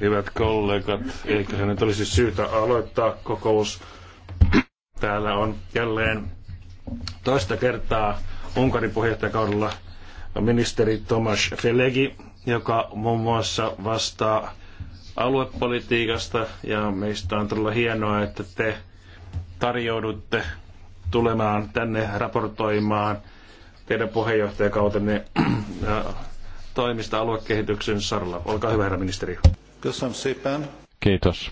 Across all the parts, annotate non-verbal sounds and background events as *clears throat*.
Hyvät kollegat, eiköhän nyt olisi syytä aloittaa kokous. Täällä on jälleen toista kertaa Unkarin puheenjohtajakaudella ministeri Tomas Felegi, joka muun muassa vastaa aluepolitiikasta ja meistä on todella hienoa, että te tarjoudutte tulemaan tänne raportoimaan teidän puheenjohtajakautenne toimista aluekehityksen saralla. Olkaa hyvä, herra ministeri. Kiitos.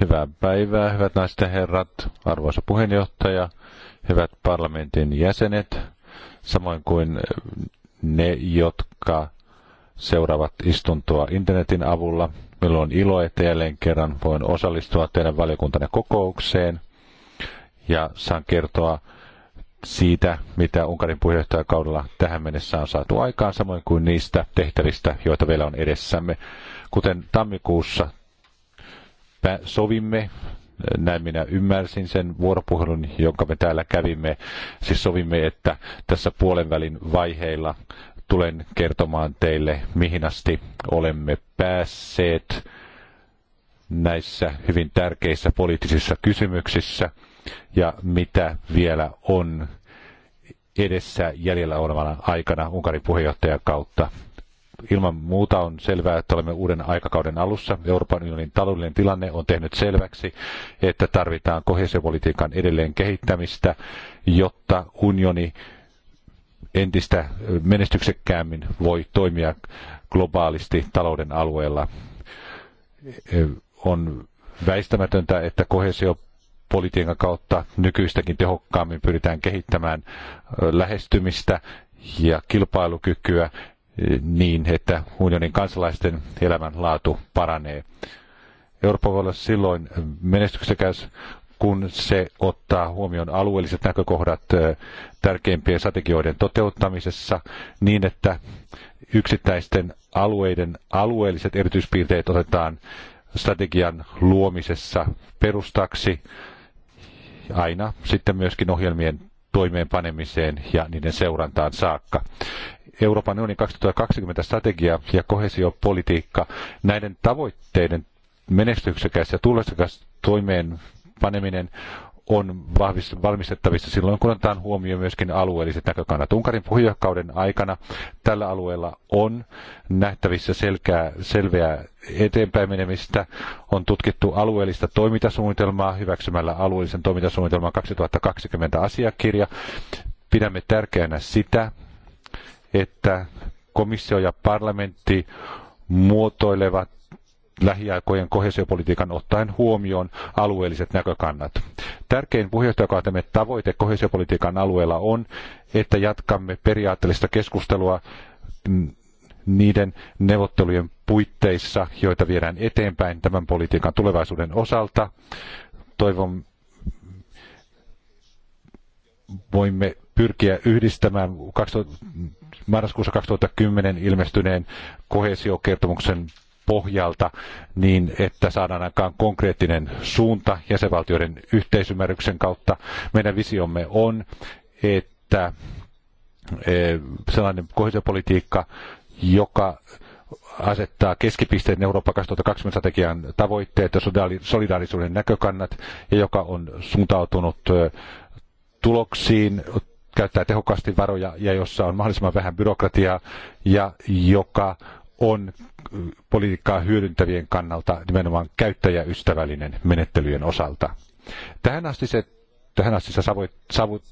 Hyvää päivää, hyvät naiset ja herrat, arvoisa puheenjohtaja, hyvät parlamentin jäsenet, samoin kuin ne, jotka seuraavat istuntoa internetin avulla. Minulla on ilo, että jälleen kerran voin osallistua teidän valiokuntanne kokoukseen ja saan kertoa siitä, mitä Unkarin puheenjohtajakaudella tähän mennessä on saatu aikaan, samoin kuin niistä tehtävistä, joita vielä on edessämme. Kuten tammikuussa sovimme, äh, näin minä ymmärsin sen vuoropuhelun, jonka me täällä kävimme, siis sovimme, että tässä puolenvälin vaiheilla tulen kertomaan teille, mihin asti olemme päässeet näissä hyvin tärkeissä poliittisissa kysymyksissä – ja mitä vielä on edessä jäljellä olevana aikana Unkarin puheenjohtajan kautta. Ilman muuta on selvää, että olemme uuden aikakauden alussa. Euroopan unionin taloudellinen tilanne on tehnyt selväksi, että tarvitaan kohesiopolitiikan edelleen kehittämistä, jotta unioni entistä menestyksekkäämmin voi toimia globaalisti talouden alueella. On väistämätöntä, että kohesiopolitiikka politiikan kautta nykyistäkin tehokkaammin pyritään kehittämään lähestymistä ja kilpailukykyä e, niin, että unionin kansalaisten elämänlaatu paranee. Eurooppa voi olla silloin menestyksekäs, kun se ottaa huomioon alueelliset näkökohdat e, tärkeimpien strategioiden toteuttamisessa niin, että yksittäisten alueiden alueelliset erityispiirteet otetaan strategian luomisessa perustaksi aina sitten myöskin ohjelmien toimeenpanemiseen ja niiden seurantaan saakka. Euroopan unionin 2020 strategia ja kohesiopolitiikka näiden tavoitteiden menestyksekäs ja tuloksekas toimeenpaneminen on valmistettavissa silloin, kun otetaan huomioon myöskin alueelliset näkökannat. Unkarin puheenjohtajakauden aikana tällä alueella on nähtävissä selkeää, selveää eteenpäin menemistä. On tutkittu alueellista toimintasuunnitelmaa hyväksymällä alueellisen toimintasuunnitelman 2020 asiakirja. Pidämme tärkeänä sitä, että komissio ja parlamentti muotoilevat lähiaikojen kohesiopolitiikan ottaen huomioon alueelliset näkökannat. Tärkein puheenjohtajakautemme tavoite kohesiopolitiikan alueella on, että jatkamme periaatteellista keskustelua niiden neuvottelujen puitteissa, joita viedään eteenpäin tämän politiikan tulevaisuuden osalta. Toivon voimme pyrkiä yhdistämään 20, marraskuussa 2010 ilmestyneen kohesiokertomuksen pohjalta niin, että saadaan aikaan konkreettinen suunta jäsenvaltioiden yhteisymmärryksen kautta. Meidän visiomme on, että eh, sellainen kohesiopolitiikka, joka asettaa keskipisteen Eurooppa 2020 strategian tavoitteet ja solidaarisuuden näkökannat ja joka on suuntautunut eh, tuloksiin, käyttää tehokkaasti varoja ja jossa on mahdollisimman vähän byrokratiaa ja joka on mm, politiikkaa hyödyntävien kannalta nimenomaan käyttäjäystävällinen menettelyjen osalta. Tähän asti se Tähän asti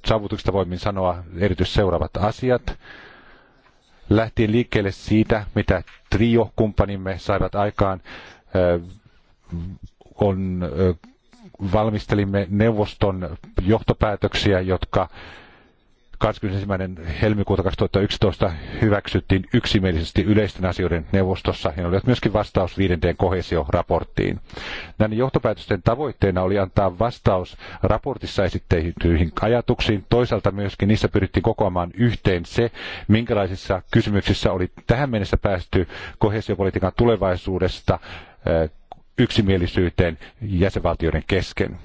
saavutuksesta voimin sanoa erityisesti seuraavat asiat. Lähtien liikkeelle siitä, mitä trio-kumppanimme saivat aikaan, on, valmistelimme neuvoston johtopäätöksiä, jotka 21. helmikuuta 2011 hyväksyttiin yksimielisesti yleisten asioiden neuvostossa ja ne olivat myöskin vastaus viidenteen kohesioraporttiin. Näiden johtopäätösten tavoitteena oli antaa vastaus raportissa esittäytyihin ajatuksiin. Toisaalta myöskin niissä pyrittiin kokoamaan yhteen se, minkälaisissa kysymyksissä oli tähän mennessä päästy kohesiopolitiikan tulevaisuudesta yksimielisyyteen jäsenvaltioiden kesken.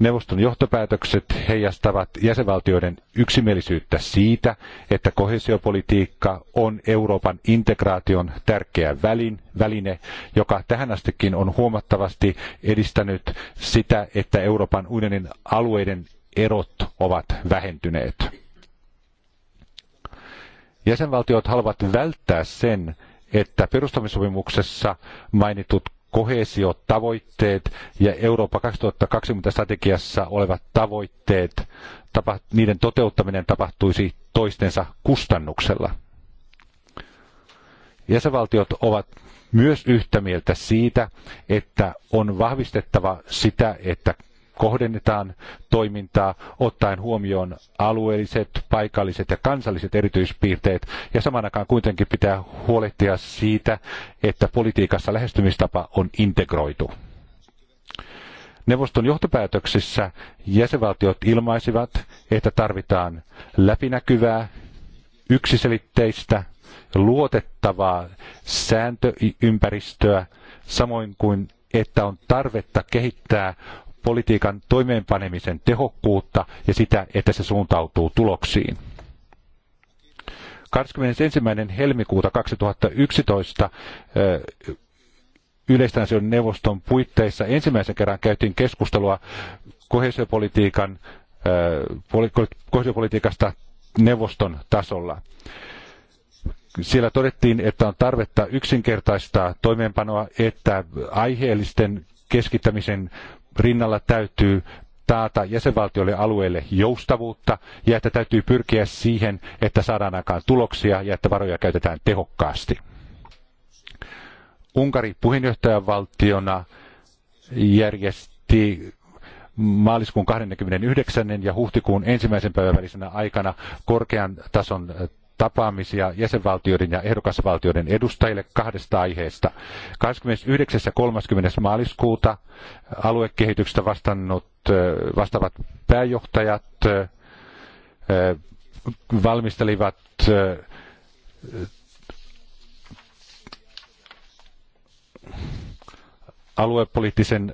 Neuvoston johtopäätökset heijastavat jäsenvaltioiden yksimielisyyttä siitä, että kohesiopolitiikka on Euroopan integraation tärkeä välin, väline, joka tähän astikin on huomattavasti edistänyt sitä, että Euroopan unionin alueiden erot ovat vähentyneet. Jäsenvaltiot haluavat välttää sen, että perustamissopimuksessa mainitut kohesiotavoitteet ja Eurooppa 2020 strategiassa olevat tavoitteet, niiden toteuttaminen tapahtuisi toistensa kustannuksella. Jäsenvaltiot ovat myös yhtä mieltä siitä, että on vahvistettava sitä, että kohdennetaan toimintaa ottaen huomioon alueelliset, paikalliset ja kansalliset erityispiirteet ja samanakaan kuitenkin pitää huolehtia siitä, että politiikassa lähestymistapa on integroitu. Neuvoston johtopäätöksissä jäsenvaltiot ilmaisivat, että tarvitaan läpinäkyvää, yksiselitteistä, luotettavaa sääntöympäristöä, samoin kuin että on tarvetta kehittää politiikan toimeenpanemisen tehokkuutta ja sitä, että se suuntautuu tuloksiin. 21. helmikuuta 2011 yleistansion neuvoston puitteissa ensimmäisen kerran käytiin keskustelua kohesiopolitiikan, kohesiopolitiikasta neuvoston tasolla. Siellä todettiin, että on tarvetta yksinkertaistaa toimeenpanoa, että aiheellisten keskittämisen rinnalla täytyy taata jäsenvaltioille alueille joustavuutta ja että täytyy pyrkiä siihen, että saadaan aikaan tuloksia ja että varoja käytetään tehokkaasti. Unkari puheenjohtajavaltiona järjesti maaliskuun 29. ja huhtikuun ensimmäisen päivän välisenä aikana korkean tason tapaamisia jäsenvaltioiden ja ehdokasvaltioiden edustajille kahdesta aiheesta. 29. ja 30. maaliskuuta aluekehityksestä vastannut, vastaavat pääjohtajat valmistelivat aluepoliittisen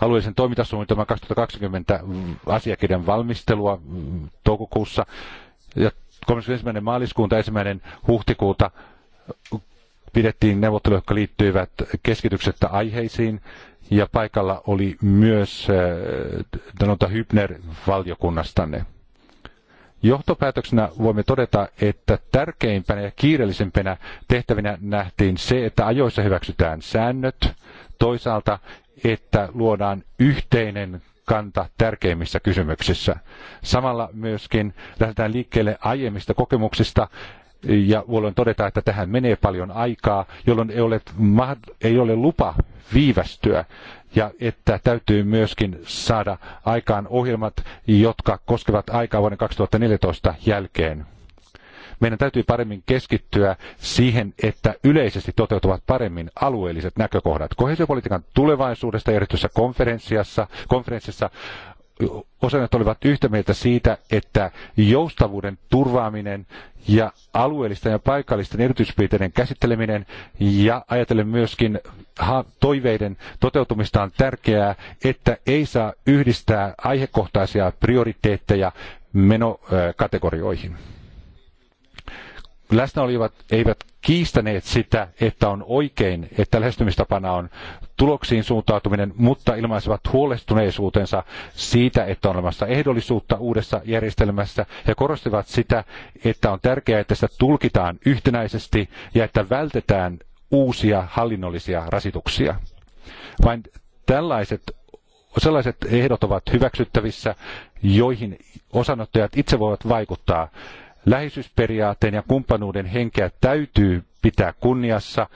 alueellisen toimintasuunnitelman 2020 asiakirjan valmistelua toukokuussa. Ja 31. maaliskuuta, 1. huhtikuuta pidettiin neuvotteluja, jotka liittyivät keskityksettä aiheisiin, ja paikalla oli myös äh, Danuta Hybner valiokunnastanne. Johtopäätöksenä voimme todeta, että tärkeimpänä ja kiireellisempänä tehtävinä nähtiin se, että ajoissa hyväksytään säännöt, toisaalta, että luodaan yhteinen kanta tärkeimmissä kysymyksissä. Samalla myöskin lähdetään liikkeelle aiemmista kokemuksista, ja jolloin todeta, että tähän menee paljon aikaa, jolloin ei ole, ei ole lupa viivästyä ja että täytyy myöskin saada aikaan ohjelmat, jotka koskevat aikaa vuoden 2014 jälkeen. Meidän täytyy paremmin keskittyä siihen, että yleisesti toteutuvat paremmin alueelliset näkökohdat. Kohesiopolitiikan tulevaisuudesta järjestössä konferenssiassa, konferenssissa osanet olivat yhtä mieltä siitä, että joustavuuden turvaaminen ja alueellisten ja paikallisten erityispiirteiden käsitteleminen ja ajatellen myöskin toiveiden toteutumista on tärkeää, että ei saa yhdistää aihekohtaisia prioriteetteja menokategorioihin. Läsnäolijat eivät kiistäneet sitä, että on oikein, että lähestymistapana on tuloksiin suuntautuminen, mutta ilmaisivat huolestuneisuutensa siitä, että on olemassa ehdollisuutta uudessa järjestelmässä ja korostivat sitä, että on tärkeää, että sitä tulkitaan yhtenäisesti ja että vältetään uusia hallinnollisia rasituksia. Vain tällaiset sellaiset ehdot ovat hyväksyttävissä, joihin osanottajat itse voivat vaikuttaa. Läheisyysperiaatteen ja kumppanuuden henkeä täytyy pitää kunniassa.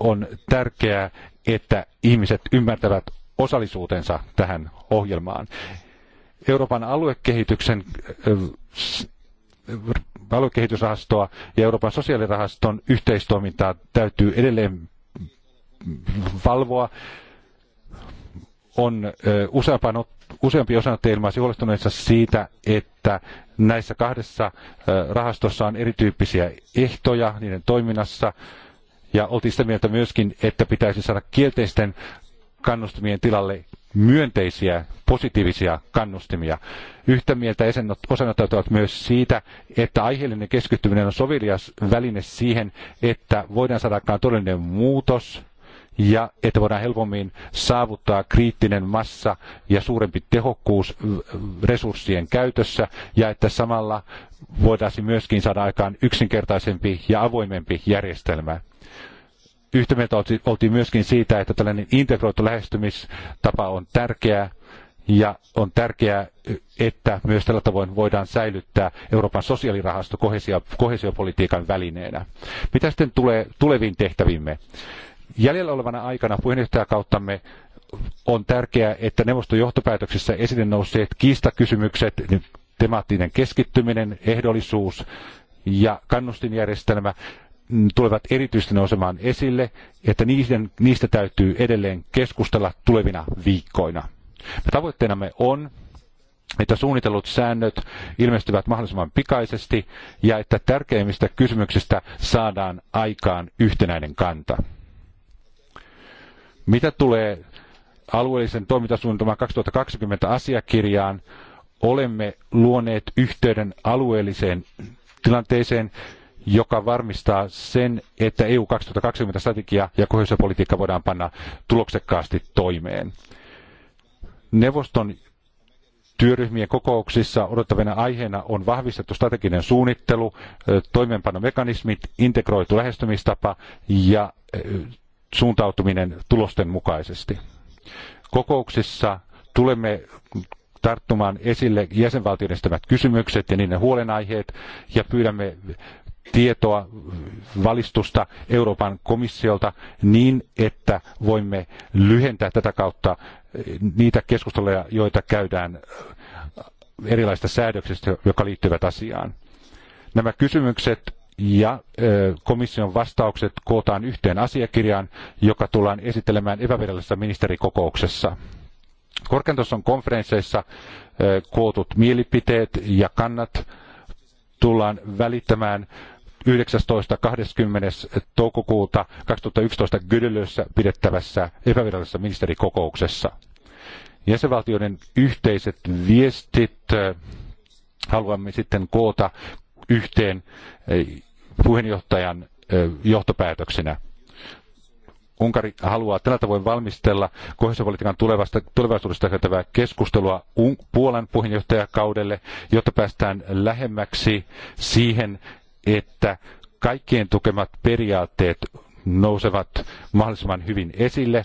On tärkeää, että ihmiset ymmärtävät osallisuutensa tähän ohjelmaan. Euroopan aluekehityksen äh, aluekehitysrahastoa ja Euroopan sosiaalirahaston yhteistoimintaa täytyy edelleen valvoa. On äh, useampaan useampi osanottaja ilmaisi huolestuneensa siitä, että näissä kahdessa rahastossa on erityyppisiä ehtoja niiden toiminnassa. Ja oltiin sitä mieltä myöskin, että pitäisi saada kielteisten kannustimien tilalle myönteisiä, positiivisia kannustimia. Yhtä mieltä osanottajat ovat myös siitä, että aiheellinen keskittyminen on sovelias väline siihen, että voidaan saada aikaan todellinen muutos ja että voidaan helpommin saavuttaa kriittinen massa ja suurempi tehokkuus resurssien käytössä ja että samalla voitaisiin myöskin saada aikaan yksinkertaisempi ja avoimempi järjestelmä. Yhtä mieltä oltiin myöskin siitä, että tällainen integroitu lähestymistapa on tärkeää ja on tärkeää, että myös tällä tavoin voidaan säilyttää Euroopan sosiaalirahasto kohesiopolitiikan välineenä. Mitä sitten tulee tuleviin tehtävimme? Jäljellä olevana aikana puheenjohtajakauttamme on tärkeää, että neuvoston johtopäätöksissä esille nousseet kiistakysymykset, niin temaattinen keskittyminen, ehdollisuus ja kannustinjärjestelmä mm, tulevat erityisesti nousemaan esille, että niistä täytyy edelleen keskustella tulevina viikkoina. Tavoitteenamme on, että suunnitellut säännöt ilmestyvät mahdollisimman pikaisesti ja että tärkeimmistä kysymyksistä saadaan aikaan yhtenäinen kanta. Mitä tulee alueellisen toimintasuunnitelman 2020 asiakirjaan, olemme luoneet yhteyden alueelliseen tilanteeseen, joka varmistaa sen, että EU 2020 strategia ja kohdallisuuspolitiikka voidaan panna tuloksekkaasti toimeen. Neuvoston työryhmien kokouksissa odottavana aiheena on vahvistettu strateginen suunnittelu, toimeenpanomekanismit, integroitu lähestymistapa ja suuntautuminen tulosten mukaisesti. Kokouksissa tulemme tarttumaan esille jäsenvaltioiden estämät kysymykset ja niiden huolenaiheet ja pyydämme tietoa, valistusta Euroopan komissiolta niin, että voimme lyhentää tätä kautta niitä keskusteluja, joita käydään erilaista säädöksistä, jotka liittyvät asiaan. Nämä kysymykset ja komission vastaukset kootaan yhteen asiakirjaan, joka tullaan esittelemään epävirallisessa ministerikokouksessa. Korkeintason konferensseissa kootut mielipiteet ja kannat tullaan välittämään 19.20. toukokuuta 2011 Gödelössä pidettävässä epävirallisessa ministerikokouksessa. Jäsenvaltioiden yhteiset viestit haluamme sitten koota yhteen puheenjohtajan johtopäätöksenä. Unkari haluaa tällä tavoin valmistella kohesiopolitiikan tulevasta, tulevaisuudesta käytävää keskustelua Puolan puheenjohtajakaudelle, jotta päästään lähemmäksi siihen, että kaikkien tukemat periaatteet nousevat mahdollisimman hyvin esille.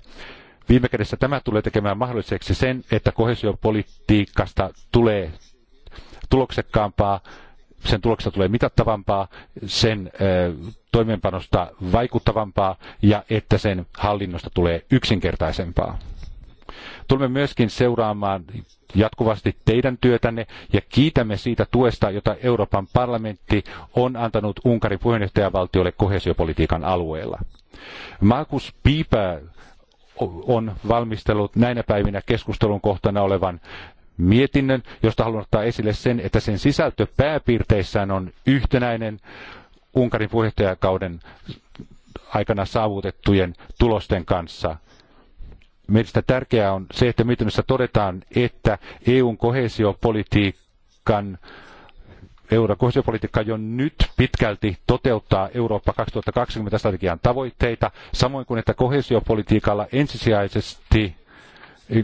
Viime kädessä tämä tulee tekemään mahdolliseksi sen, että kohesiopolitiikasta tulee tuloksekkaampaa sen tuloksesta tulee mitattavampaa, sen toimeenpanosta vaikuttavampaa ja että sen hallinnosta tulee yksinkertaisempaa. Tulemme myöskin seuraamaan jatkuvasti teidän työtänne ja kiitämme siitä tuesta, jota Euroopan parlamentti on antanut Unkarin puheenjohtajavaltiolle kohesiopolitiikan alueella. Markus Piipä on valmistellut näinä päivinä keskustelun kohtana olevan mietinnön, josta haluan ottaa esille sen, että sen sisältö pääpiirteissään on yhtenäinen Unkarin puheenjohtajakauden aikana saavutettujen tulosten kanssa. Mielestäni tärkeää on se, että mietinnössä todetaan, että EUn kohesiopolitiikan Euroopan kohesiopolitiikka jo nyt pitkälti toteuttaa Eurooppa 2020 strategian tavoitteita, samoin kuin että kohesiopolitiikalla ensisijaisesti,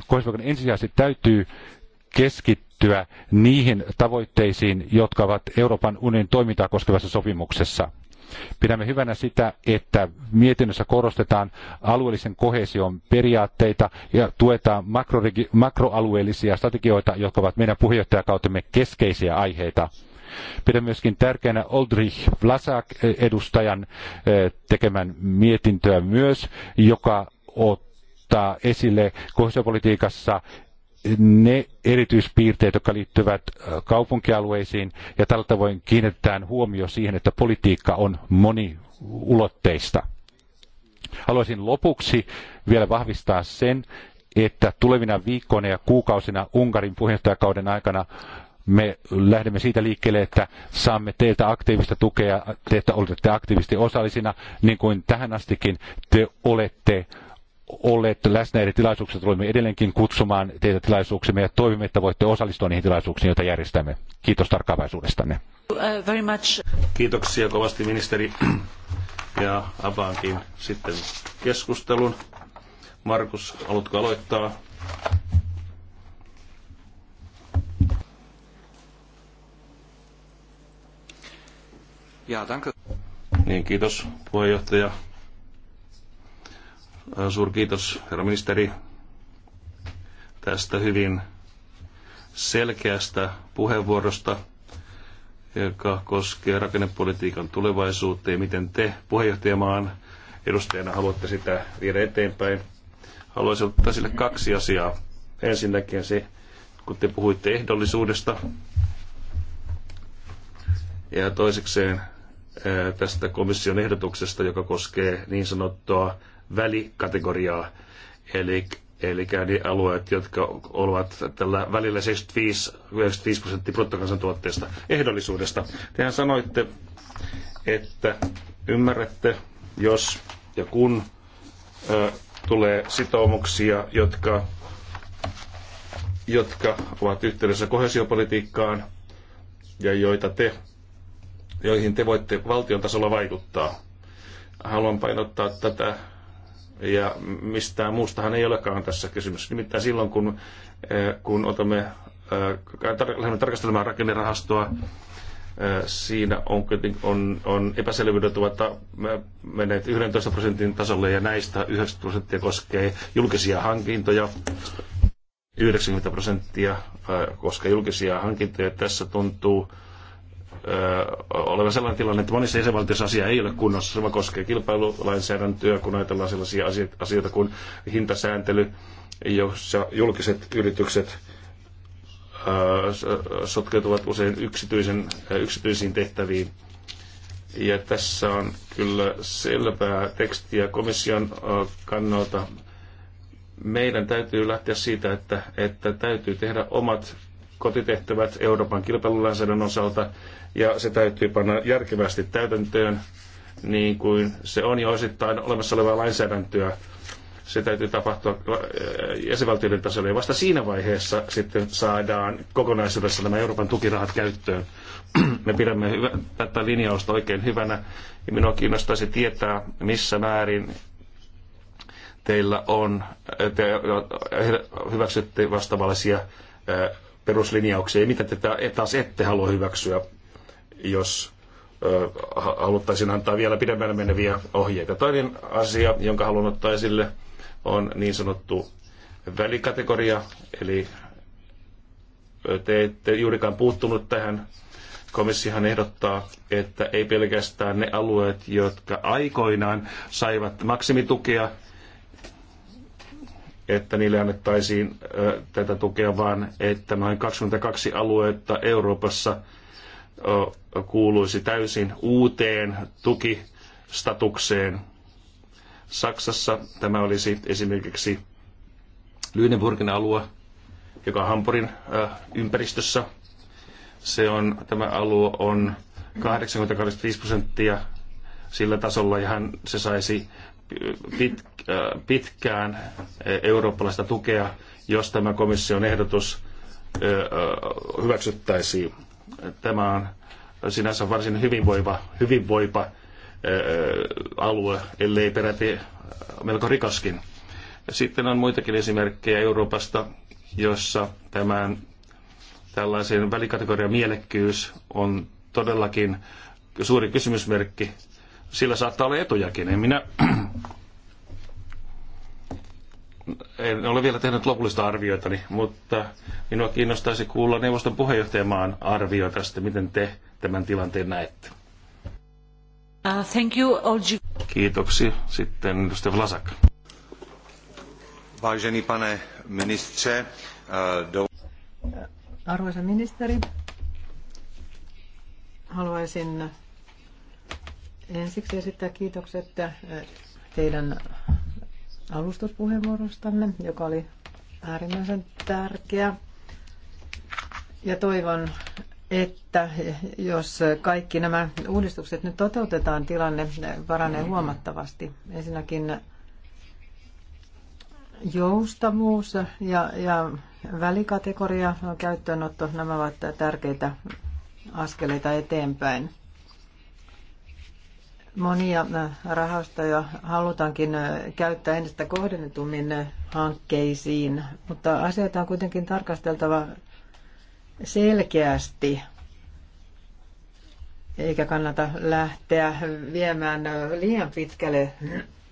kohesiopolitiikan ensisijaisesti täytyy keskittyä niihin tavoitteisiin, jotka ovat Euroopan unionin toimintaa koskevassa sopimuksessa. Pidämme hyvänä sitä, että mietinnössä korostetaan alueellisen kohesion periaatteita ja tuetaan makroalueellisia strategioita, jotka ovat meidän puheenjohtajakautemme keskeisiä aiheita. Pidän myöskin tärkeänä Oldrich Vlasak edustajan eh, tekemän mietintöä myös, joka ottaa esille kohesiopolitiikassa ne erityispiirteet, jotka liittyvät äh, kaupunkialueisiin, ja tällä tavoin kiinnitetään huomio siihen, että politiikka on moniulotteista. Haluaisin lopuksi vielä vahvistaa sen, että tulevina viikkoina ja kuukausina Unkarin puheenjohtajakauden aikana me lähdemme siitä liikkeelle, että saamme teiltä aktiivista tukea, te että olette aktiivisesti osallisina, niin kuin tähän astikin te olette olleet läsnä eri tilaisuuksissa, tulemme edelleenkin kutsumaan teitä tilaisuuksimme ja toivomme, että voitte osallistua niihin tilaisuuksiin, joita järjestämme. Kiitos tarkkaavaisuudestanne. Uh, Kiitoksia kovasti ministeri. *clears throat* Ja avaankin sitten keskustelun. Markus, haluatko aloittaa? Ja, danke. Niin, kiitos puheenjohtaja. Äh, kiitos, herra ministeri, tästä hyvin selkeästä puheenvuorosta, joka koskee rakennepolitiikan tulevaisuutta ja miten te puheenjohtajamaan edustajana haluatte sitä viedä eteenpäin. Haluaisin ottaa sille kaksi asiaa. Ensinnäkin se, kun te puhuitte ehdollisuudesta, ja toisekseen äh, tästä komission ehdotuksesta, joka koskee niin sanottua välikategoriaa, eli, eli ne alueet, jotka ovat tällä välillä 75, prosenttia bruttokansantuotteesta ehdollisuudesta. Tehän sanoitte, että ymmärrätte, jos ja kun ö, tulee sitoumuksia, jotka, jotka ovat yhteydessä kohesiopolitiikkaan ja joita te, joihin te voitte valtion tasolla vaikuttaa. Haluan painottaa tätä ja mistään muustahan ei olekaan tässä kysymys. Nimittäin silloin, kun, eh, kun otamme, eh, lähdemme tarkastelemaan rakennerahastoa, eh, siinä on, on, on epäselvyydet että menee 11 prosentin tasolle ja näistä 9 prosenttia koskee julkisia hankintoja. 90 prosenttia koskee julkisia hankintoja. Tässä tuntuu oleva sellainen tilanne, että monissa jäsenvaltioissa asia ei ole kunnossa. Sama koskee kilpailulainsäädäntöä, kun ajatellaan sellaisia asioita kuin hintasääntely, jossa julkiset yritykset sotkeutuvat usein yksityisen, yksityisiin tehtäviin. Ja tässä on kyllä selvää tekstiä komission kannalta. Meidän täytyy lähteä siitä, että, että täytyy tehdä omat kotitehtävät Euroopan kilpailulainsäädännön osalta ja se täytyy panna järkevästi täytäntöön niin kuin se on jo osittain olemassa olevaa lainsäädäntöä. Se täytyy tapahtua äh, jäsenvaltioiden tasolla ja vasta siinä vaiheessa sitten saadaan kokonaisuudessa nämä Euroopan tukirahat käyttöön. *clears throat* Me pidämme hyvä, tätä linjausta oikein hyvänä ja minua kiinnostaisi tietää, missä määrin teillä on, te hyväksytte vastaavallisia äh, peruslinjauksia ja mitä te taas ette halua hyväksyä jos haluttaisiin antaa vielä pidemmälle meneviä ohjeita. Toinen asia, jonka haluan ottaa esille, on niin sanottu välikategoria, eli te ette juurikaan puuttunut tähän. Komissihan ehdottaa, että ei pelkästään ne alueet, jotka aikoinaan saivat maksimitukea, että niille annettaisiin tätä tukea, vaan että noin 22 aluetta Euroopassa – kuuluisi täysin uuteen tukistatukseen. Saksassa tämä olisi esimerkiksi Lüneburgin alue, joka on Hampurin ympäristössä. Se on, tämä alue on 85 prosenttia sillä tasolla, ja hän, se saisi pit, pitkään eurooppalaista tukea, jos tämä komission ehdotus hyväksyttäisiin. Tämä on sinänsä varsin hyvinvoiva, hyvinvoipa alue, ellei peräti melko rikaskin. Sitten on muitakin esimerkkejä Euroopasta, jossa tämän tällaisen välikategorian mielekkyys on todellakin suuri kysymysmerkki. Sillä saattaa olla etujakin. En minä en ole vielä tehnyt lopullista arviotani, mutta minua kiinnostaisi kuulla neuvoston puheenjohtajamaan arvio tästä, miten te tämän tilanteen näette. Uh, thank you, Olgi. Kiitoksia. Sitten edustaja Vlasak. Vážený pane uh, do... Arvoisa ministeri, haluaisin ensiksi esittää kiitokset uh, teidän alustuspuheenvuorostanne, joka oli äärimmäisen tärkeä. Ja toivon, että jos kaikki nämä uudistukset nyt toteutetaan, tilanne paranee huomattavasti. Ensinnäkin joustavuus ja, ja välikategoria no, käyttöönotto, nämä ovat tärkeitä askeleita eteenpäin. Monia äh, rahastoja halutaankin äh, käyttää entistä kohdennetummin äh, hankkeisiin, mutta asioita on kuitenkin tarkasteltava selkeästi, eikä kannata lähteä viemään liian pitkälle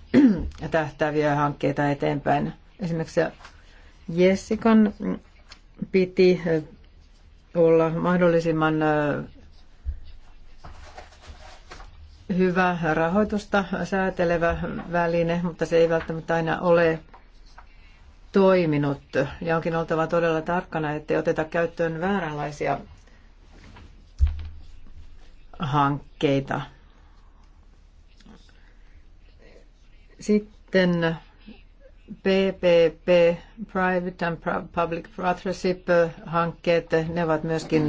*clears throat* tähtäviä hankkeita eteenpäin. Esimerkiksi Jessikan piti olla mahdollisimman hyvä rahoitusta säätelevä väline, mutta se ei välttämättä aina ole toiminut. Ja onkin oltava todella tarkkana, ettei oteta käyttöön vääränlaisia hankkeita. Sitten PPP, Private and Public Partnership-hankkeet, ne ovat myöskin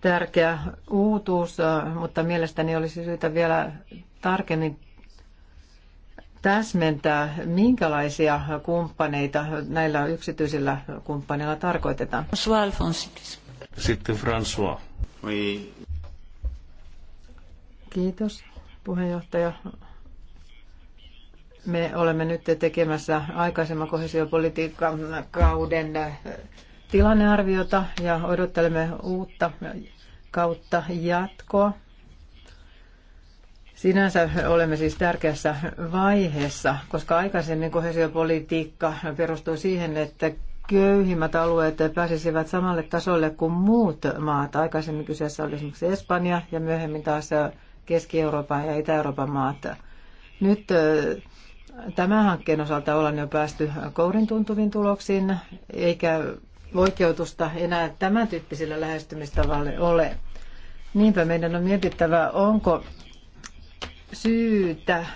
tärkeä uutuus, mutta mielestäni olisi syytä vielä tarkemmin täsmentää, minkälaisia kumppaneita näillä yksityisillä kumppaneilla tarkoitetaan. Sitten François. Oui. Kiitos puheenjohtaja. Me olemme nyt tekemässä aikaisemman kohesiopolitiikan kauden tilannearviota ja odottelemme uutta kautta jatkoa. Sinänsä olemme siis tärkeässä vaiheessa, koska aikaisemmin kohesiopolitiikka perustui siihen, että köyhimmät alueet pääsisivät samalle tasolle kuin muut maat. Aikaisemmin kyseessä oli esimerkiksi Espanja ja myöhemmin taas Keski-Euroopan ja Itä-Euroopan maat. Nyt äh, tämän hankkeen osalta ollaan jo päästy kourin tuntuviin tuloksiin, eikä oikeutusta enää tämän tyyppisellä lähestymistavalle ole. Niinpä meidän on mietittävä, onko syytä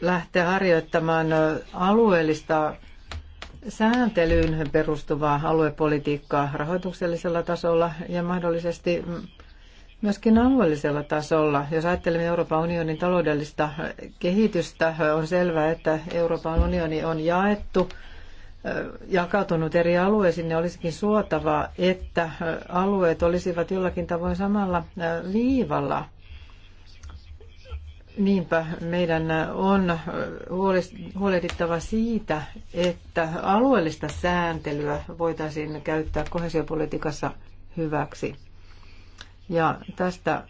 lähteä harjoittamaan alueellista sääntelyyn perustuvaa aluepolitiikkaa rahoituksellisella tasolla ja mahdollisesti myöskin alueellisella tasolla. Jos ajattelemme Euroopan unionin taloudellista kehitystä, on selvää, että Euroopan unioni on jaettu – jakautunut eri alueisiin, niin olisikin suotavaa, että alueet olisivat jollakin tavoin samalla viivalla. Niinpä meidän on huolehdittava siitä, että alueellista sääntelyä voitaisiin käyttää kohesiopolitiikassa hyväksi. Ja tästä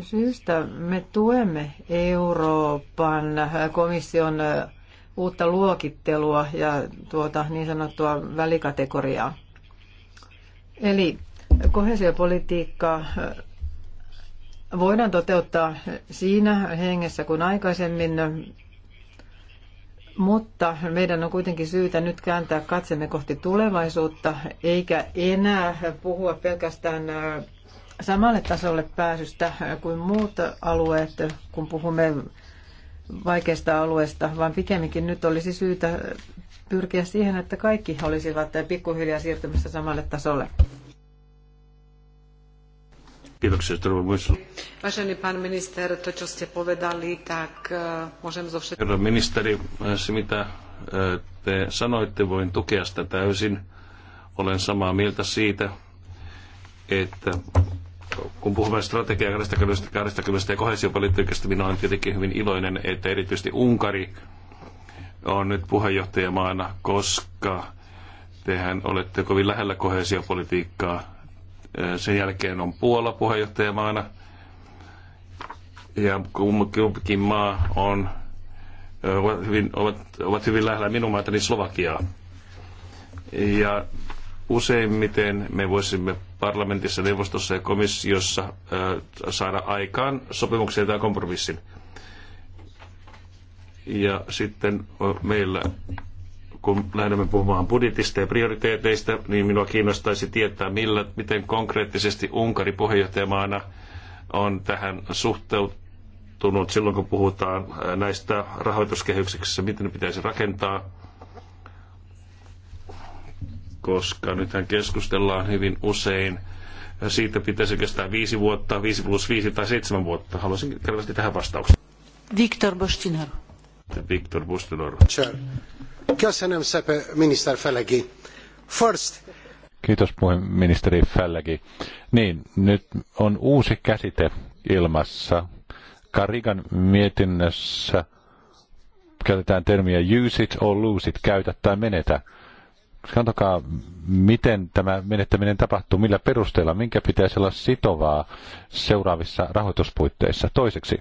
syystä me tuemme Euroopan komission uutta luokittelua ja tuota niin sanottua välikategoriaa. Eli kohesiopolitiikkaa äh, voidaan toteuttaa siinä hengessä kuin aikaisemmin, mutta meidän on kuitenkin syytä nyt kääntää katsemme kohti tulevaisuutta, eikä enää puhua pelkästään äh, samalle tasolle pääsystä kuin muut alueet, kun puhumme vaikeista alueista, vaan pikemminkin nyt olisi syytä pyrkiä siihen, että kaikki olisivat pikkuhiljaa siirtymässä samalle tasolle. Kiitoksia, Vážený pán minister, to, ste povedali, tak e, môžem zo Herra ministeri, e, se mitä e, te sanoitte, voin tukea sitä täysin. Olen samaa mieltä siitä, että kun puhumme strategiaa 20, 20 ja kohesiopolitiikasta, minä olen tietenkin hyvin iloinen, että erityisesti Unkari on nyt puheenjohtajamaana, koska tehän olette kovin lähellä kohesiopolitiikkaa. Sen jälkeen on Puola puheenjohtajamaana. Ja kumpikin maa on, ovat, hyvin, ovat, ovat hyvin lähellä minun maatani Slovakiaa. Ja useimmiten me voisimme parlamentissa, neuvostossa ja komissiossa saada aikaan sopimuksen tai kompromissin. Ja sitten meillä, kun lähdemme puhumaan budjetista ja prioriteeteista, niin minua kiinnostaisi tietää, millä, miten konkreettisesti Unkari puheenjohtajamaana on tähän suhteutunut silloin, kun puhutaan näistä rahoituskehyksistä, miten ne pitäisi rakentaa koska nythän keskustellaan hyvin usein siitä pitäisi kestää viisi vuotta, viisi plus viisi tai seitsemän vuotta. Haluaisin selvästi tähän vastauksen. Viktor Bostinor. Viktor Bostinor. Sure. Köszönöm szépen, minister Felegi. First. Kiitos ministeri Felegi. Niin, nyt on uusi käsite ilmassa. Karigan mietinnössä käytetään termiä use it or lose it, käytä tai menetä. Kantokaa, miten tämä menettäminen tapahtuu, millä perusteella, minkä pitäisi olla sitovaa seuraavissa rahoituspuitteissa. Toiseksi,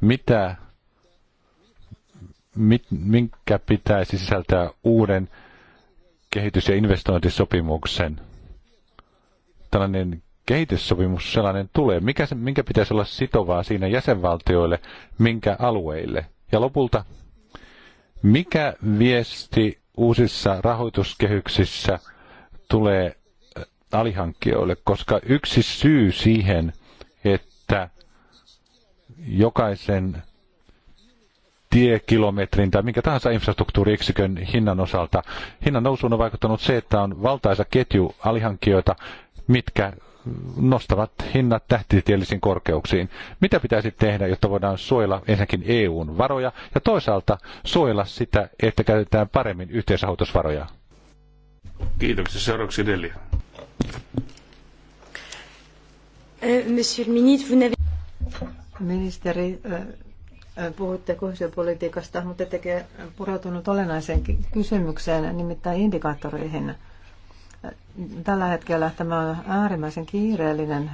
mitä, mit, minkä pitäisi sisältää uuden kehitys- ja investointisopimuksen? Tällainen kehityssopimus sellainen tulee? Mikä se, minkä pitäisi olla sitovaa siinä jäsenvaltioille, minkä alueille? Ja lopulta, mikä viesti uusissa rahoituskehyksissä tulee äh, alihankkijoille, koska yksi syy siihen, että jokaisen tiekilometrin tai minkä tahansa infrastruktuuriyksikön hinnan osalta. Hinnan nousuun on vaikuttanut se, että on valtaisa ketju alihankkijoita, mitkä nostavat hinnat tähtitieteellisiin korkeuksiin. Mitä pitäisi tehdä, jotta voidaan suojella ensinnäkin EUn varoja ja toisaalta suojella sitä, että käytetään paremmin yhteisrahoitusvaroja? Kiitoksia. Seuraavaksi Monsieur ministre, Ministeri, puhutte kohdallisuuspolitiikasta, mutta tekee pureutunut olennaiseen kysymykseen, nimittäin indikaattoreihin – Tällä hetkellä tämä on äärimmäisen kiireellinen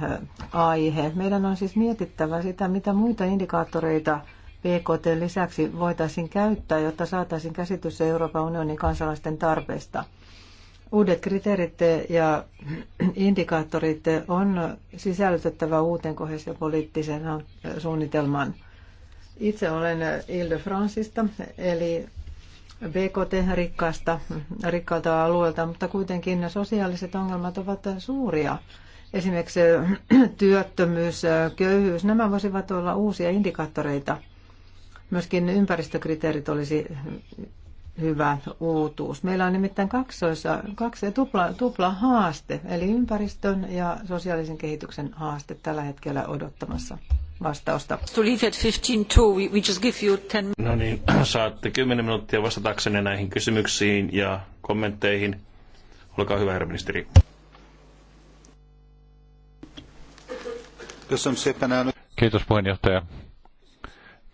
aihe. Meidän on siis mietittävä sitä, mitä muita indikaattoreita PKT lisäksi voitaisiin käyttää, jotta saataisiin käsitys Euroopan unionin kansalaisten tarpeista. Uudet kriteerit ja *clears throat* indikaattorit on sisällytettävä uuteen poliittisen suunnitelmaan. Itse olen Ilde Francista, eli bkt rikkaasta rikkaalta alueelta, mutta kuitenkin ne sosiaaliset ongelmat ovat suuria. Esimerkiksi työttömyys, köyhyys, nämä voisivat olla uusia indikaattoreita. Myöskin ympäristökriteerit olisi hyvä uutuus. Meillä on nimittäin kaksoissa, kaksi, tupla, tupla haaste, eli ympäristön ja sosiaalisen kehityksen haaste tällä hetkellä odottamassa vastausta. No niin, *clears throat* saatte 10 minuuttia vastataksenne näihin kysymyksiin ja kommentteihin. Olkaa hyvä, herra ministeri. Kiitos puheenjohtaja.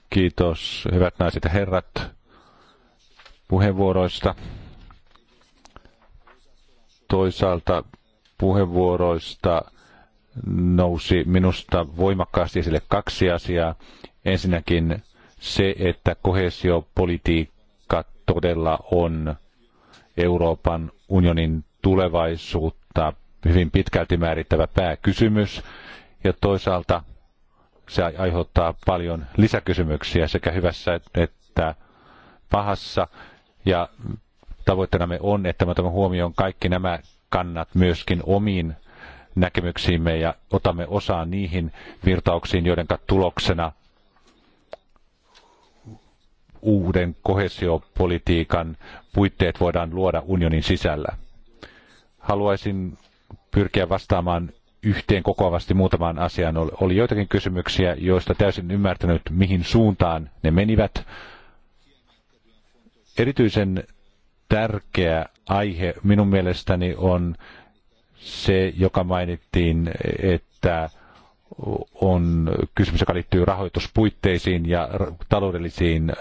Kiitos hyvät naiset ja herrat puheenvuoroista. Toisaalta puheenvuoroista nousi minusta voimakkaasti esille kaksi asiaa. Ensinnäkin se, että kohesiopolitiikka todella on Euroopan unionin tulevaisuutta hyvin pitkälti määrittävä pääkysymys. Ja toisaalta se aiheuttaa paljon lisäkysymyksiä sekä hyvässä että pahassa. Ja tavoitteena me on, että me otamme huomioon kaikki nämä kannat myöskin omiin näkemyksiimme ja otamme osaa niihin virtauksiin, joiden tuloksena uuden kohesiopolitiikan puitteet voidaan luoda unionin sisällä. Haluaisin pyrkiä vastaamaan yhteen kokoavasti muutamaan asiaan. Oli joitakin kysymyksiä, joista täysin ymmärtänyt, mihin suuntaan ne menivät. Erityisen tärkeä aihe minun mielestäni on se, joka mainittiin, että on kysymys, joka liittyy rahoituspuitteisiin ja taloudellisiin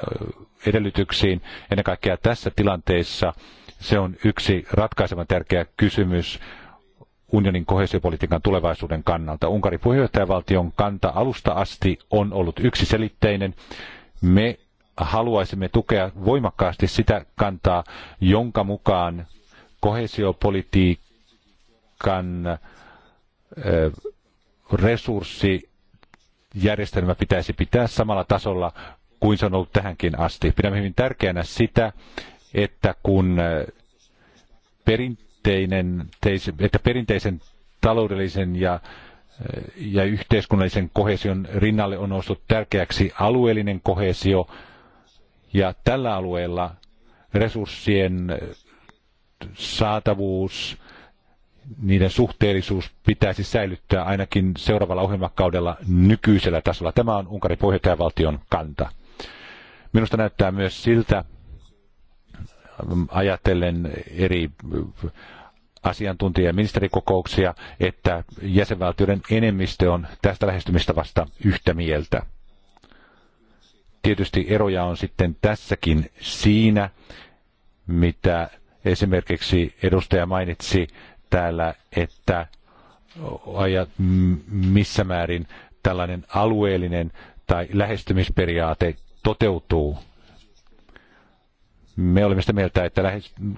edellytyksiin. Ennen kaikkea tässä tilanteessa se on yksi ratkaisevan tärkeä kysymys unionin kohesiopolitiikan tulevaisuuden kannalta. Unkarin puheenjohtajavaltion kanta alusta asti on ollut yksiselitteinen. Me haluaisimme tukea voimakkaasti sitä kantaa, jonka mukaan kohesiopolitiikka Kreikan resurssijärjestelmä pitäisi pitää samalla tasolla kuin se on ollut tähänkin asti. Pidämme hyvin tärkeänä sitä, että kun perinteinen, että perinteisen taloudellisen ja, ja yhteiskunnallisen kohesion rinnalle on noussut tärkeäksi alueellinen kohesio, ja tällä alueella resurssien saatavuus, niiden suhteellisuus pitäisi säilyttää ainakin seuraavalla ohjelmakaudella nykyisellä tasolla. Tämä on Unkarin puheenjohtajavaltion kanta. Minusta näyttää myös siltä, ajatellen eri asiantuntija- ja ministerikokouksia, että jäsenvaltioiden enemmistö on tästä lähestymistavasta yhtä mieltä. Tietysti eroja on sitten tässäkin siinä, mitä esimerkiksi edustaja mainitsi täällä, että missä määrin tällainen alueellinen tai lähestymisperiaate toteutuu. Me olemme sitä mieltä, että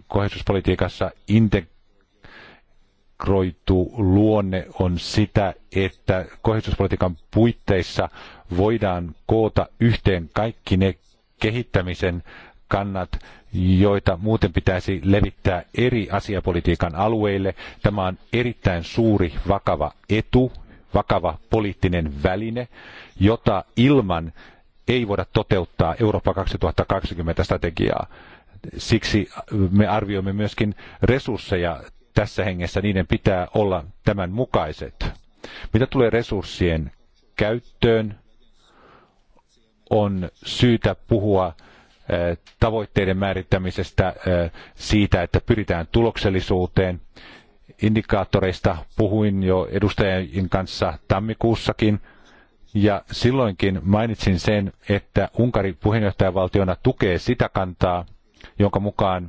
kohdistuspolitiikassa integroitu luonne on sitä, että kohdistuspolitiikan puitteissa voidaan koota yhteen kaikki ne kehittämisen kannat, joita muuten pitäisi levittää eri asiapolitiikan alueille. Tämä on erittäin suuri, vakava etu, vakava poliittinen väline, jota ilman ei voida toteuttaa Eurooppa 2020 strategiaa. Siksi me arvioimme myöskin resursseja tässä hengessä, niiden pitää olla tämän mukaiset. Mitä tulee resurssien käyttöön, on syytä puhua tavoitteiden määrittämisestä, siitä, että pyritään tuloksellisuuteen. Indikaattoreista puhuin jo edustajien kanssa tammikuussakin, ja silloinkin mainitsin sen, että Unkari puheenjohtajavaltiona tukee sitä kantaa, jonka mukaan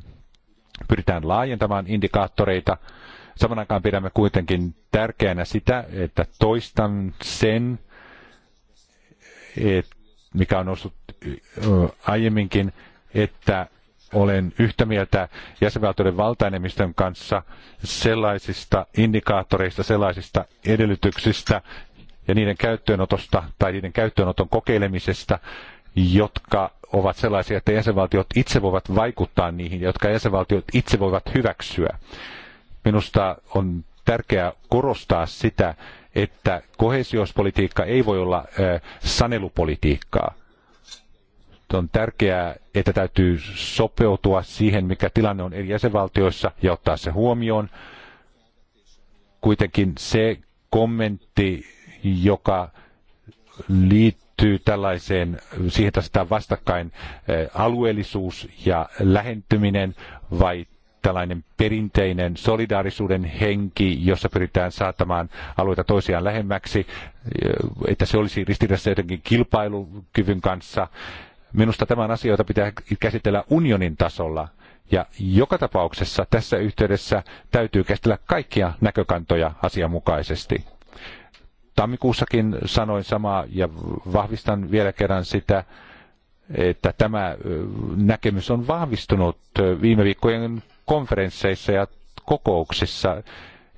pyritään laajentamaan indikaattoreita. Saman aikaan pidämme kuitenkin tärkeänä sitä, että toistan sen, että mikä on noussut aiemminkin, että olen yhtä mieltä jäsenvaltioiden valtaenemmistön kanssa sellaisista indikaattoreista, sellaisista edellytyksistä ja niiden käyttöönotosta tai niiden käyttöönoton kokeilemisesta, jotka ovat sellaisia, että jäsenvaltiot itse voivat vaikuttaa niihin, jotka jäsenvaltiot itse voivat hyväksyä. Minusta on tärkeää korostaa sitä, että kohesiospolitiikka ei voi olla sanelupolitiikkaa on tärkeää, että täytyy sopeutua siihen, mikä tilanne on eri jäsenvaltioissa ja ottaa se huomioon. Kuitenkin se kommentti, joka liittyy tällaiseen, siihen tässä vastakkain eh, alueellisuus ja lähentyminen vai tällainen perinteinen solidaarisuuden henki, jossa pyritään saattamaan alueita toisiaan lähemmäksi, eh, että se olisi ristiriidassa jotenkin kilpailukyvyn kanssa Minusta tämä on asia, jota pitää käsitellä unionin tasolla. Ja joka tapauksessa tässä yhteydessä täytyy käsitellä kaikkia näkökantoja asianmukaisesti. Tammikuussakin sanoin samaa ja vahvistan vielä kerran sitä, että tämä näkemys on vahvistunut viime viikkojen konferensseissa ja kokouksissa,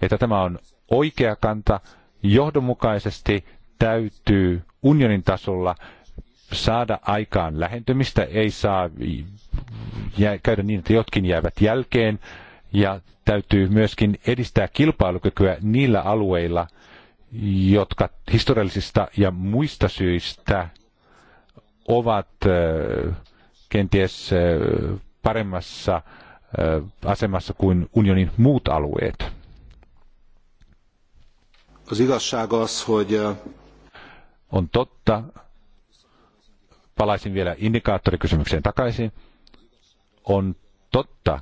että tämä on oikea kanta, johdonmukaisesti täytyy unionin tasolla saada aikaan lähentymistä, ei saa käydä niin, että jotkin jäävät jälkeen, ja täytyy myöskin edistää kilpailukykyä niillä alueilla, jotka historiallisista ja muista syistä ovat kenties paremmassa asemassa kuin unionin muut alueet. Az igazság az, hogy on totta, palaisin vielä indikaattorikysymykseen takaisin. On totta,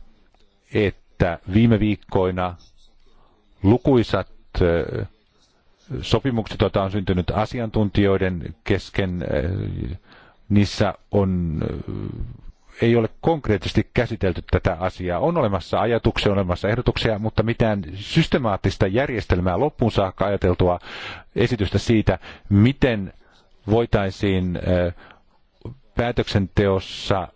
että viime viikkoina lukuisat sopimukset, joita on syntynyt asiantuntijoiden kesken, niissä on, ei ole konkreettisesti käsitelty tätä asiaa. On olemassa ajatuksia, on olemassa ehdotuksia, mutta mitään systemaattista järjestelmää loppuun saakka ajateltua esitystä siitä, miten voitaisiin päätöksenteossa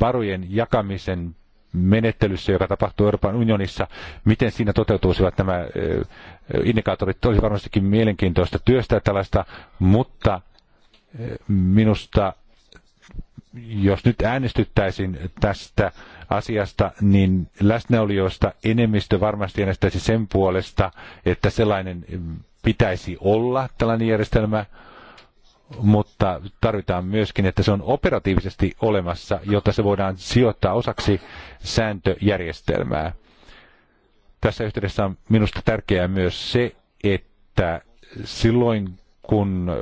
varojen jakamisen menettelyssä, joka tapahtuu Euroopan unionissa, miten siinä toteutuisivat nämä indikaattorit. Olisi varmastikin mielenkiintoista työstää tällaista, mutta minusta jos nyt äänestyttäisin tästä asiasta, niin läsnäolijoista enemmistö varmasti äänestäisi sen puolesta, että sellainen pitäisi olla tällainen järjestelmä, mutta tarvitaan myöskin, että se on operatiivisesti olemassa, jotta se voidaan sijoittaa osaksi sääntöjärjestelmää. Tässä yhteydessä on minusta tärkeää myös se, että silloin kun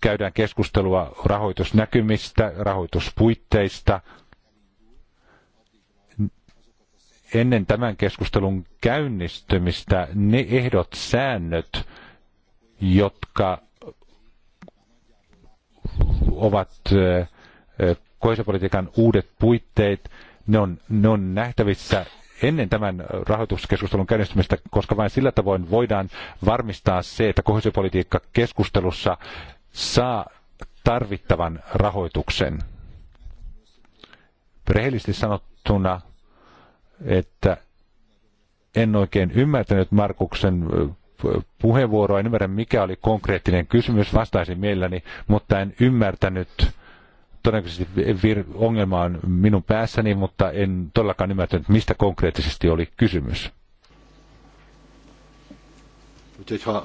käydään keskustelua rahoitusnäkymistä, rahoituspuitteista, ennen tämän keskustelun käynnistymistä ne ehdot, säännöt, jotka ovat koisopolitiikan uudet puitteet. Ne on, ne on nähtävissä ennen tämän rahoituskeskustelun käynnistymistä, koska vain sillä tavoin voidaan varmistaa se, että kohesiopolitiikka keskustelussa saa tarvittavan rahoituksen. Rehellisesti sanottuna, että en oikein ymmärtänyt Markuksen puheenvuoroa. En ymmärrä, mikä oli konkreettinen kysymys. Vastaisin mielelläni, mutta en ymmärtänyt. Todennäköisesti vir- ongelma on minun päässäni, mutta en todellakaan ymmärtänyt, mistä konkreettisesti oli kysymys. Uh,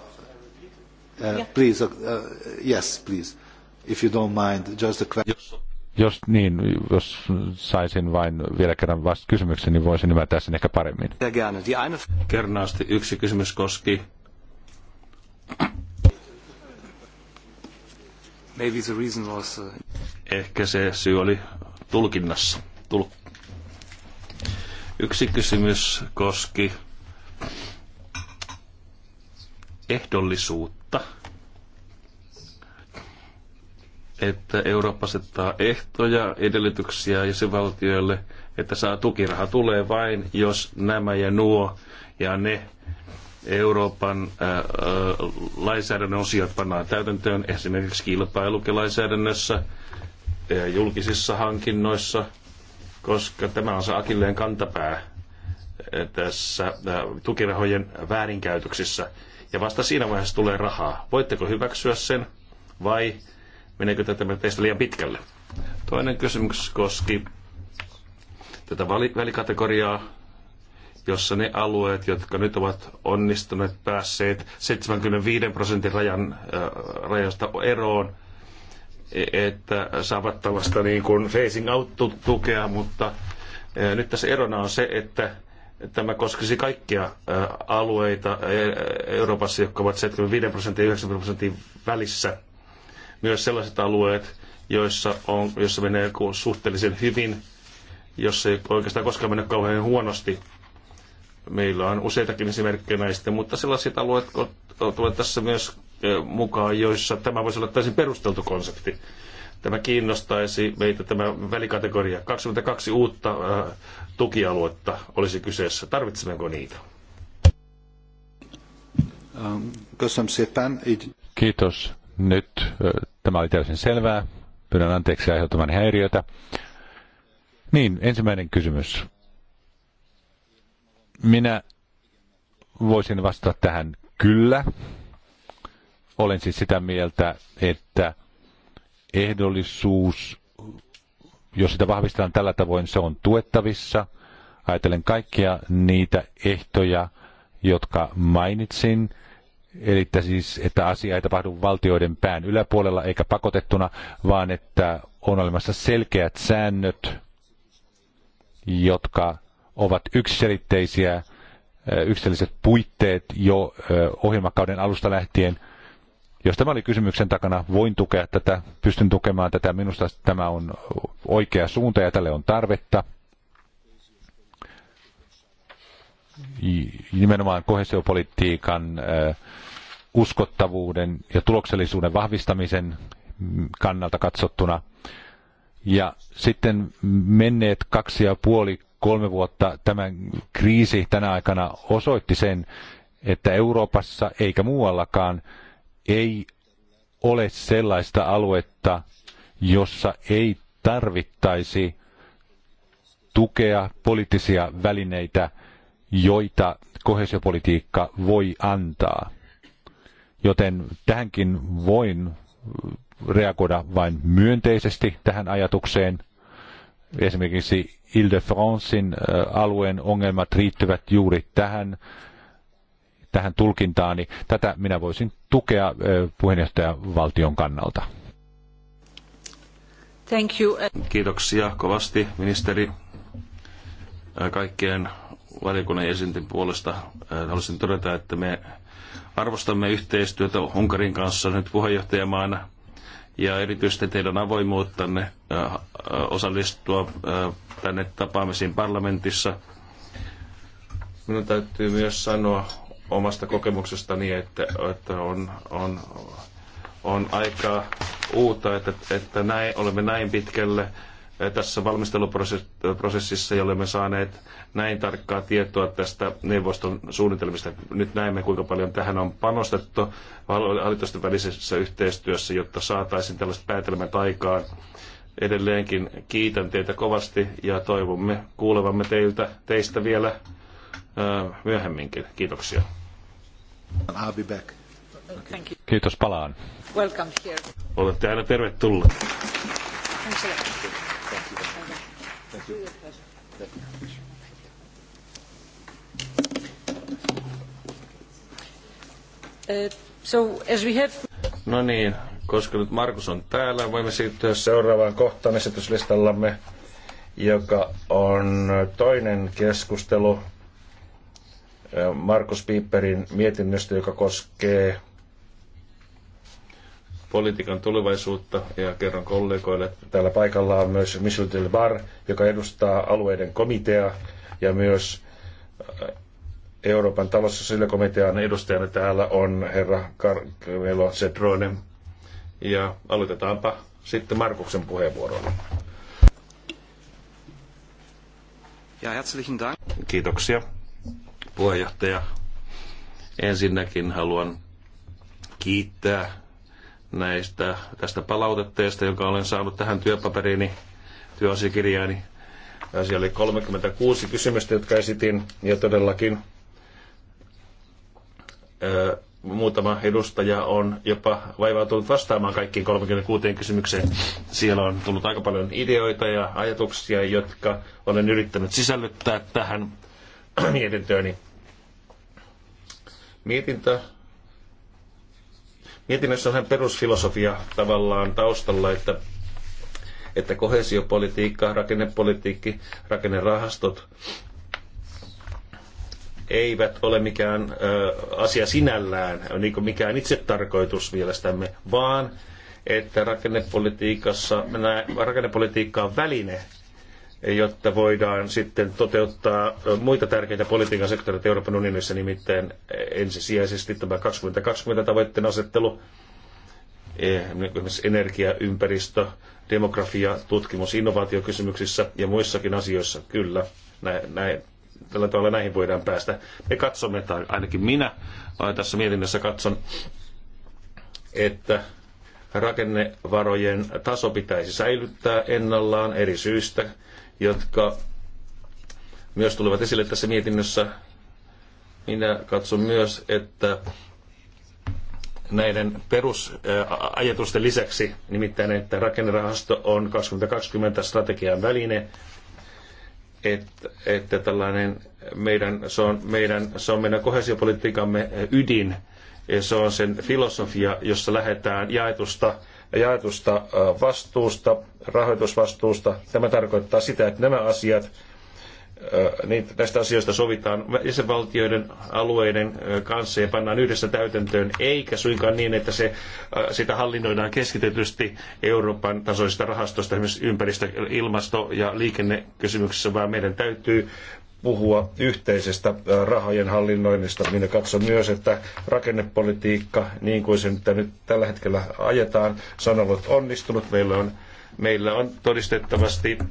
please, uh, uh, yes, please. If you don't mind, just a question. Jos niin, jos saisin vain vielä kerran vasta kysymyksen, niin voisin ymmärtää sen ehkä paremmin. Kernaasti yksi kysymys koski Maybe the reason was... Uh, Ehkä se syy oli tulkinnassa. Tul... Yksi kysymys koski ehdollisuutta. Että Eurooppa asettaa ehtoja, edellytyksiä jäsenvaltioille, että saa tukiraha tulee vain, jos nämä ja nuo ja ne Euroopan lainsäädännön osiot pannaan täytäntöön esimerkiksi kilpailukilainsäädännössä, ja julkisissa hankinnoissa, koska tämä on se akilleen kantapää tässä tukirahojen väärinkäytöksissä. Ja vasta siinä vaiheessa tulee rahaa. Voitteko hyväksyä sen vai meneekö tämä teistä liian pitkälle? Toinen kysymys koski tätä välikategoriaa jossa ne alueet, jotka nyt ovat onnistuneet päässeet 75 prosentin rajan, rajasta eroon, e, että saavat tällaista niin kuin facing out-tukea, mutta nyt tässä erona on se, että tämä koskisi kaikkia alueita e, Euroopassa, jotka ovat 75 prosentin ja 90 prosentin välissä. Myös sellaiset alueet, joissa, on, joissa menee suhteellisen hyvin, jossa ei oikeastaan koskaan mennä kauhean huonosti. Meillä on useitakin esimerkkejä näistä, mutta sellaiset alueet tulevat tässä myös e, mukaan, joissa tämä voisi olla täysin perusteltu konsepti. Tämä kiinnostaisi meitä tämä välikategoria. 22 uutta e, tukialuetta olisi kyseessä. Tarvitsemmeko niitä? Kiitos. Nyt e, tämä oli täysin selvää. Pyydän anteeksi aiheuttamani häiriötä. Niin, ensimmäinen kysymys. Minä voisin vastata tähän kyllä. Olen siis sitä mieltä, että ehdollisuus, jos sitä vahvistetaan tällä tavoin, se on tuettavissa. Ajattelen kaikkia niitä ehtoja, jotka mainitsin. Eli että siis, että asia ei tapahdu valtioiden pään yläpuolella eikä pakotettuna, vaan että on olemassa selkeät säännöt, jotka ovat yksiselitteisiä, yksilölliset puitteet jo ohjelmakauden alusta lähtien. Jos tämä oli kysymyksen takana, voin tukea tätä, pystyn tukemaan tätä. Minusta tämä on oikea suunta ja tälle on tarvetta. Nimenomaan kohesiopolitiikan uskottavuuden ja tuloksellisuuden vahvistamisen kannalta katsottuna. Ja sitten menneet kaksi ja puoli kolme vuotta tämä kriisi tänä aikana osoitti sen, että Euroopassa eikä muuallakaan ei ole sellaista aluetta, jossa ei tarvittaisi tukea, poliittisia välineitä, joita kohesiopolitiikka voi antaa. Joten tähänkin voin reagoida vain myönteisesti tähän ajatukseen – Esimerkiksi Ile-de-Francein äh, alueen ongelmat riittyvät juuri tähän, tähän tulkintaan, niin tätä minä voisin tukea äh, puheenjohtajan valtion kannalta. Thank you. Kiitoksia kovasti ministeri äh, kaikkien valiokunnan jäsenten puolesta. Haluaisin todeta, että me arvostamme yhteistyötä Unkarin kanssa nyt puheenjohtajamaana ja erityisesti teidän avoimuuttanne äh, äh, osallistua äh, tänne tapaamisiin parlamentissa. Minun täytyy myös sanoa omasta kokemuksestani, että, että on, on, on aika uutta, että, että näin, olemme näin pitkälle tässä valmisteluprosessissa, jolle me saaneet näin tarkkaa tietoa tästä neuvoston suunnitelmista. Nyt näemme, kuinka paljon tähän on panostettu hallitusten välisessä yhteistyössä, jotta saataisiin tällaiset päätelmät aikaan. Edelleenkin kiitän teitä kovasti ja toivomme kuulevamme teiltä, teistä vielä myöhemminkin. Kiitoksia. I'll be back. Thank you. Kiitos, palaan. Welcome here. Olette aina tervetulleet. Thanks a lot. Thank you. Thank uh, you. No niin, koska nyt Markus on täällä, voimme siirtyä seuraavaan kohtaan esityslistallamme, joka on toinen keskustelu eh, Markus Piipperin mietinnöstä, joka koskee politiikan tulevaisuutta ja kerron kollegoille. Täällä paikalla on myös Michel Delbar, joka edustaa alueiden komitea ja myös äh, Euroopan taloussosiaalikomitean edustajana täällä on herra Carmelo Cedrone. Ja aloitetaanpa sitten Markuksen puheenvuorolla. Ja herzlichen Dank. Kiitoksia puheenjohtaja. Ensinnäkin haluan kiittää näistä, tästä palautteesta, jonka olen saanut tähän työpaperiini, niin työasiakirjaani. Niin Siellä oli 36 kysymystä, jotka esitin, ja todellakin ö, muutama edustaja on jopa vaivautunut vastaamaan kaikkiin 36 kysymykseen. Siellä on tullut aika paljon ideoita ja ajatuksia, jotka olen yrittänyt sisällyttää tähän mietintööni. Mietintö Mietinnössä on sen perusfilosofia tavallaan taustalla, että, että kohesiopolitiikka, rakennepolitiikki, rakennerahastot eivät ole mikään ö, asia sinällään, niin kuin mikään itsetarkoitus mielestämme, vaan että rakennepolitiikassa, rakennepolitiikka on väline jotta voidaan sitten toteuttaa muita tärkeitä politiikan sektoreita Euroopan unionissa, nimittäin ensisijaisesti tämä 2020 tavoitteen asettelu, e, esimerkiksi energia, ympäristö, demografia, tutkimus, innovaatiokysymyksissä ja muissakin asioissa. Kyllä, näin, tällä tavalla näihin voidaan päästä. Me katsomme, tai ainakin minä tässä mietinnössä katson, että rakennevarojen taso pitäisi säilyttää ennallaan eri syistä – jotka myös tulevat esille tässä mietinnössä. Minä katson myös, että näiden perusajatusten lisäksi, nimittäin että rakennerahasto on 2020 strategian väline, että, että tällainen meidän, se on meidän, se on meidän kohesiopolitiikamme ydin, ja se on sen filosofia, jossa lähdetään jaetusta jaetusta äh, vastuusta, rahoitusvastuusta. Tämä tarkoittaa sitä, että nämä asiat, niin näistä asioista sovitaan jäsenvaltioiden alueiden äh, kanssa ja pannaan yhdessä täytäntöön, eikä suinkaan niin, että se, sitä hallinnoidaan keskitetysti Euroopan tasoisista rahastoista esimerkiksi ympäristö-, ilmasto- ja liikennekysymyksissä, vaan meidän täytyy puhua yhteisestä äh, rahojen hallinnoinnista. Minä katson myös, että rakennepolitiikka, niin kuin se nyt tällä hetkellä ajetaan, se on ollut onnistunut. Meillä on, meillä on todistettavasti, äh,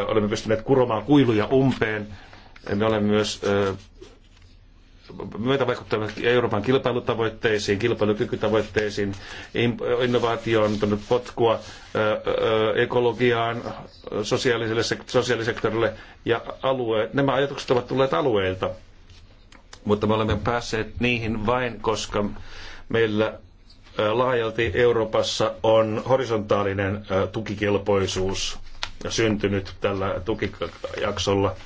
äh, olemme pystyneet kuromaan kuiluja umpeen. Me olemme myös myötävaikuttavat Euroopan kilpailutavoitteisiin, kilpailukykytavoitteisiin, innovaatioon, potkua ekologiaan, sosiaaliselle, sosiaalisektorille ja alueet. Nämä ajatukset ovat tulleet alueilta, mutta me olemme päässeet niihin vain, koska meillä laajalti Euroopassa on horisontaalinen tukikelpoisuus syntynyt tällä tukijaksolla –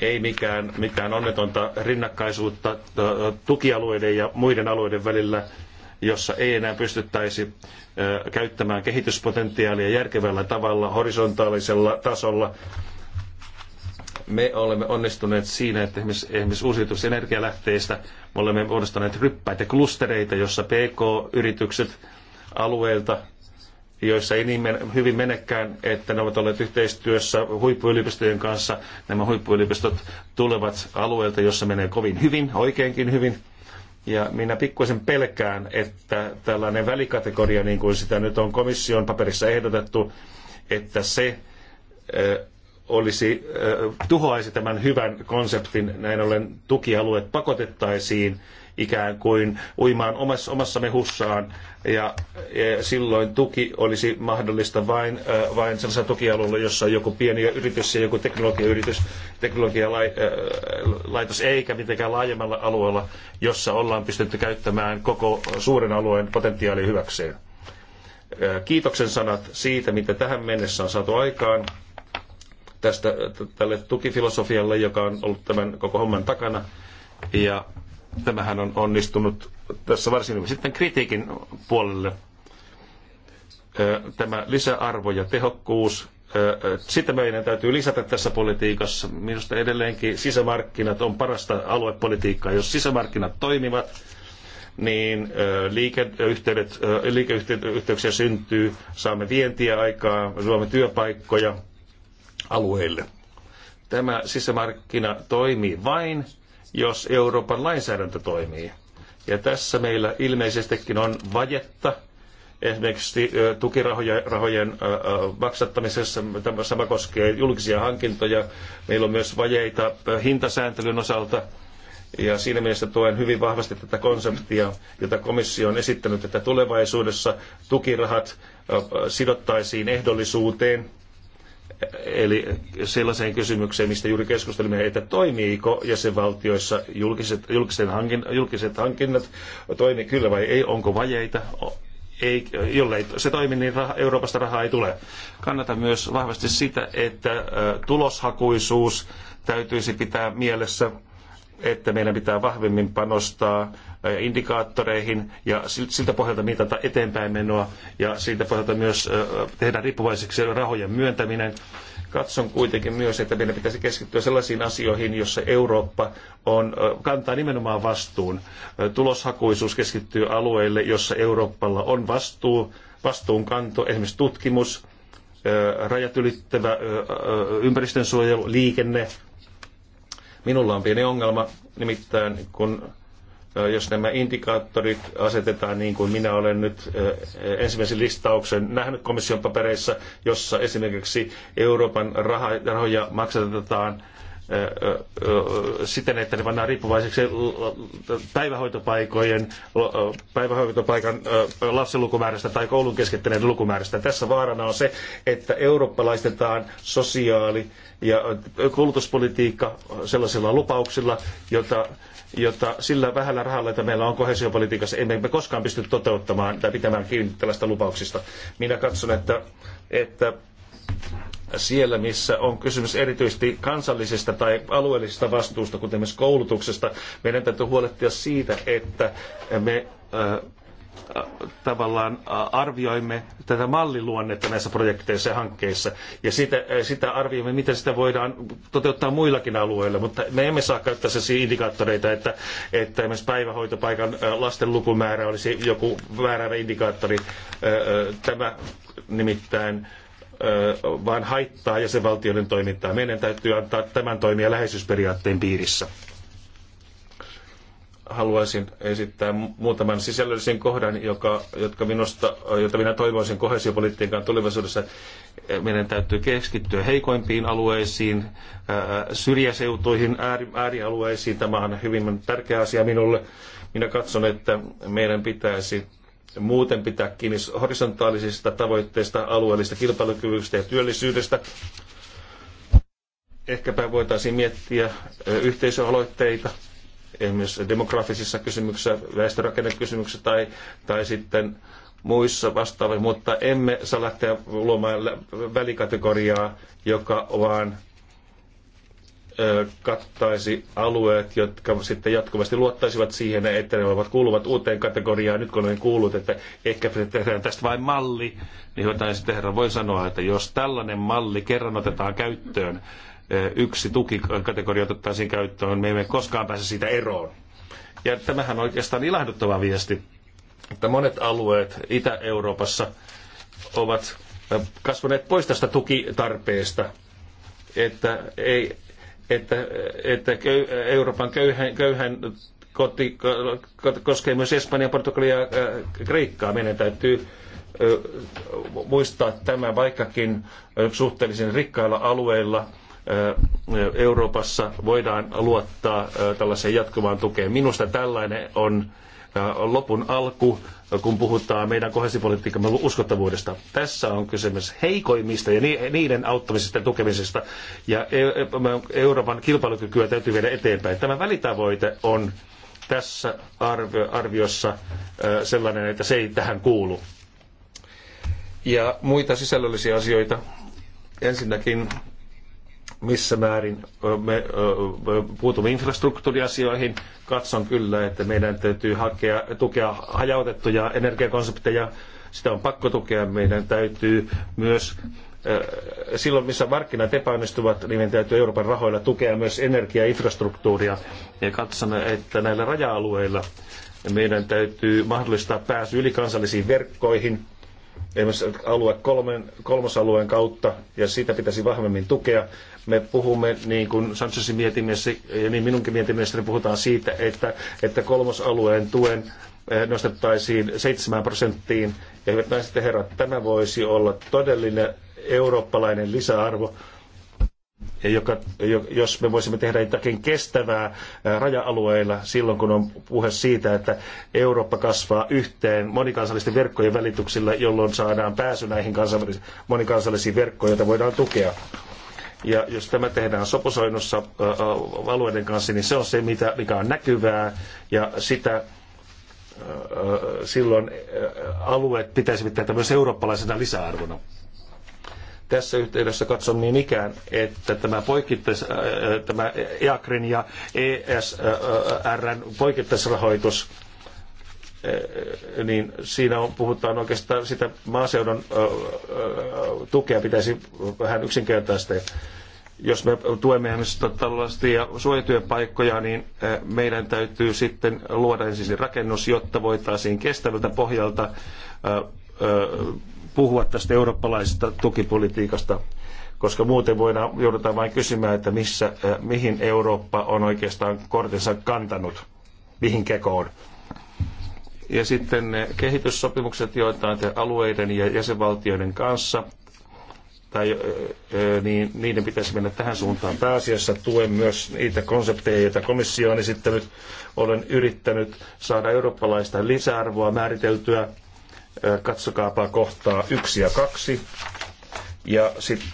ei mikään, mitään onnetonta rinnakkaisuutta tukialueiden ja muiden alueiden välillä, jossa ei enää pystyttäisi käyttämään kehityspotentiaalia järkevällä tavalla, horisontaalisella tasolla. Me olemme onnistuneet siinä, että esimerkiksi, uusiutusenergialähteistä energialähteistä me olemme muodostaneet ryppäitä klustereita, jossa PK-yritykset alueelta joissa ei niin hyvin menekään, että ne ovat olleet yhteistyössä huippuyliopistojen kanssa. Nämä huippuyliopistot tulevat alueelta, jossa menee kovin hyvin, oikeinkin hyvin. Ja minä pikkuisen pelkään, että tällainen välikategoria, niin kuin sitä nyt on komission paperissa ehdotettu, että se olisi, tuhoaisi tämän hyvän konseptin, näin ollen tukialueet pakotettaisiin ikään kuin uimaan omassa, omassa mehussaan ja, ja silloin tuki olisi mahdollista vain, äh, vain sellaisella tukialueella, jossa on joku pieni yritys ja joku teknologiayritys, teknologialaitos eikä mitenkään laajemmalla alueella, jossa ollaan pystytty käyttämään koko suuren alueen potentiaali hyväkseen. Kiitoksen sanat siitä, mitä tähän mennessä on saatu aikaan tästä, tälle tukifilosofialle, joka on ollut tämän koko homman takana. Ja Tämähän on onnistunut tässä varsin hyvin. Sitten kritiikin puolelle tämä lisäarvo ja tehokkuus, sitä meidän täytyy lisätä tässä politiikassa. Minusta edelleenkin sisämarkkinat on parasta aluepolitiikkaa. Jos sisämarkkinat toimivat, niin liikeyhteydet, liikeyhteyksiä syntyy, saamme vientiä aikaa, luomme työpaikkoja alueille. Tämä sisämarkkina toimii vain, jos Euroopan lainsäädäntö toimii. Ja tässä meillä ilmeisestikin on vajetta esimerkiksi tukirahojen maksattamisessa. Tämä sama koskee julkisia hankintoja. Meillä on myös vajeita hintasääntelyn osalta. Ja siinä mielessä tuen hyvin vahvasti tätä konseptia, jota komissio on esittänyt, että tulevaisuudessa tukirahat sidottaisiin ehdollisuuteen eli sellaiseen kysymykseen, mistä juuri keskustelimme, että toimiiko jäsenvaltioissa julkiset, julkiset, hankin, julkiset hankinnat, toimi kyllä vai ei, onko vajeita, ei, jollei se toimi, niin raha, Euroopasta rahaa ei tule. Kannata myös vahvasti sitä, että tuloshakuisuus täytyisi pitää mielessä että meidän pitää vahvemmin panostaa indikaattoreihin ja siltä pohjalta mitata eteenpäin menoa ja siltä pohjalta myös tehdä riippuvaiseksi rahojen myöntäminen. Katson kuitenkin myös, että meidän pitäisi keskittyä sellaisiin asioihin, joissa Eurooppa on, kantaa nimenomaan vastuun. Tuloshakuisuus keskittyy alueille, jossa Euroopalla on vastuu, vastuunkanto, esimerkiksi tutkimus, rajat ylittävä ympäristönsuojelu, liikenne, Minulla on pieni ongelma, nimittäin kun jos nämä indikaattorit asetetaan niin kuin minä olen nyt ensimmäisen listauksen nähnyt komission papereissa, jossa esimerkiksi Euroopan rahoja maksatetaan siten, että ne pannaan riippuvaiseksi päivähoitopaikojen, päivähoitopaikan lapsilukumäärästä tai koulun keskittäneiden lukumäärästä. Tässä vaarana on se, että eurooppalaistetaan sosiaali- ja koulutuspolitiikka sellaisilla lupauksilla, jota, jota sillä vähällä rahalla, että meillä on kohesiopolitiikassa, emme me koskaan pysty toteuttamaan tai pitämään kiinni tällaista lupauksista. Minä katson, että, että siellä, missä on kysymys erityisesti kansallisesta tai alueellisesta vastuusta, kuten esimerkiksi koulutuksesta. Meidän täytyy huolehtia siitä, että me äh, tavallaan äh, arvioimme tätä malliluonnetta näissä projekteissa ja hankkeissa ja sitä, äh, sitä arvioimme, miten sitä voidaan toteuttaa muillakin alueilla, mutta me emme saa käyttää sellaisia indikaattoreita, että, että esimerkiksi päivähoitopaikan lasten lukumäärä olisi joku väärä indikaattori. Tämä nimittäin vaan haittaa jäsenvaltioiden toimintaa. Meidän täytyy antaa tämän toimia läheisyysperiaatteen piirissä. Haluaisin esittää muutaman sisällöllisen kohdan, joka, jotka minusta, jota minä toivoisin kohesiopolitiikan tulevaisuudessa. Meidän täytyy keskittyä heikoimpiin alueisiin, syrjäseutuihin, ääri, äärialueisiin. Tämä on hyvin tärkeä asia minulle. Minä katson, että meidän pitäisi muuten pitää kiinni horisontaalisista tavoitteista, alueellista kilpailukyvystä ja työllisyydestä. Ehkäpä voitaisiin miettiä yhteisöaloitteita, esimerkiksi demografisissa kysymyksissä, väestörakennekysymyksissä tai, tai sitten muissa vastaavissa, mutta emme saa lähteä luomaan välikategoriaa, joka vaan kattaisi alueet, jotka sitten jatkuvasti luottaisivat siihen, että ne ovat kuuluvat uuteen kategoriaan. Nyt kun olen kuullut, että ehkä tehdään tästä vain malli, niin jotain sitten herra voi sanoa, että jos tällainen malli kerran otetaan käyttöön, yksi tukikategoria otettaisiin käyttöön, me emme koskaan pääse siitä eroon. Ja tämähän on oikeastaan ilahduttava viesti, että monet alueet Itä-Euroopassa ovat kasvaneet pois tästä tukitarpeesta, että ei että, että Euroopan köyhän, köyhän koti koskee myös Espanjaa, Portugalia ja äh, Kreikkaa. Meidän täytyy muistaa tämä, vaikkakin suhteellisen rikkailla alueilla Euroopassa voidaan luottaa tällaiseen jatkuvaan tukeen. Minusta tällainen on Äh, lopun alku, kun puhutaan meidän kohesipolitiikkamme uskottavuudesta. Tässä on kysymys heikoimmista ja niiden auttamisesta ja tukemisesta. Ja e, e, Euroopan kilpailukykyä täytyy viedä eteenpäin. Tämä välitavoite on tässä arviossa äh, sellainen, että se ei tähän kuulu. Ja muita sisällöllisiä asioita. Ensinnäkin missä määrin me puutumme infrastruktuuriasioihin. Katson kyllä, että meidän täytyy hakea, tukea hajautettuja energiakonsepteja. Sitä on pakko tukea. Meidän täytyy myös silloin, missä markkinat epäonnistuvat, niin meidän täytyy Euroopan rahoilla tukea myös energiainfrastruktuuria. Ja katson, että näillä raja-alueilla meidän täytyy mahdollistaa pääsy ylikansallisiin verkkoihin, esimerkiksi alue kolmen, kolmosalueen kautta, ja sitä pitäisi vahvemmin tukea. Me puhumme, niin kuin Sanchezin mietinnössä ja niin minunkin mietinnössäni niin puhutaan siitä, että, että kolmosalueen tuen eh, nostettaisiin 7 prosenttiin. Ja hyvät naiset ja herrat, tämä voisi olla todellinen eurooppalainen lisäarvo, ja joka, jos me voisimme tehdä jotakin kestävää eh, raja-alueilla silloin, kun on puhe siitä, että Eurooppa kasvaa yhteen monikansallisten verkkojen välityksillä, jolloin saadaan pääsy näihin monikansallisiin verkkoihin, joita voidaan tukea. Ja jos tämä tehdään sopusoinnussa alueiden kanssa, niin se on se, mitä, mikä on näkyvää ja sitä silloin alueet pitäisi pitää myös eurooppalaisena lisäarvona. Tässä yhteydessä katson niin ikään, että tämä, poikittais, tämä EACRin ja ESRn poikittaisrahoitus niin siinä on, puhutaan oikeastaan sitä maaseudun tukea pitäisi vähän yksinkertaisesti. Jos me tuemme esimerkiksi ja suojatyöpaikkoja, niin meidän täytyy sitten luoda ensin rakennus, jotta voitaisiin kestävältä pohjalta puhua tästä eurooppalaisesta tukipolitiikasta koska muuten voidaan, joudutaan vain kysymään, että missä, mihin Eurooppa on oikeastaan kortensa kantanut, mihin kekoon. Ja sitten ne kehityssopimukset, joita on alueiden ja jäsenvaltioiden kanssa, tai, niin niiden pitäisi mennä tähän suuntaan. Pääasiassa tuen myös niitä konsepteja, joita komissio on esittänyt. Olen yrittänyt saada eurooppalaista lisäarvoa määriteltyä. Katsokaapa kohtaa yksi ja kaksi. Ja sitten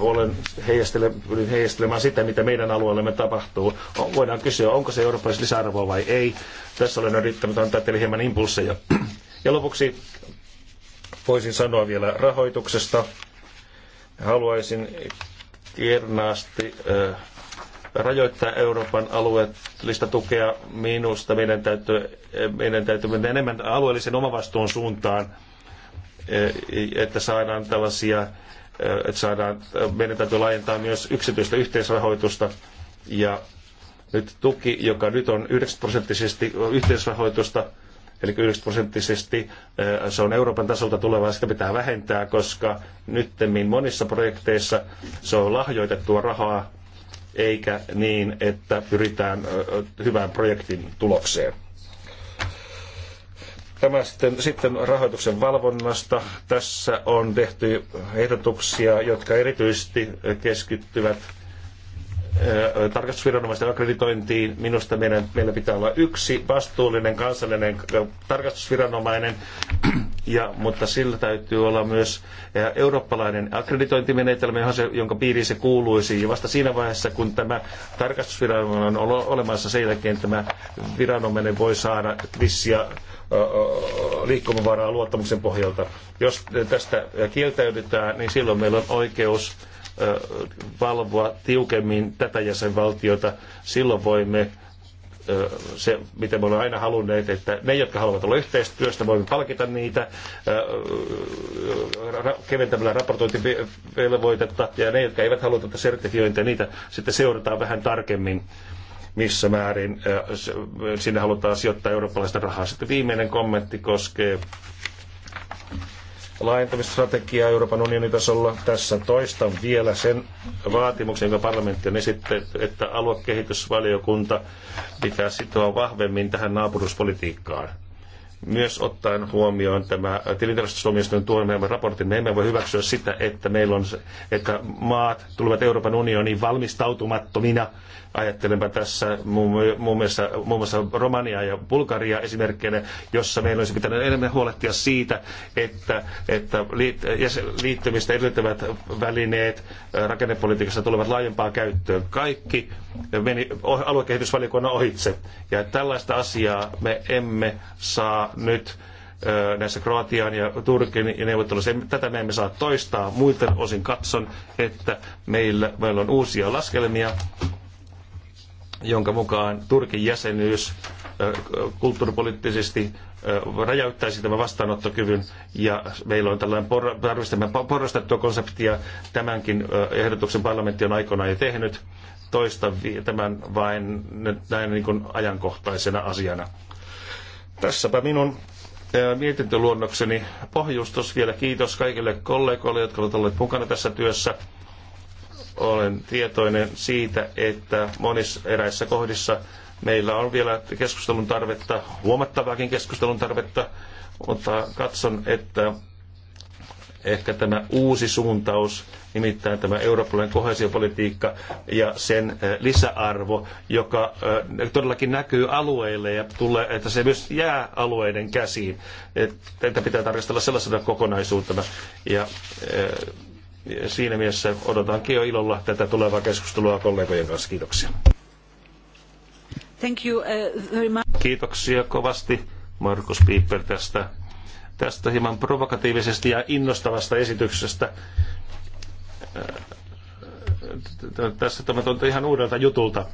olen heijastele, pyrin heijastelemaan sitä, mitä meidän alueellemme tapahtuu. Voidaan kysyä, onko se eurooppalaisessa lisäarvoa vai ei. Tässä olen yrittänyt antaa teille hieman impulseja. Ja lopuksi voisin sanoa vielä rahoituksesta. Haluaisin kernaasti rajoittaa Euroopan alueellista tukea. Minusta meidän täytyy, meidän täytyy mennä enemmän alueellisen omavastuun suuntaan E, e, että saadaan tällaisia, e, että saadaan, meidän täytyy laajentaa myös yksityistä yhteisrahoitusta ja nyt tuki, joka nyt on 9 prosenttisesti yhteisrahoitusta, eli 9 prosenttisesti se on Euroopan tasolta tulevaa, sitä pitää vähentää, koska nyt monissa projekteissa se on lahjoitettua rahaa, eikä niin, että pyritään hyvään projektin tulokseen. Tämä sitten, sitten rahoituksen valvonnasta. Tässä on tehty ehdotuksia, jotka erityisesti keskittyvät tarkastusviranomaisten akkreditointiin. Minusta meidän, meillä pitää olla yksi vastuullinen kansallinen tarkastusviranomainen, *clears throat* ja, mutta sillä täytyy olla myös eurooppalainen akkreditointimenetelmä, johon se, jonka piiriin se kuuluisi. Ja vasta siinä vaiheessa, kun tämä tarkastusviranomainen on olemassa sen jälkeen, tämä viranomainen voi saada vissiä liikkumavaraa luottamuksen pohjalta. Jos tästä kieltäydytään, niin silloin meillä on oikeus valvoa tiukemmin tätä jäsenvaltiota. Silloin voimme se, mitä me olemme aina halunneet, että ne, jotka haluavat olla yhteistyöstä, voimme palkita niitä keventämällä raportointivelvoitetta, ja ne, jotka eivät halua tätä sertifiointia, niitä sitten seurataan vähän tarkemmin missä määrin sinne halutaan sijoittaa eurooppalaista rahaa. Sitten viimeinen kommentti koskee laajentamisstrategiaa Euroopan unionin tasolla. Tässä toistan vielä sen vaatimuksen, jonka parlamentti on esittänyt, että aluekehitysvaliokunta pitää sitoa vahvemmin tähän naapuruspolitiikkaan. Myös ottaen huomioon tämä tilintarkastustuomioistuimen tuomeema raportin, me emme voi hyväksyä sitä, että meillä on, että maat tulevat Euroopan unioniin valmistautumattomina Ajattelenpa tässä muun muassa, muun muassa Romania ja Bulgaria esimerkkeinä, jossa meillä olisi pitänyt enemmän huolehtia siitä, että, että liittymistä edellyttävät välineet äh, rakennepolitiikassa tulevat laajempaa käyttöön. Kaikki meni aluekehitysvaliokunnan ohitse. Ja tällaista asiaa me emme saa nyt äh, näissä Kroatian ja Turkin ja neuvotteluissa. Tätä me emme saa toistaa. Muilta osin katson, että meillä, meillä on uusia laskelmia jonka mukaan Turkin jäsenyys kulttuuripoliittisesti räjäyttäisi tämän vastaanottokyvyn ja meillä on tällainen por- porrastettua konseptia. Tämänkin ehdotuksen parlamentti on aikoinaan jo tehnyt. Toista tämän vain näin niin kuin ajankohtaisena asiana. Tässäpä minun mietintöluonnokseni pohjustus. Vielä kiitos kaikille kollegoille, jotka ovat olleet mukana tässä työssä. Olen tietoinen siitä, että monissa eräissä kohdissa meillä on vielä keskustelun tarvetta, huomattavaakin keskustelun tarvetta, mutta katson, että ehkä tämä uusi suuntaus, nimittäin tämä eurooppalainen kohesiopolitiikka ja sen eh, lisäarvo, joka eh, todellakin näkyy alueille ja tulee, että se myös jää alueiden käsiin. Tätä pitää tarkastella sellaisena kokonaisuutena. Ja eh, siinä mielessä odotankin jo ilolla tätä tulevaa keskustelua kollegojen kanssa. Kiitoksia. Thank you, uh, very much. Kiitoksia kovasti Markus Pieper tästä, tästä hieman provokatiivisesta ja innostavasta esityksestä. Tässä tämä tuntuu ihan uudelta jutulta.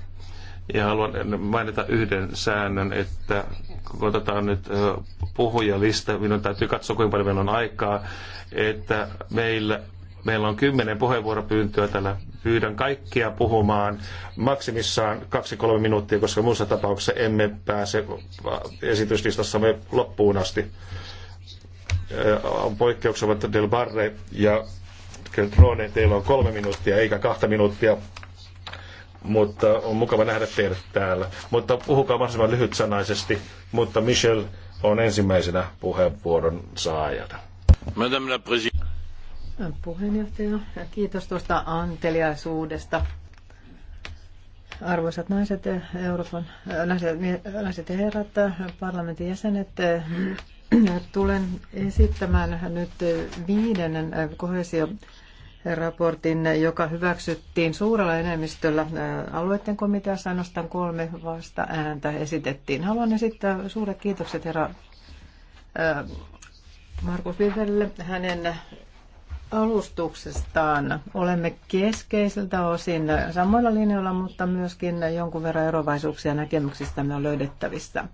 Ja haluan mainita yhden säännön, että kun otetaan nyt puhujalista, minun täytyy katsoa, kuinka paljon meillä on aikaa, että meillä Meillä on kymmenen puheenvuoropyyntöä tällä. Pyydän kaikkia puhumaan maksimissaan kaksi-kolme minuuttia, koska muussa tapauksessa emme pääse esityslistassamme loppuun asti. Äh, on poikkeuksena Del Barre ja Keltrone, teillä on kolme minuuttia eikä kahta minuuttia mutta on mukava nähdä teidät täällä. Mutta puhukaa mahdollisimman lyhytsanaisesti, mutta Michel on ensimmäisenä puheenvuoron saajana. Madame la puheenjohtaja. Ja kiitos tuosta anteliaisuudesta. Arvoisat naiset, Euroopan, naiset, naiset ja herrat, parlamentin jäsenet, tulen esittämään nyt viidennen kohesioraportin, raportin, joka hyväksyttiin suurella enemmistöllä alueiden komiteassa. Ainoastaan kolme vasta ääntä esitettiin. Haluan esittää suuret kiitokset herra äh, Markus Viverille hänen alustuksestaan. Olemme keskeisiltä osin samoilla linjoilla, mutta myöskin jonkun verran erovaisuuksia näkemyksistämme on löydettävissä.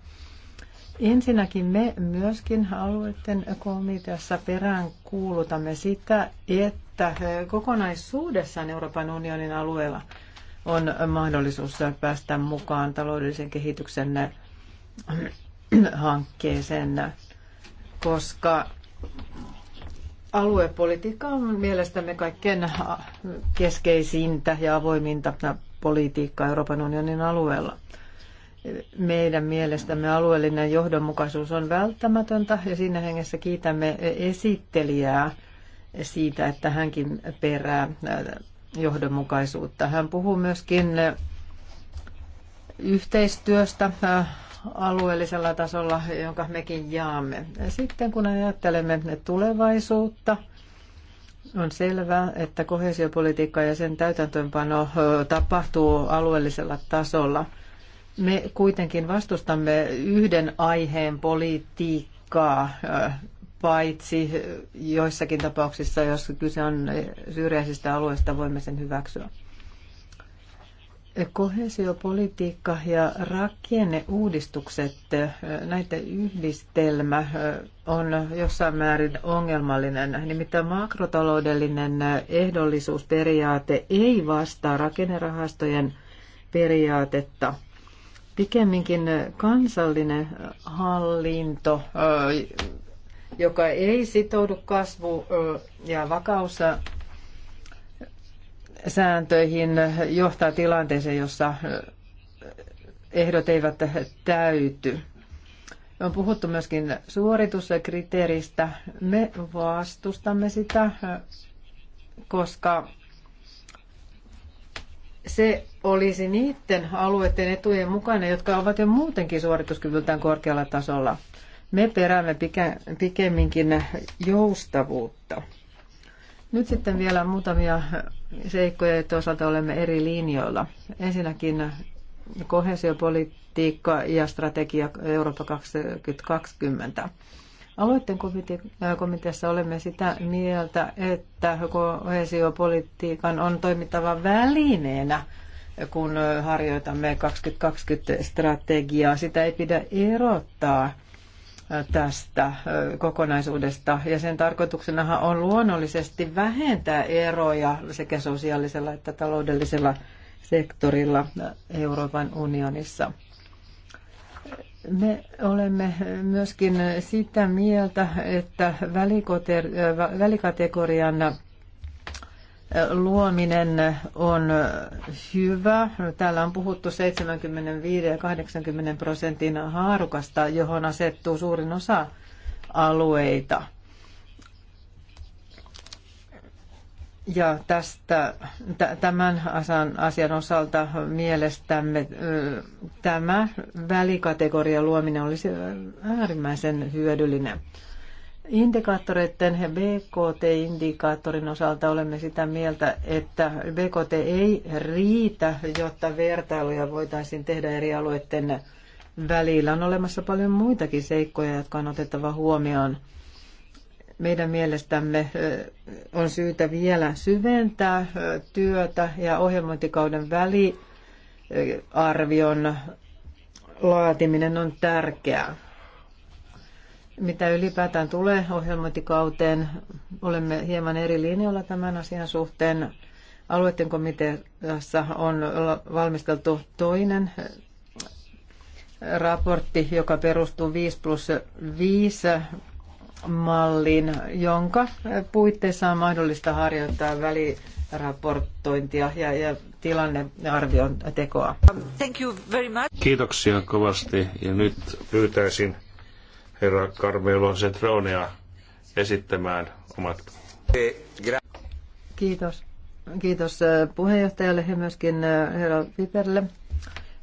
Ensinnäkin me myöskin alueiden komiteassa perään kuulutamme sitä, että kokonaisuudessaan Euroopan unionin alueella on mahdollisuus päästä mukaan taloudellisen kehityksen hankkeeseen, koska Aluepolitiikka on mielestämme kaikkein keskeisintä ja avoiminta politiikkaa Euroopan unionin alueella. Meidän mielestämme alueellinen johdonmukaisuus on välttämätöntä ja siinä hengessä kiitämme esittelijää siitä, että hänkin perää johdonmukaisuutta. Hän puhuu myöskin yhteistyöstä alueellisella tasolla, jonka mekin jaamme. Sitten kun ajattelemme tulevaisuutta, on selvää, että kohesiopolitiikka ja sen täytäntöönpano tapahtuu alueellisella tasolla. Me kuitenkin vastustamme yhden aiheen politiikkaa, paitsi joissakin tapauksissa, jos kyse on syrjäisistä alueista, voimme sen hyväksyä. Kohesiopolitiikka ja rakenneuudistukset, näiden yhdistelmä on jossain määrin ongelmallinen. Nimittäin makrotaloudellinen ehdollisuusperiaate ei vastaa rakennerahastojen periaatetta. Pikemminkin kansallinen hallinto, joka ei sitoudu kasvu- ja vakaus- sääntöihin johtaa tilanteeseen, jossa ehdot eivät täyty. On puhuttu myöskin suorituskriteeristä. Me vastustamme sitä, koska se olisi niiden alueiden etujen mukainen, jotka ovat jo muutenkin suorituskyvyltään korkealla tasolla. Me peräämme pikemminkin joustavuutta. Nyt sitten vielä muutamia seikkoja, että osalta olemme eri linjoilla. Ensinnäkin kohesiopolitiikka ja strategia Eurooppa 2020. Aloitteen komiteassa olemme sitä mieltä, että kohesiopolitiikan on toimittava välineenä, kun harjoitamme 2020 strategiaa. Sitä ei pidä erottaa tästä kokonaisuudesta. Ja sen tarkoituksenahan on luonnollisesti vähentää eroja sekä sosiaalisella että taloudellisella sektorilla Euroopan unionissa. Me olemme myöskin sitä mieltä, että välikategorian luominen on hyvä. Täällä on puhuttu 75 ja 80 prosentin haarukasta, johon asettuu suurin osa alueita. Ja tästä, tämän asian osalta mielestämme tämä välikategoria luominen olisi äärimmäisen hyödyllinen. Indikaattoreiden ja BKT-indikaattorin osalta olemme sitä mieltä, että BKT ei riitä, jotta vertailuja voitaisiin tehdä eri alueiden välillä. On olemassa paljon muitakin seikkoja, jotka on otettava huomioon. Meidän mielestämme on syytä vielä syventää työtä ja ohjelmointikauden väliarvion laatiminen on tärkeää. Mitä ylipäätään tulee ohjelmointikauteen, olemme hieman eri linjoilla tämän asian suhteen. Alueiden komiteassa on valmisteltu toinen raportti, joka perustuu 5 plus 5 mallin, jonka puitteissa on mahdollista harjoittaa väliraportointia ja, ja tilannearvion tekoa. Thank you very much. Kiitoksia kovasti ja nyt pyytäisin herra Carmelo Centronea esittämään omat. Kiitos. Kiitos äh, puheenjohtajalle ja myöskin äh, herra Piperille.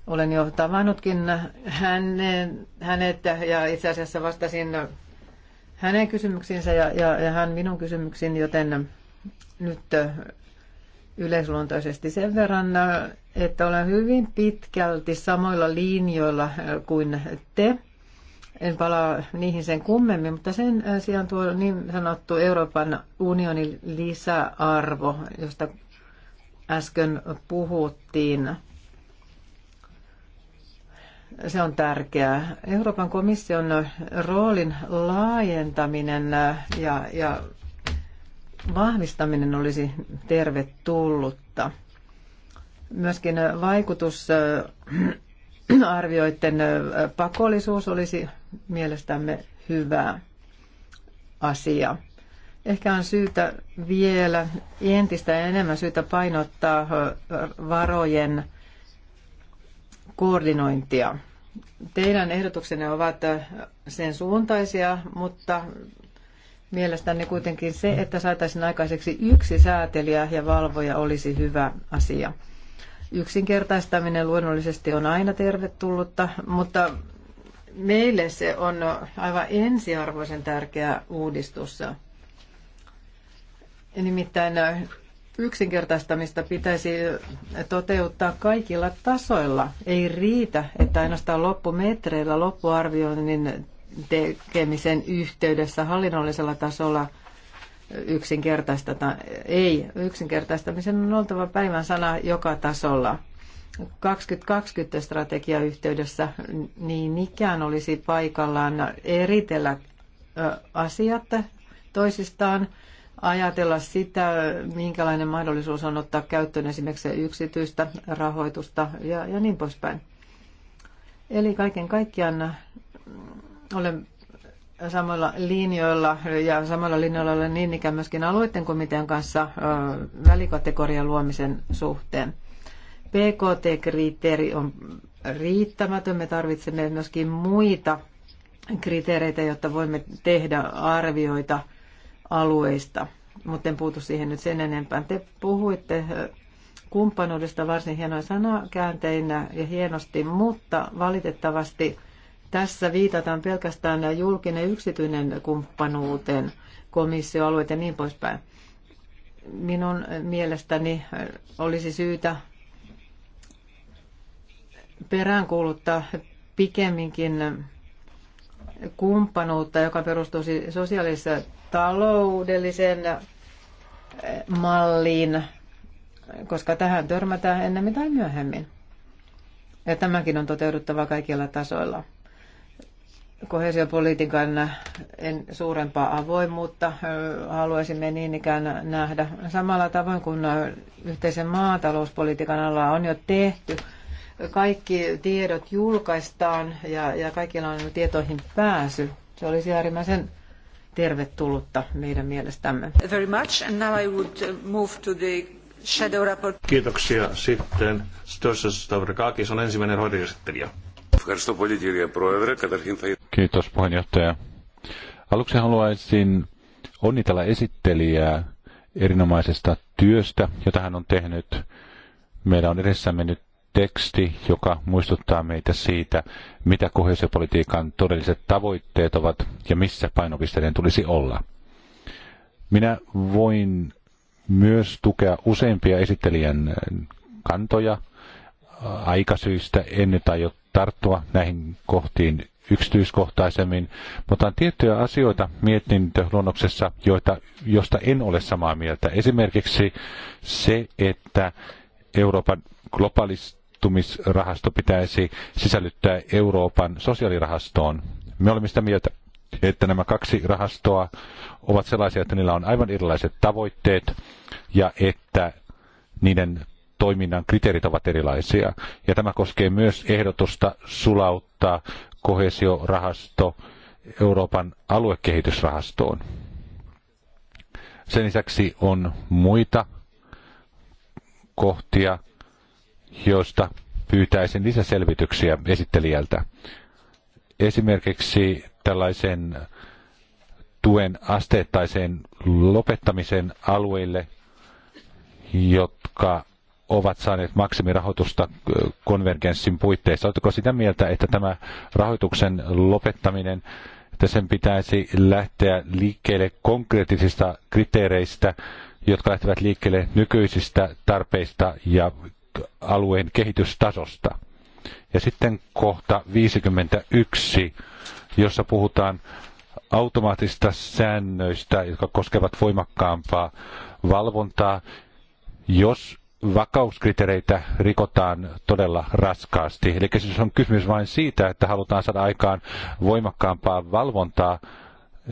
Olen jo tavannutkin hänen, hänet ja itse asiassa vastasin hänen kysymyksiinsä ja, ja, ja hän minun kysymyksiin, joten nyt äh, yleisluontoisesti sen verran, että olen hyvin pitkälti samoilla linjoilla kuin te. En palaa niihin sen kummemmin, mutta sen äh, sijaan tuo niin sanottu Euroopan unionin lisäarvo, josta äsken puhuttiin, se on tärkeää. Euroopan komission roolin laajentaminen äh, ja, ja vahvistaminen olisi tervetullutta. Myöskin äh, vaikutus arvioiden pakollisuus olisi mielestämme hyvä asia. Ehkä on syytä vielä entistä enemmän syytä painottaa varojen koordinointia. Teidän ehdotuksenne ovat sen suuntaisia, mutta mielestäni kuitenkin se, että saataisiin aikaiseksi yksi säätelijä ja valvoja olisi hyvä asia. Yksinkertaistaminen luonnollisesti on aina tervetullutta, mutta meille se on aivan ensiarvoisen tärkeä uudistus. Nimittäin yksinkertaistamista pitäisi toteuttaa kaikilla tasoilla. Ei riitä, että ainoastaan loppumetreillä loppuarvioinnin tekemisen yhteydessä hallinnollisella tasolla – yksinkertaisteta. Ei, yksinkertaistamisen on oltava päivän sana joka tasolla. 2020 strategiayhteydessä niin ikään olisi paikallaan eritellä asiat toisistaan, ajatella sitä, minkälainen mahdollisuus on ottaa käyttöön esimerkiksi yksityistä rahoitusta ja, ja niin poispäin. Eli kaiken kaikkiaan olen samoilla linjoilla ja samalla linjoilla olen niin ikään myöskin alueiden komitean kanssa välikategorian luomisen suhteen. PKT-kriteeri on riittämätön. Me tarvitsemme myöskin muita kriteereitä, jotta voimme tehdä arvioita alueista. Mutta en puutu siihen nyt sen enempää. Te puhuitte kumppanuudesta varsin hienoin sanakääntein ja hienosti, mutta valitettavasti – tässä viitataan pelkästään julkinen yksityinen kumppanuuteen, komissioalueet ja niin poispäin. Minun mielestäni olisi syytä peräänkuuluttaa pikemminkin kumppanuutta, joka perustuisi sosiaaliseen taloudelliseen malliin, koska tähän törmätään ennemmin tai myöhemmin. Ja tämäkin on toteuduttava kaikilla tasoilla kohesiopolitiikan suurempaa avoimuutta haluaisimme niin ikään nähdä. Samalla tavoin kuin yhteisen maatalouspolitiikan alla on jo tehty, kaikki tiedot julkaistaan ja, ja kaikilla on tietoihin pääsy. Se olisi äärimmäisen tervetullutta meidän mielestämme. Very much, and now I would uh, move to the shadow report. Kiitoksia. Sitten Stosas Stavrakakis on ensimmäinen hoitajasittelijä. Kiitos puheenjohtaja. Aluksi haluaisin onnitella esittelijää erinomaisesta työstä, jota hän on tehnyt. Meillä on edessämme nyt teksti, joka muistuttaa meitä siitä, mitä kohesiopolitiikan todelliset tavoitteet ovat ja missä painopisteiden tulisi olla. Minä voin myös tukea useimpia esittelijän kantoja aikasyistä. En nyt aio tarttua näihin kohtiin yksityiskohtaisemmin, mutta on tiettyjä asioita mietintöluonnoksessa, joita, josta en ole samaa mieltä. Esimerkiksi se, että Euroopan globalistumisrahasto pitäisi sisällyttää Euroopan sosiaalirahastoon. Me olemme sitä mieltä, että nämä kaksi rahastoa ovat sellaisia, että niillä on aivan erilaiset tavoitteet ja että niiden toiminnan kriteerit ovat erilaisia. Ja tämä koskee myös ehdotusta sulauttaa kohesiorahasto Euroopan aluekehitysrahastoon. Sen lisäksi on muita kohtia, joista pyytäisin lisäselvityksiä esittelijältä. Esimerkiksi tällaisen tuen asteittaiseen lopettamisen alueille, jotka ovat saaneet maksimirahoitusta äh, konvergenssin puitteissa. Oletteko sitä mieltä, että tämä rahoituksen lopettaminen, että sen pitäisi lähteä liikkeelle konkreettisista kriteereistä, jotka lähtevät liikkeelle nykyisistä tarpeista ja alueen kehitystasosta? Ja sitten kohta 51, jossa puhutaan automaattista säännöistä, jotka koskevat voimakkaampaa valvontaa, jos vakauskriteereitä rikotaan todella raskaasti. Eli siis on kysymys vain siitä, että halutaan saada aikaan voimakkaampaa valvontaa,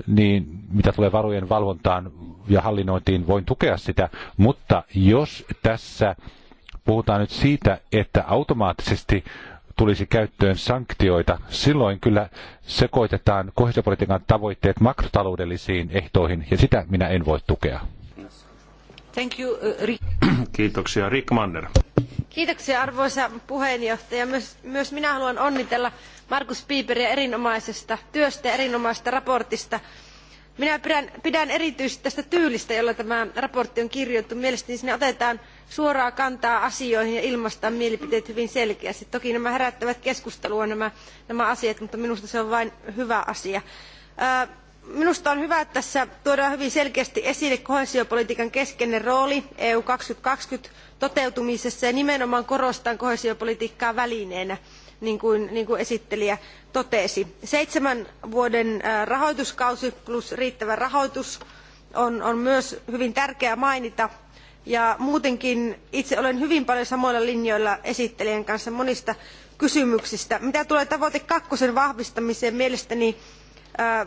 niin mitä tulee varojen valvontaan ja hallinnointiin, voin tukea sitä. Mutta jos tässä puhutaan nyt siitä, että automaattisesti tulisi käyttöön sanktioita, silloin kyllä sekoitetaan kohesiopolitiikan tavoitteet makrotaloudellisiin ehtoihin, ja sitä minä en voi tukea. Uh, Kiitoksia, Rick Manner. Kiitoksia arvoisa puheenjohtaja. Myös, myös minä haluan onnitella Markus Pieperiä erinomaisesta työstä ja erinomaisesta raportista. Minä pidän, pidän erityisesti tästä tyylistä, jolla tämä raportti on kirjoittu. Mielestäni siinä otetaan suoraa kantaa asioihin ja ilmaistaan mielipiteet hyvin selkeästi. Toki nämä herättävät keskustelua nämä, nämä asiat, mutta minusta se on vain hyvä asia minusta on hyvä että tässä tuodaan hyvin selkeästi esille koheesiopolitiikan keskeinen rooli eu kaksituhatta kaksikymmentä toteutumisessa ja nimenomaan korostetaan koheesiopolitiikkaa välineenä niin, niin kuin, esittelijä totesi. seitsemän vuoden rahoituskausi plus riittävä rahoitus on, myös hyvin tärkeää mainita ja muutenkin itse olen hyvin paljon samoilla linjoilla esittelijän kanssa monista kysymyksistä. mitä tulee tavoite kakkosen vahvistamiseen mielestäni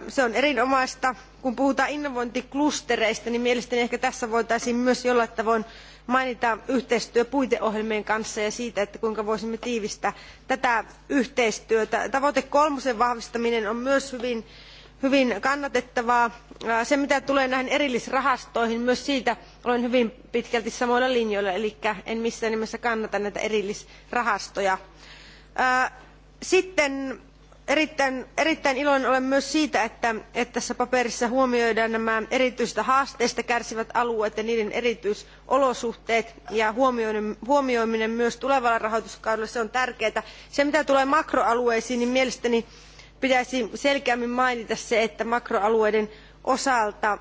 se on erinomaista. kun puhutaan innovointiklustereista niin mielestäni ehkä tässä voitaisiin myös jollain tavoin mainita yhteistyö puiteohjelmien kanssa ja siitä kuinka voisimme tiivistää tätä yhteistyötä. tavoite kolmosen vahvistaminen on myös hyvin, hyvin kannatettavaa. se mitä tulee näihin erillisrahastoihin myös siitä olen hyvin pitkälti samoilla linjoilla eli en missään nimessä kannata näitä erillisrahastoja. sitten Erittäin, iloinen olen myös siitä, että, tässä paperissa huomioidaan nämä erityistä haasteista kärsivät alueet ja niiden erityisolosuhteet ja huomioiminen myös tulevalla rahoituskaudella se on tärkeää. mitä tulee makroalueisiin, niin mielestäni pitäisi selkeämmin mainita se, että makroalueiden osalta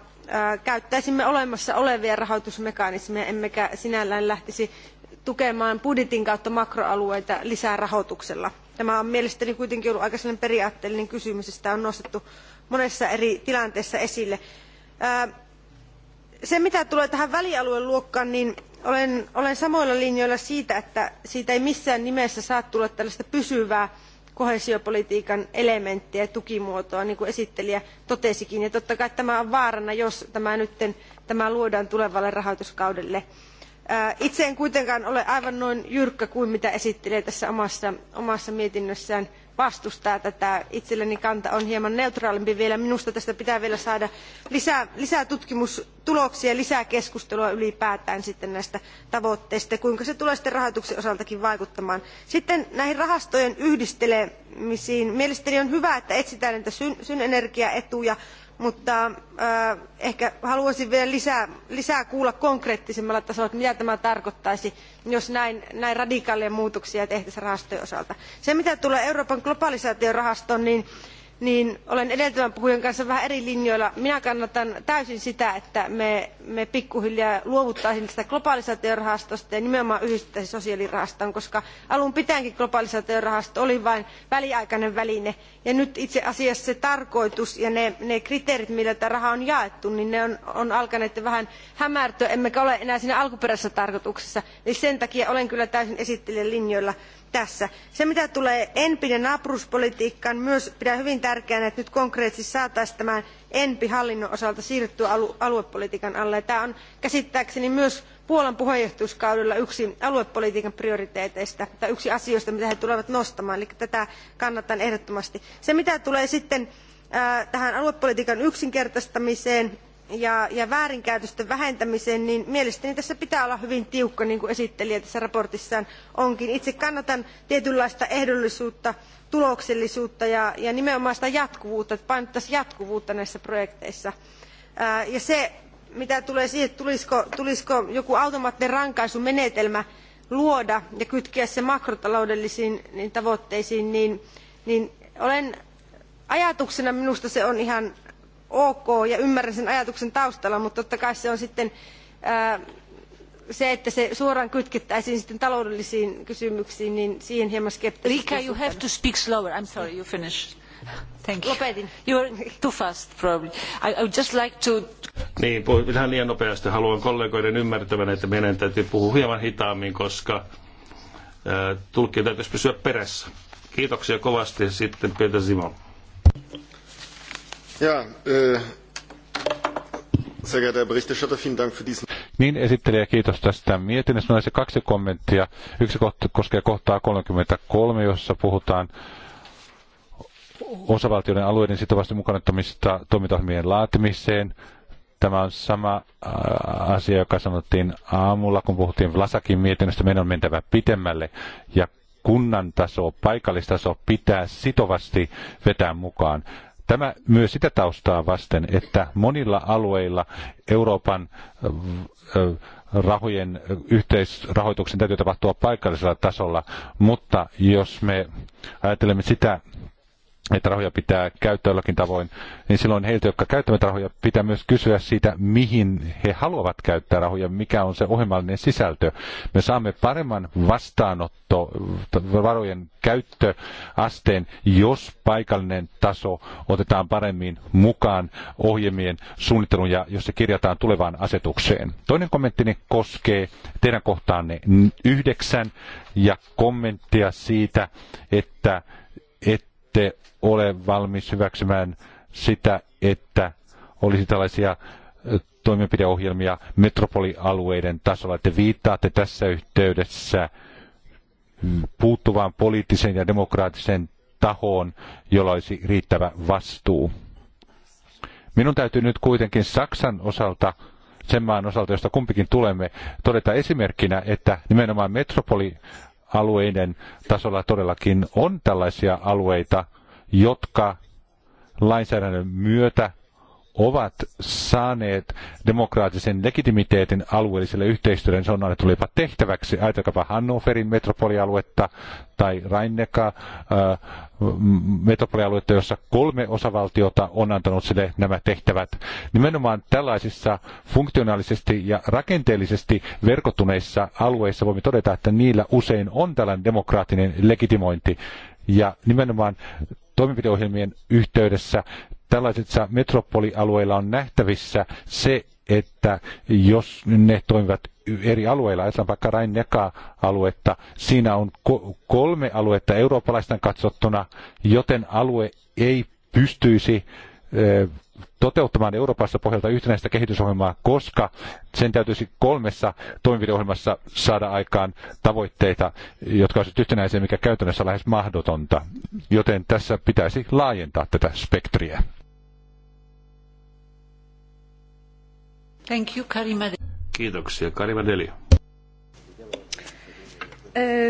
käyttäisimme olemassa olevia rahoitusmekanismeja emmekä sinällään lähtisi tukemaan budjetin kautta makroalueita lisärahoituksella. Tämä on mielestäni kuitenkin ollut aika periaatteellinen kysymys ja sitä on nostettu monessa eri tilanteessa esille. Se mitä tulee tähän välialueluokkaan, niin olen, olen samoilla linjoilla siitä, että siitä ei missään nimessä saa tulla tällaista pysyvää koheesiopolitiikan elementtiä ja tukimuotoa niin kuin esittelijä totesikin ja totta kai tämä on vaarana jos tämä nyt tämä luodaan tulevalle rahoituskaudelle. Itse en kuitenkaan ole aivan noin jyrkkä kuin mitä esittelijä tässä omassa, omassa mietinnössään vastustaa tätä. Itselleni kanta on hieman neutraalimpi vielä. Minusta tästä pitää vielä saada lisää, tutkimustuloksia ja lisää keskustelua ylipäätään sitten näistä tavoitteista, kuinka se tulee sitten rahoituksen osaltakin vaikuttamaan. Sitten näihin rahastojen yhdistelemisiin. Mielestäni on hyvä, että etsitään näitä synenergiaetuja, mutta äh, ehkä haluaisin vielä lisää, kuulla konkreettisemmalla tasolla mitä tämä tarkoittaisi jos näin, näin radikaaleja muutoksia tehtäisiin rahastojen osalta. se mitä tulee euroopan globalisaatiorahastoon niin niin olen edeltävän puhujan kanssa vähän eri linjoilla. minä kannatan täysin sitä että me, pikkuhiljaa luovuttaisiin tästä globalisaatiorahastosta ja nimenomaan yhdistettäisiin sosiaalirahastoon koska alun pitäenkin globalisaatiorahasto oli vain väliaikainen väline ja nyt itse asiassa se tarkoitus ja ne, ne kriteerit millä tätä rahaa on jaettu niin on, on alkaneet vähän hämärtyä emmekä ole enää siinä alkuperäisessä tarkoituksessa eli sen takia olen kyllä täysin esittelijän linjoilla tässä. Se mitä tulee enpi ja myös pidän hyvin tärkeänä, että nyt konkreettisesti saataisiin tämän enpi hallinnon osalta siirtyä aluepolitiikan alle. Tämä on käsittääkseni myös Puolan puheenjohtajuuskaudella yksi aluepolitiikan prioriteeteista tai yksi asioista, mitä he tulevat nostamaan. Eli tätä kannatan ehdottomasti. Se mitä tulee sitten tähän aluepolitiikan yksinkertaistamiseen, ja, väärinkäytösten vähentämiseen niin mielestäni tässä pitää olla hyvin tiukka niin kuin esittelijä tässä mietinnössään onkin. itse kannatan tietynlaista ehdollisuutta tuloksellisuutta ja, nimenomaan sitä jatkuvuutta että painotettaisiin jatkuvuutta näissä projekteissa. ja se mitä tulee siihen tulisiko, joku automaattinen rankaisumenetelmä luoda ja kytkeä se makrotaloudellisiin niin tavoitteisiin niin, niin olen, ajatuksena minusta se on ihan ok ja ymmärrän sen ajatuksen taustalla mutta totta kai se on sitten ää, se, että se suoraan kytkettäisiin sitten taloudellisiin kysymyksiin, niin siihen hieman skeptisesti Rika, you have to speak slower. I'm sorry, you finish. Thank you. You're too fast, probably. I, would just like to... Niin, ihan liian nopeasti. Haluan kollegoiden ymmärtävän, että meidän täytyy puhua hieman hitaammin, koska tulkkien täytyisi pysyä perässä. Kiitoksia kovasti. Sitten Peter Simon. Ja, äh, sehr geehrter Herr Berichterstatter, vielen Dank für diesen... Niin, esittelijä, kiitos tästä mietinnöstä. Noin se kaksi kommenttia. Yksi kohta, koskee kohtaa 33, jossa puhutaan osavaltioiden alueiden sitovasti mukanottamista toimintaohjelmien laatimiseen. Tämä on sama äh, asia, joka sanottiin aamulla, kun puhuttiin Vlasakin mietinnöstä. Meidän on mentävä pitemmälle ja kunnan taso, paikallistaso pitää sitovasti vetää mukaan. Tämä myös sitä taustaa vasten, että monilla alueilla Euroopan rahojen yhteisrahoituksen täytyy tapahtua paikallisella tasolla, mutta jos me ajattelemme sitä, että rahoja pitää käyttää jollakin tavoin, niin silloin heiltä, jotka käyttävät rahoja, pitää myös kysyä siitä, mihin he haluavat käyttää rahoja, mikä on se ohjelmallinen sisältö. Me saamme paremman vastaanotto varojen käyttöasteen, jos paikallinen taso otetaan paremmin mukaan ohjelmien suunnittelun ja jos se kirjataan tulevaan asetukseen. Toinen kommenttini koskee teidän kohtaanne yhdeksän ja kommenttia siitä, että, että ette ole valmis hyväksymään sitä, että olisi tällaisia toimenpideohjelmia metropolialueiden tasolla. Te viittaatte tässä yhteydessä mm, puuttuvaan poliittiseen ja demokraattiseen tahoon, jolla olisi riittävä vastuu. Minun täytyy nyt kuitenkin Saksan osalta, sen maan osalta, josta kumpikin tulemme, todeta esimerkkinä, että nimenomaan metropoli alueiden tasolla todellakin on tällaisia alueita, jotka lainsäädännön myötä ovat saaneet demokraattisen legitimiteetin alueelliselle yhteistyölle, niin se on annettu jopa tehtäväksi. Ajatelkaapa Hannoverin metropolialuetta tai Rainneka metropolialuetta, jossa kolme osavaltiota on antanut sille nämä tehtävät. Nimenomaan tällaisissa funktionaalisesti ja rakenteellisesti verkottuneissa alueissa voimme todeta, että niillä usein on tällainen demokraattinen legitimointi. Ja nimenomaan toimenpideohjelmien yhteydessä tällaisilla metropolialueilla on nähtävissä se, että jos ne toimivat eri alueilla, ajatellaan vaikka rain aluetta siinä on kolme aluetta eurooppalaisten katsottuna, joten alue ei pystyisi toteuttamaan Euroopassa pohjalta yhtenäistä kehitysohjelmaa, koska sen täytyisi kolmessa toimenpideohjelmassa saada aikaan tavoitteita, jotka olisivat yhtenäisiä, mikä käytännössä on lähes mahdotonta. Joten tässä pitäisi laajentaa tätä spektriä. Thank you, Karima. Kiitoksia, Karima Deli. Äh,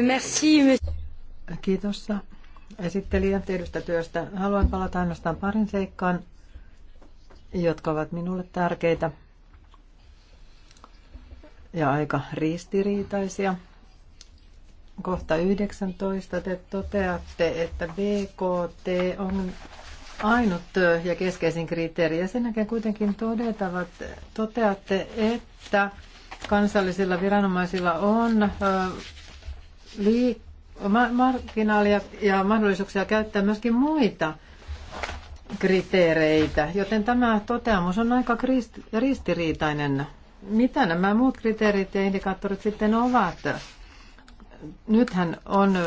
merci. Kiitos äh, esittelijä tehdystä työstä. Haluan palata ainoastaan parin seikkaan, jotka ovat minulle tärkeitä ja aika ristiriitaisia. Kohta 19 te toteatte, että BKT on ainut ja keskeisin kriteeri. Ja sen jälkeen kuitenkin todetavat, toteatte, että kansallisilla viranomaisilla on lii- marginaalia ja mahdollisuuksia käyttää myöskin muita kriteereitä, joten tämä toteamus on aika ristiriitainen. Mitä nämä muut kriteerit ja indikaattorit sitten ovat? Nythän on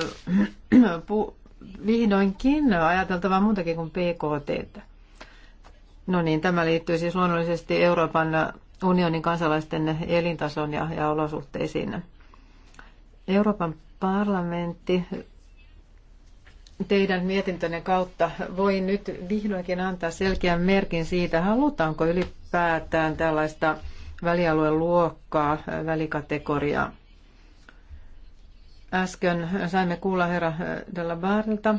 vihdoinkin ajateltava muutakin kuin PKT. No niin, tämä liittyy siis luonnollisesti Euroopan unionin kansalaisten elintason ja, ja olosuhteisiin. Euroopan parlamentti teidän mietintönne kautta voi nyt vihdoinkin antaa selkeän merkin siitä, halutaanko ylipäätään tällaista välialueen luokkaa, välikategoriaa. Äsken saimme kuulla herra Delabarilta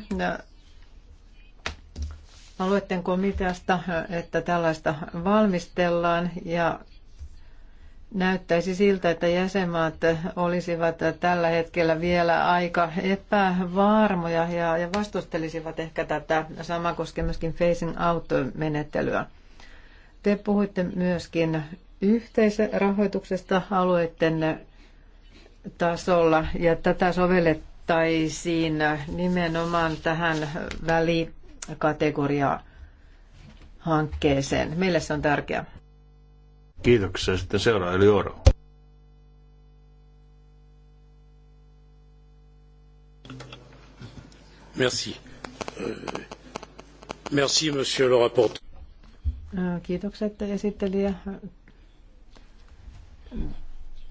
aloitteen komiteasta, että tällaista valmistellaan ja näyttäisi siltä, että jäsenmaat olisivat tällä hetkellä vielä aika epävarmoja ja, ja vastustelisivat ehkä tätä. samaa koskee myöskin facing out-menettelyä. Te puhuitte myöskin yhteisrahoituksesta alueiden tasolla ja tätä sovellettaisiin nimenomaan tähän välikategoria hankkeeseen. Meille se on tärkeää. Kiitoksia. Sitten seuraa eli Oro. Merci. Euh, merci, monsieur le rapporteur. Kiitokset esittelijä.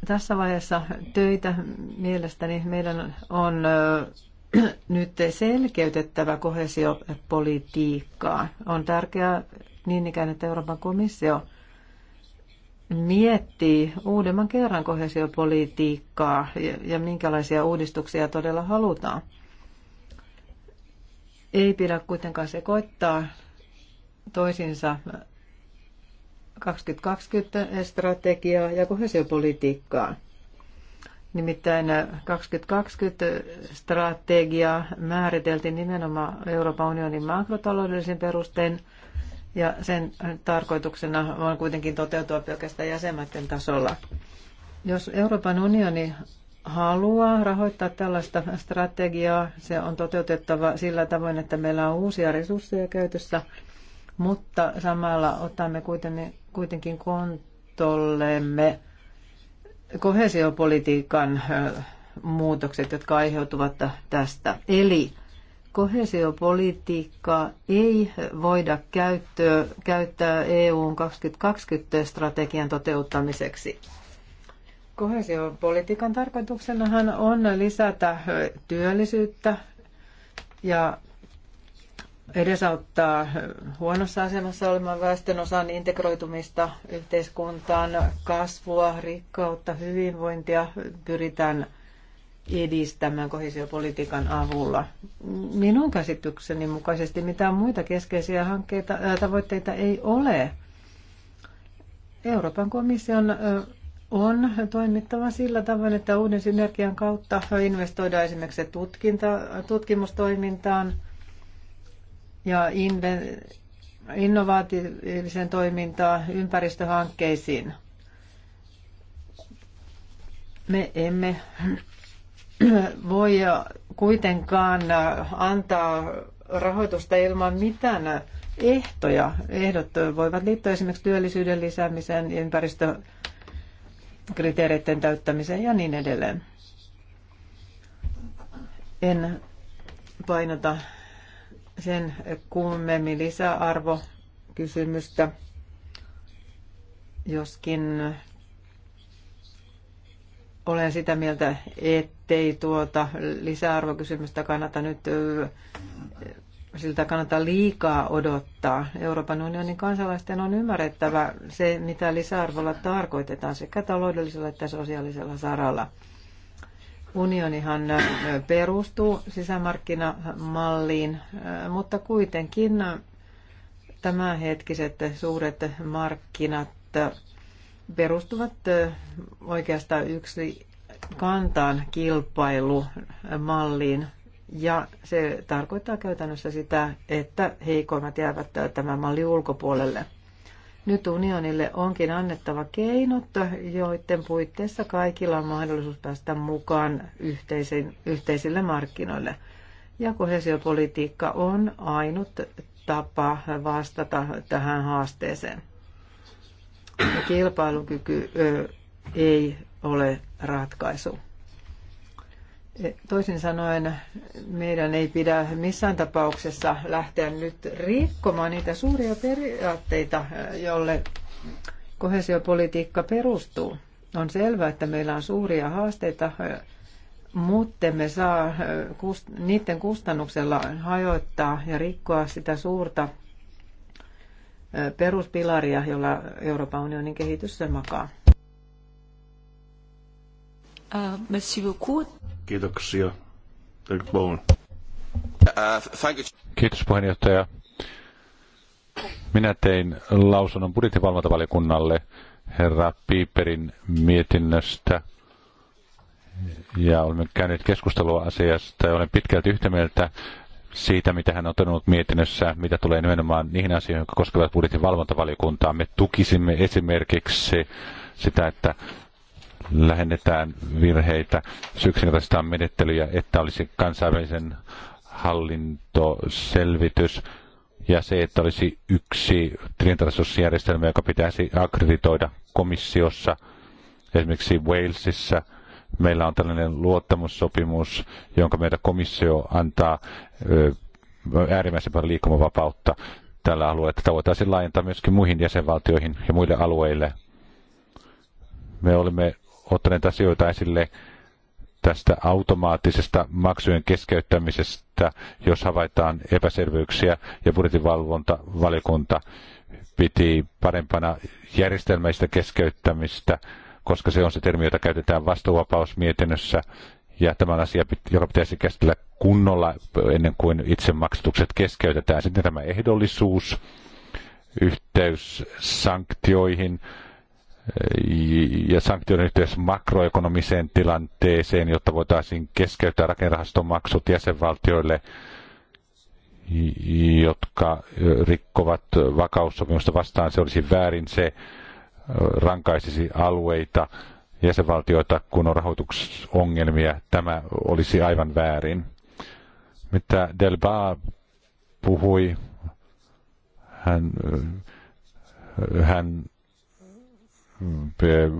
Tässä vaiheessa töitä mielestäni meidän on *clears throat* nyt selkeytettävä kohesiopolitiikkaa. On tärkeää niin ikään, että Euroopan komissio miettii uudemman kerran kohesiopolitiikkaa ja, ja minkälaisia uudistuksia todella halutaan. Ei pidä kuitenkaan sekoittaa toisinsa 2020-strategiaa ja kohesiopolitiikkaa. Nimittäin 2020-strategia määriteltiin nimenomaan Euroopan unionin makrotaloudellisin perustein, ja sen tarkoituksena on kuitenkin toteutua pelkästään jäsenmaiden tasolla. Jos Euroopan unioni haluaa rahoittaa tällaista strategiaa, se on toteutettava sillä tavoin, että meillä on uusia resursseja käytössä – mutta samalla otamme kuitenkin kontollemme kohesiopolitiikan muutokset, jotka aiheutuvat tästä. Eli kohesiopolitiikkaa ei voida käyttöä, käyttää EUn 2020-strategian toteuttamiseksi. Kohesiopolitiikan tarkoituksenahan on lisätä työllisyyttä ja edesauttaa huonossa asemassa olevan väestön osan integroitumista yhteiskuntaan, kasvua, rikkautta, hyvinvointia pyritään edistämään kohesiopolitiikan avulla. Minun käsitykseni mukaisesti mitään muita keskeisiä hankkeita, ää, tavoitteita ei ole. Euroopan komission on toimittava sillä tavoin, että uuden synergian kautta investoidaan esimerkiksi tutkinta, tutkimustoimintaan – ja innovatiiviseen toimintaan, ympäristöhankkeisiin. Me emme voi kuitenkaan antaa rahoitusta ilman mitään ehtoja. Ehdot voivat liittyä esimerkiksi työllisyyden lisäämiseen, ympäristökriteereiden täyttämiseen ja niin edelleen. En painota sen kummemmin lisäarvo kysymystä, joskin olen sitä mieltä, ettei tuota lisäarvokysymystä kannata nyt siltä kannata liikaa odottaa. Euroopan unionin kansalaisten on ymmärrettävä se, mitä lisäarvolla tarkoitetaan sekä taloudellisella että sosiaalisella saralla. Unionihan perustuu sisämarkkinamalliin, mutta kuitenkin tämänhetkiset suuret markkinat perustuvat oikeastaan yksi kantaan kilpailumalliin. Ja se tarkoittaa käytännössä sitä, että heikommat jäävät tämän mallin ulkopuolelle. Nyt unionille onkin annettava keinot, joiden puitteissa kaikilla on mahdollisuus päästä mukaan yhteisin, yhteisille markkinoille. Ja kohesiopolitiikka on ainut tapa vastata tähän haasteeseen. Kilpailukyky ei ole ratkaisu. Toisin sanoen meidän ei pidä missään tapauksessa lähteä nyt rikkomaan niitä suuria periaatteita, jolle kohesiopolitiikka perustuu. On selvää, että meillä on suuria haasteita, mutta me saa niiden kustannuksella hajoittaa ja rikkoa sitä suurta peruspilaria, jolla Euroopan unionin kehitys makaa. Euh, merci beaucoup. Kiitoksia. Uh, Kiitos puheenjohtaja. Minä tein lausunnon budjettivalvontavaliokunnalle herra Piiperin mietinnöstä ja olemme käyneet keskustelua asiasta ja olen pitkälti yhtä mieltä siitä, mitä hän on todennut mietinnössä, mitä tulee nimenomaan niihin asioihin, jotka koskevat budjetin valvontavaliokuntaa. Me tukisimme esimerkiksi sitä, että lähennetään virheitä, yksinkertaistaan menettelyjä, että olisi kansainvälisen hallintoselvitys ja se, että olisi yksi tilintarkastusjärjestelmä, joka pitäisi akkreditoida komissiossa, esimerkiksi Walesissa. Meillä on tällainen luottamussopimus, jonka meidän komissio antaa äärimmäisen paljon liikkumavapautta tällä alueella. Tätä voitaisiin laajentaa myöskin muihin jäsenvaltioihin ja muille alueille. Me olemme ottaneet asioita esille tästä automaattisesta maksujen keskeyttämisestä, jos havaitaan epäselvyyksiä, ja budjetinvalvontavaliokunta piti parempana järjestelmäistä keskeyttämistä, koska se on se termi, jota käytetään vastuuvapausmietinnössä, ja tämä on asia, joka pitäisi käsitellä kunnolla ennen kuin itse maksatukset keskeytetään. Sitten tämä ehdollisuus, yhteys sanktioihin, ja sanktioiden yhteydessä makroekonomiseen tilanteeseen, jotta voitaisiin keskeyttää rakennerahaston maksut jäsenvaltioille, jotka rikkovat vakaussopimusta vastaan. Se olisi väärin, se rankaisisi alueita, jäsenvaltioita, kun on rahoituksongelmia. Tämä olisi aivan väärin. Mitä Delba puhui, hän, hän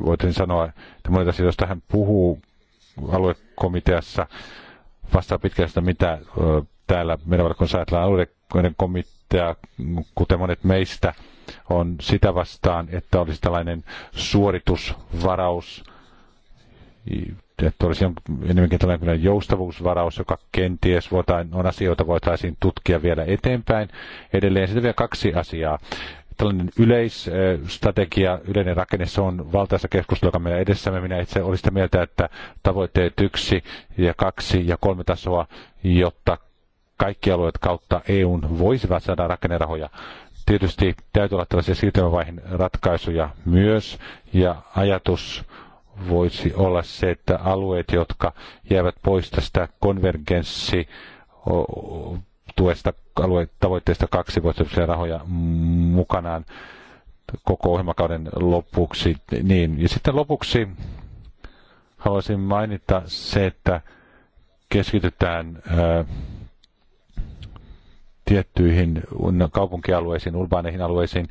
voitin sanoa, että monet asioista jos tähän puhuu aluekomiteassa, vastaa pitkästä mitä täällä meidän kun ajatellaan alueiden komitea, kuten monet meistä, on sitä vastaan, että olisi tällainen suoritusvaraus, että olisi enemmänkin tällainen joustavuusvaraus, joka kenties voitain, on asioita voitaisiin tutkia vielä eteenpäin. Edelleen sitten vielä kaksi asiaa tällainen yleisstrategia, yleinen rakenne, se on valtaisa keskustelu, joka meillä edessämme. Minä itse olin sitä mieltä, että tavoitteet yksi ja kaksi ja kolme tasoa, jotta kaikki alueet kautta EUn voisivat saada rakennerahoja. Tietysti täytyy olla tällaisia siirtymävaiheen ratkaisuja myös, ja ajatus voisi olla se, että alueet, jotka jäävät pois tästä konvergenssi tuesta alue, tavoitteesta kaksi vuotta rahoja mukanaan koko ohjelmakauden lopuksi. Niin. Ja sitten lopuksi haluaisin mainita se, että keskitytään ää, tiettyihin kaupunkialueisiin, urbaaneihin alueisiin,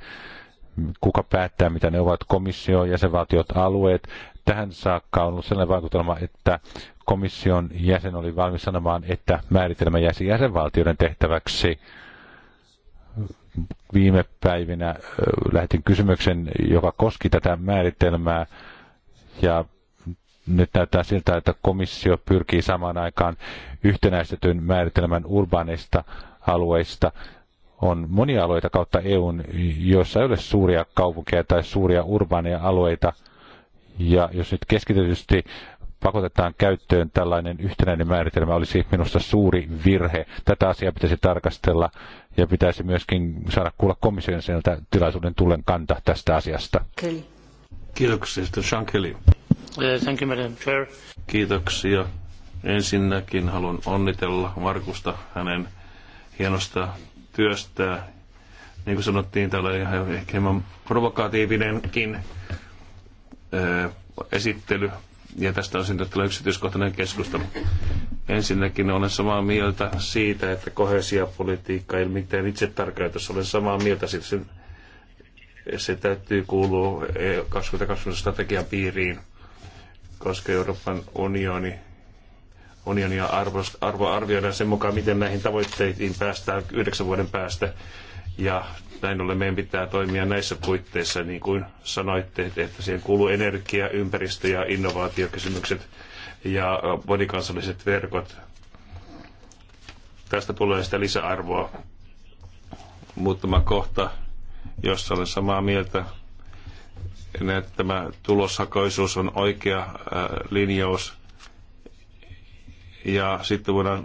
kuka päättää, mitä ne ovat, komissio, jäsenvaltiot, alueet. Tähän saakka on ollut sellainen vaikutelma, että komission jäsen oli valmis sanomaan, että määritelmä jäisi jäsenvaltioiden tehtäväksi. Viime päivinä lähetin kysymyksen, joka koski tätä määritelmää, ja nyt näyttää siltä, että komissio pyrkii samaan aikaan yhtenäistetyn määritelmän urbaanista alueista. On monia alueita kautta EUn, joissa ei ole suuria kaupunkeja tai suuria urbaaneja alueita – ja jos nyt keskitetysti pakotetaan käyttöön tällainen yhtenäinen määritelmä, olisi minusta suuri virhe. Tätä asiaa pitäisi tarkastella ja pitäisi myöskin saada kuulla komission sieltä tilaisuuden tullen kanta tästä asiasta. Okay. Kiitoksia. Sean Kelly. Uh, thank you, Madam Chair. Kiitoksia. Ensinnäkin haluan onnitella Markusta hänen hienosta työstä. Niin kuin sanottiin, tällä ihan ehkä hieman provokatiivinenkin esittely, ja tästä on syntynyt yksityiskohtainen keskustelu. Ensinnäkin olen samaa mieltä siitä, että kohesiapolitiikka ei mitään itse tarkoitus. Olen samaa mieltä siitä, sen, se täytyy kuulua 2020 e strategian piiriin, koska Euroopan unioni unionia arvo, arvo arvioidaan sen mukaan, miten näihin tavoitteisiin päästään yhdeksän vuoden päästä. Ja näin ollen meidän pitää toimia näissä puitteissa, niin kuin sanoitte, että siihen kuuluu energia, ympäristö ja innovaatiokysymykset ja monikansalliset verkot. Tästä tulee sitä lisäarvoa. Muutama kohta, jossa olen samaa mieltä, että tämä tuloshakoisuus on oikea äh, linjaus. Ja sitten voidaan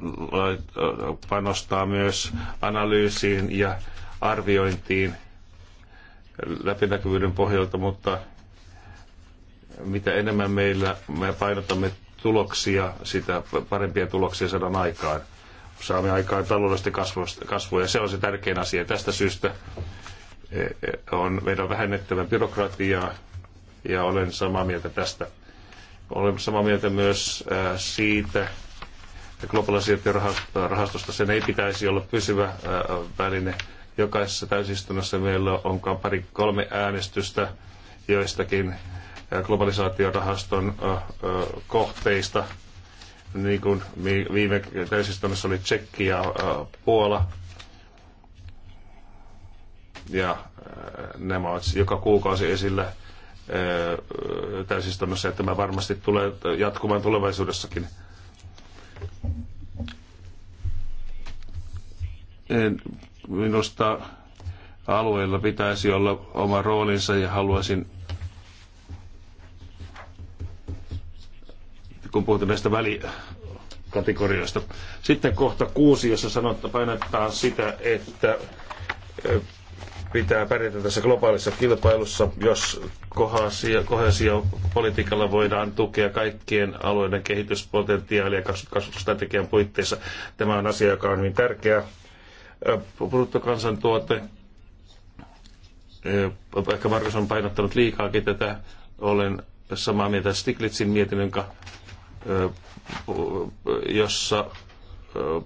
panostaa myös analyysiin ja arviointiin läpinäkyvyyden pohjalta, mutta mitä enemmän meillä me painotamme tuloksia, sitä parempia tuloksia saadaan aikaan. Saamme aikaan taloudellista kasvua ja se on se tärkein asia. Tästä syystä e, e, on meidän vähennettävä byrokratiaa ja olen samaa mieltä tästä. Olen samaa mieltä myös siitä, että globalisaatiorahastosta sen ei pitäisi olla pysyvä väline, Jokaisessa täysistunnossa meillä on pari kolme äänestystä joistakin globalisaatiorahaston kohteista. Niin kuin viime täysistunnossa oli Tsekki ja Puola. Ja nämä ovat joka kuukausi esillä täysistunnossa, että tämä varmasti tulee jatkumaan tulevaisuudessakin. En. Minusta alueilla pitäisi olla oma roolinsa ja haluaisin, kun puhutaan näistä välikategorioista. Sitten kohta kuusi, jossa sanotaan, painottaa sitä, että pitää pärjätä tässä globaalissa kilpailussa, jos kohesiopolitiikalla voidaan tukea kaikkien alueiden kehityspotentiaalia 2020 strategian puitteissa. Tämä on asia, joka on hyvin tärkeä bruttokansantuote. Ehkä Markus on painottanut liikaakin tätä. Olen samaa mieltä Stiglitzin mietinnön, jossa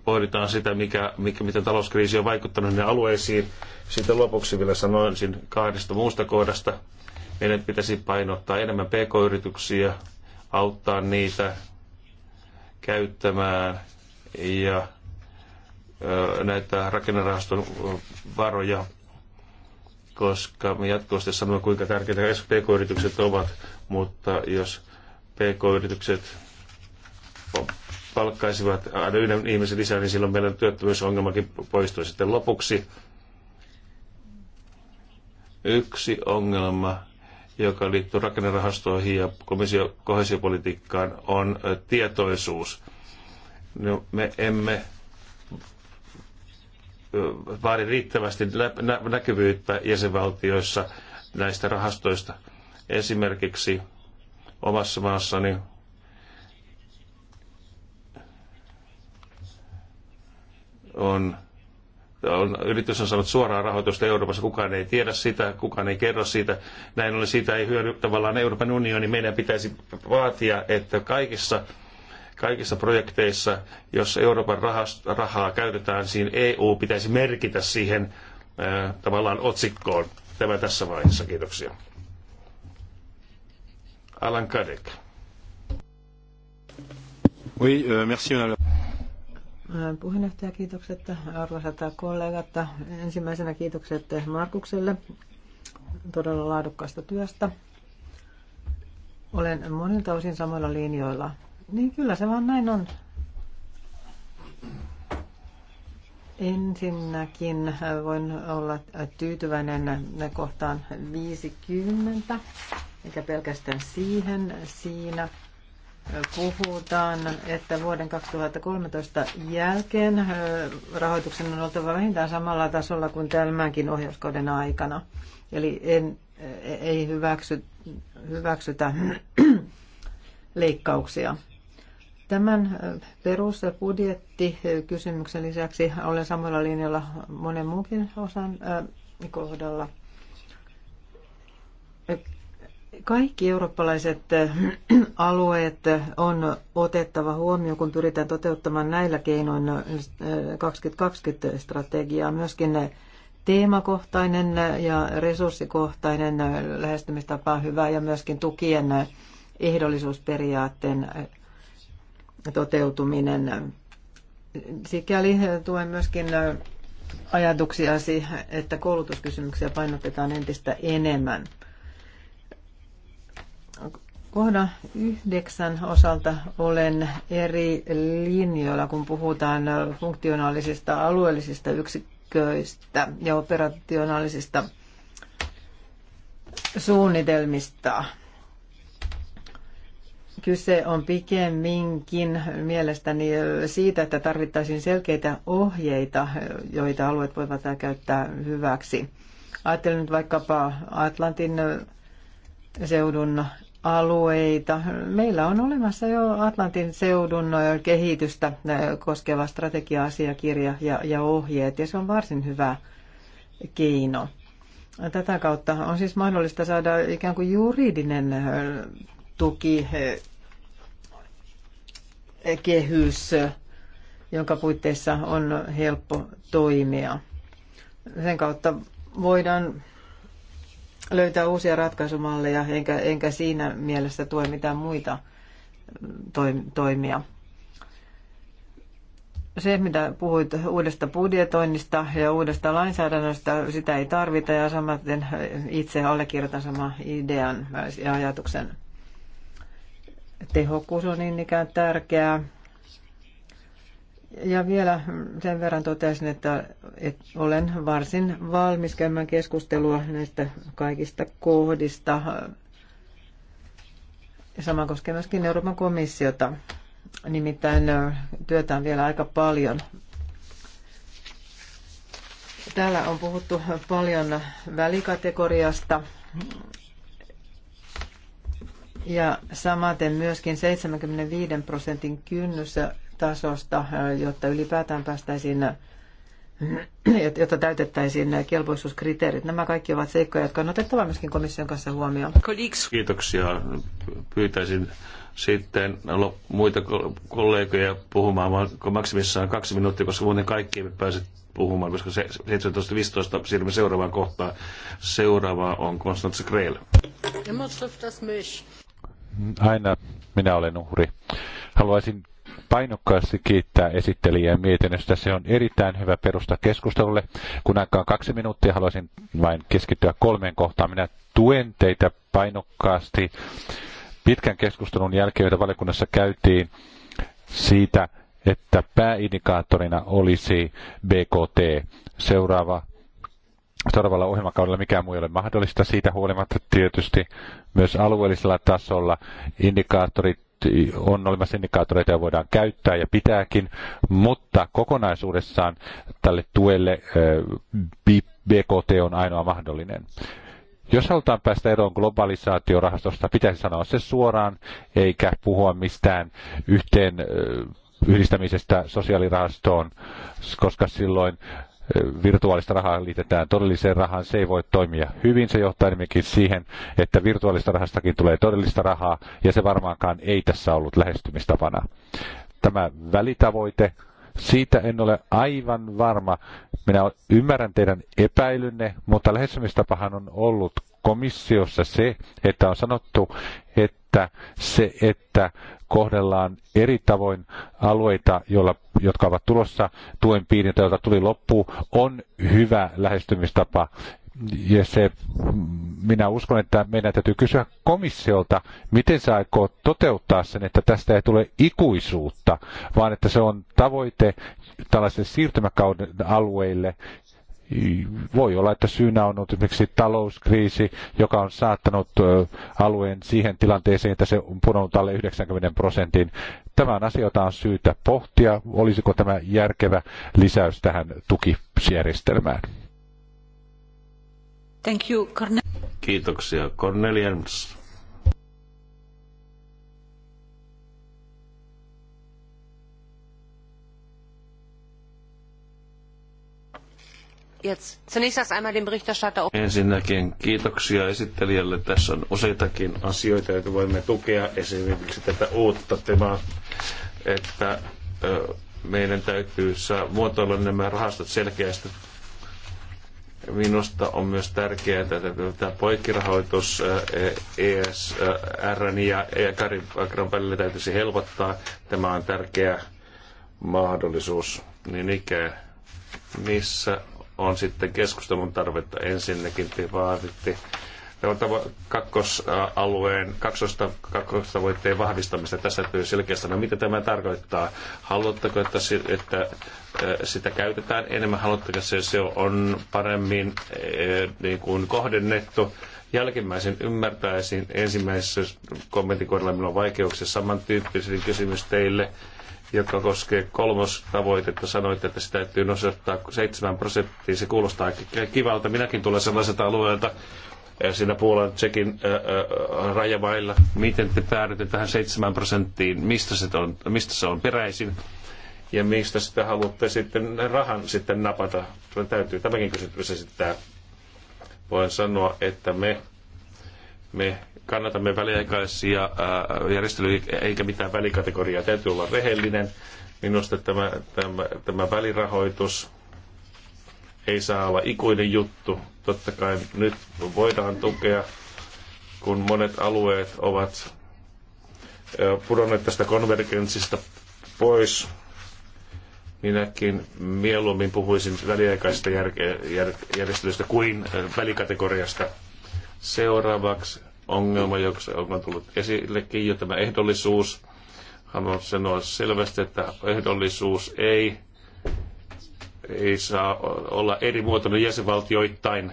pohditaan sitä, mikä, mikä, miten talouskriisi on vaikuttanut ne alueisiin. Sitten lopuksi vielä sanoisin kahdesta muusta kohdasta. Meidän pitäisi painottaa enemmän pk-yrityksiä, auttaa niitä käyttämään ja näitä rakennerahaston varoja, koska me jatkuvasti sanomme, kuinka tärkeitä PK-yritykset ovat, mutta jos PK-yritykset palkkaisivat aina yhden ihmisen lisää, niin silloin meidän työttömyysongelmakin poistuu sitten lopuksi. Yksi ongelma, joka liittyy rakennerahastoihin ja komission kohesiopolitiikkaan, on tietoisuus. No, me emme vaadi riittävästi näkyvyyttä jäsenvaltioissa näistä rahastoista. Esimerkiksi omassa maassani on, on, yritys on saanut suoraa rahoitusta Euroopassa, kukaan ei tiedä sitä, kukaan ei kerro siitä. Näin ollen siitä ei hyödy tavallaan Euroopan unioni. Meidän pitäisi vaatia, että kaikissa kaikissa projekteissa, jos Euroopan rahaa käytetään, siinä EU pitäisi merkitä siihen tavallaan otsikkoon. Tämä tässä vaiheessa. Kiitoksia. Alan Kadek. Oui, euh, merci, Puheenjohtaja, kiitokset arvoisat kollegat. Ensimmäisenä kiitokset Markukselle todella laadukkaasta työstä. Olen monilta osin samoilla linjoilla niin kyllä se vaan näin on. Ensinnäkin voin olla tyytyväinen kohtaan 50, eikä pelkästään siihen. Siinä puhutaan, että vuoden 2013 jälkeen rahoituksen on oltava vähintään samalla tasolla kuin tämänkin ohjauskauden aikana. Eli en, ei hyväksy, hyväksytä leikkauksia. Tämän budjettikysymyksen lisäksi olen samalla linjalla monen muunkin osan kohdalla. Kaikki eurooppalaiset alueet on otettava huomioon, kun pyritään toteuttamaan näillä keinoin 2020-strategiaa. Myöskin teemakohtainen ja resurssikohtainen lähestymistapa on hyvä ja myöskin tukien ehdollisuusperiaatteen toteutuminen. Sikäli tuen myöskin ajatuksia siihen, että koulutuskysymyksiä painotetaan entistä enemmän. Kohdan yhdeksän osalta olen eri linjoilla, kun puhutaan funktionaalisista alueellisista yksiköistä ja operationaalisista suunnitelmista. Kyse on pikemminkin mielestäni siitä, että tarvittaisiin selkeitä ohjeita, joita alueet voivat käyttää hyväksi. Ajattelen nyt vaikkapa Atlantin seudun alueita. Meillä on olemassa jo Atlantin seudun kehitystä koskeva strategia-asiakirja ja, ja ohjeet, ja se on varsin hyvä keino. Tätä kautta on siis mahdollista saada ikään kuin juridinen tuki kehys, jonka puitteissa on helppo toimia. Sen kautta voidaan löytää uusia ratkaisumalleja, enkä, enkä siinä mielessä tue mitään muita toimia. Se, mitä puhuit uudesta budjetoinnista ja uudesta lainsäädännöstä, sitä ei tarvita ja samaten itse allekirjoitan sama idean ja ajatuksen. Tehokkuus on niin ikään tärkeää. Ja vielä sen verran totesin, että, että olen varsin valmis käymään keskustelua näistä kaikista kohdista. Sama koskee myöskin Euroopan komissiota. Nimittäin työtä on vielä aika paljon. Täällä on puhuttu paljon välikategoriasta ja samaten myöskin 75 prosentin kynnys tasosta, jotta ylipäätään päästäisiin, jotta täytettäisiin kelpoisuuskriteerit. Nämä kaikki ovat seikkoja, jotka on otettava myöskin komission kanssa huomioon. Kiitoksia. Pyytäisin sitten muita kollegoja puhumaan, vaan maksimissaan kaksi minuuttia, koska muuten kaikki eivät pääse puhumaan, koska 17.15 siirrymme seuraavaan kohtaan. Seuraava on Konstantin Kreel aina minä olen uhri. Haluaisin painokkaasti kiittää esittelijää mietinnöstä. Se on erittäin hyvä perusta keskustelulle. Kun aikaa on kaksi minuuttia, haluaisin vain keskittyä kolmeen kohtaan. Minä tuen teitä painokkaasti pitkän keskustelun jälkeen, jota valiokunnassa käytiin siitä, että pääindikaattorina olisi BKT. Seuraava seuraavalla ohjelmakaudella mikään muu ei ole mahdollista. Siitä huolimatta tietysti myös alueellisella tasolla indikaattorit on olemassa indikaattoreita, joita voidaan käyttää ja pitääkin, mutta kokonaisuudessaan tälle tuelle BKT on ainoa mahdollinen. Jos halutaan päästä eroon globalisaatiorahastosta, pitäisi sanoa se suoraan, eikä puhua mistään yhteen yhdistämisestä sosiaalirahastoon, koska silloin virtuaalista rahaa liitetään todelliseen rahaan, se ei voi toimia hyvin. Se johtaa enemmänkin siihen, että virtuaalista rahastakin tulee todellista rahaa, ja se varmaankaan ei tässä ollut lähestymistapana. Tämä välitavoite, siitä en ole aivan varma. Minä ymmärrän teidän epäilynne, mutta lähestymistapahan on ollut komissiossa se, että on sanottu, että se, että kohdellaan eri tavoin alueita, joilla, jotka ovat tulossa tuen piirin, joilta tuli loppu, on hyvä lähestymistapa. Ja se, minä uskon, että meidän täytyy kysyä komissiolta, miten se aikoo toteuttaa sen, että tästä ei tule ikuisuutta, vaan että se on tavoite tällaisille siirtymäkauden alueille, voi olla, että syynä on ollut esimerkiksi talouskriisi, joka on saattanut alueen siihen tilanteeseen, että se on pudonnut alle 90 prosentin. Tämä asioita on syytä pohtia. Olisiko tämä järkevä lisäys tähän tukijärjestelmään? Thank you, Cornel- Kiitoksia. Cornelians. Ensinnäkin kiitoksia esittelijälle. Tässä on useitakin asioita, joita voimme tukea. Esimerkiksi tätä uutta temaa, että meidän täytyy saa muotoilla nämä rahastot selkeästi. Minusta on myös tärkeää, että tämä poikkirahoitus ESR e ja Karibagran välillä täytyisi helpottaa. Tämä on tärkeä mahdollisuus. Niin ikään, missä on sitten keskustelun tarvetta. Ensinnäkin vaaditti kakkosalueen, kaksosta, kakkostavoitteen vahvistamista. Tässä täytyy selkeästi sanoa, mitä tämä tarkoittaa. Haluatteko, että, että sitä käytetään enemmän? Haluatteko, että se on paremmin niin kuin kohdennettu? jälkimmäisen ymmärtäisin. Ensimmäisessä kommentin kohdalla minulla on vaikeuksia. Samantyyppinen kysymys teille joka koskee kolmostavoitetta. Sanoitte, että se täytyy nostaa 7 prosenttia. Se kuulostaa kivalta. Minäkin tulen sellaiselta alueelta siinä Puolan Tsekin rajavailla. Miten te päädytte tähän 7 prosenttiin? Mistä se on, mistä se on peräisin? Ja mistä sitä haluatte sitten rahan sitten napata? Täytyy tämäkin kysymys esittää. Voin sanoa, että me, me kannatamme väliaikaisia äh, järjestelyjä eikä mitään välikategoriaa. Täytyy olla rehellinen. Minusta tämä, tämä, tämä välirahoitus ei saa olla ikuinen juttu. Totta kai nyt voidaan tukea, kun monet alueet ovat pudonneet tästä konvergenssista pois. Minäkin mieluummin puhuisin väliaikaisista järjestelystä kuin välikategoriasta. Seuraavaksi ongelma, joka se on tullut esillekin jo tämä ehdollisuus. Haluan sanoa selvästi, että ehdollisuus ei, ei saa olla eri muotoinen jäsenvaltioittain.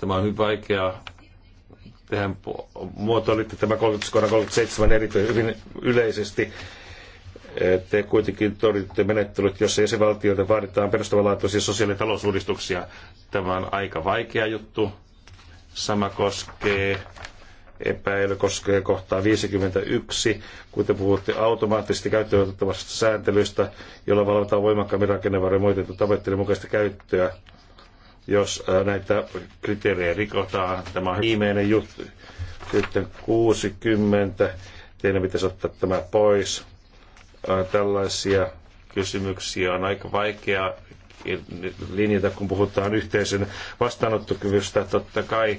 Tämä on hyvin vaikea Tehän muotoilitte tämä 30 37 erityisen hyvin yleisesti te kuitenkin torjutte menettelyt, jossa jäsenvaltioita vaaditaan perustavanlaatuisia sosiaali- ja talousuudistuksia. Tämä on aika vaikea juttu. Sama koskee epäily koskee kohtaa 51, kun te puhutte automaattisesti käyttöön otettavasta sääntelystä, jolla valvotaan voimakkaammin rakennevarojen muotettu tavoitteiden mukaista käyttöä, jos äh, näitä kriteerejä rikotaan. Tämä on viimeinen juttu. Sitten 60. Teidän pitäisi ottaa tämä pois tällaisia kysymyksiä on aika vaikea linjata, kun puhutaan yhteisen vastaanottokyvystä. Totta kai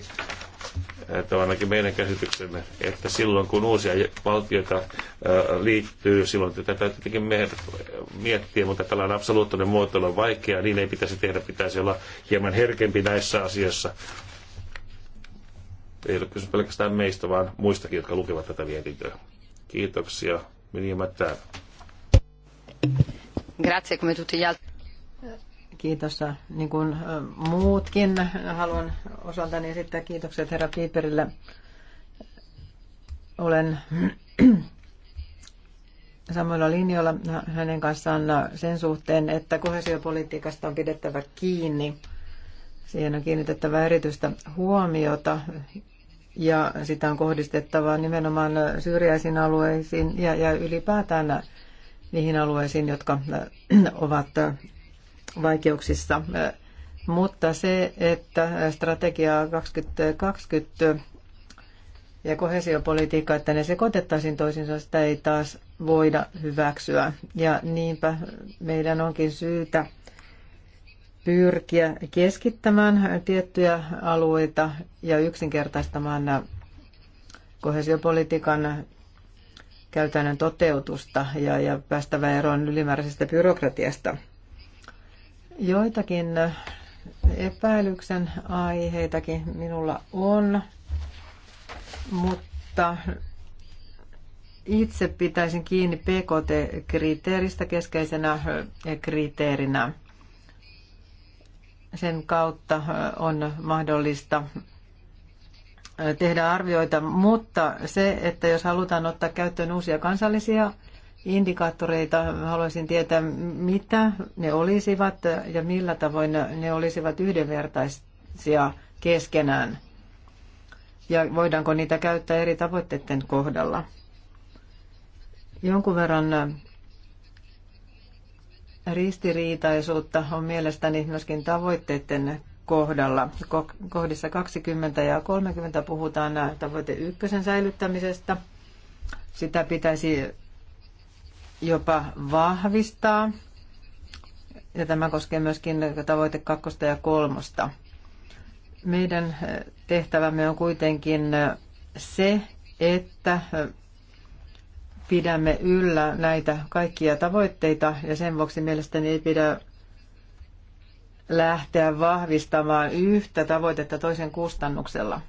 tämä on ainakin meidän käsityksemme, että silloin kun uusia valtioita liittyy, silloin tätä täytyy tietenkin miettiä, mutta tällainen absoluuttinen muotoilu on vaikea, niin ei pitäisi tehdä, pitäisi olla hieman herkempi näissä asioissa. Ei ole kysymys pelkästään meistä, vaan muistakin, jotka lukevat tätä mietintöä. Kiitoksia. Minimätään. Grazie, come tutti gli altri. Kiitos niin kuin muutkin. Haluan osaltani esittää kiitokset herra Piiperille. Olen *clears throat* samoilla linjoilla hänen kanssaan sen suhteen, että kohesiopolitiikasta on pidettävä kiinni. Siihen on kiinnitettävä erityistä huomiota ja sitä on kohdistettava nimenomaan syrjäisiin alueisiin ja, ja ylipäätään niihin alueisiin, jotka äh, *clears throat* ovat äh, vaikeuksissa. Äh, mutta se, että strategia 2020 ja kohesiopolitiikka, että ne sekoitettaisiin toisiinsa, sitä ei taas voida hyväksyä. Ja niinpä meidän onkin syytä pyrkiä keskittämään tiettyjä alueita ja yksinkertaistamaan kohesiopolitiikan käytännön toteutusta ja, ja päästävä eroon ylimääräisestä byrokratiasta. Joitakin epäilyksen aiheitakin minulla on, mutta itse pitäisin kiinni PKT-kriteeristä keskeisenä eh, kriteerinä. Sen kautta eh, on mahdollista tehdä arvioita, mutta se, että jos halutaan ottaa käyttöön uusia kansallisia indikaattoreita, haluaisin tietää, mitä ne olisivat ja millä tavoin ne olisivat yhdenvertaisia keskenään ja voidaanko niitä käyttää eri tavoitteiden kohdalla. Jonkun verran ristiriitaisuutta on mielestäni myöskin tavoitteiden kohdalla. Kohdissa 20 ja 30 puhutaan tavoite ykkösen säilyttämisestä. Sitä pitäisi jopa vahvistaa. Ja tämä koskee myöskin tavoite kakkosta ja kolmosta. Meidän tehtävämme on kuitenkin se, että pidämme yllä näitä kaikkia tavoitteita ja sen vuoksi mielestäni ei pidä lähteä vahvistamaan yhtä tavoitetta toisen kustannuksella.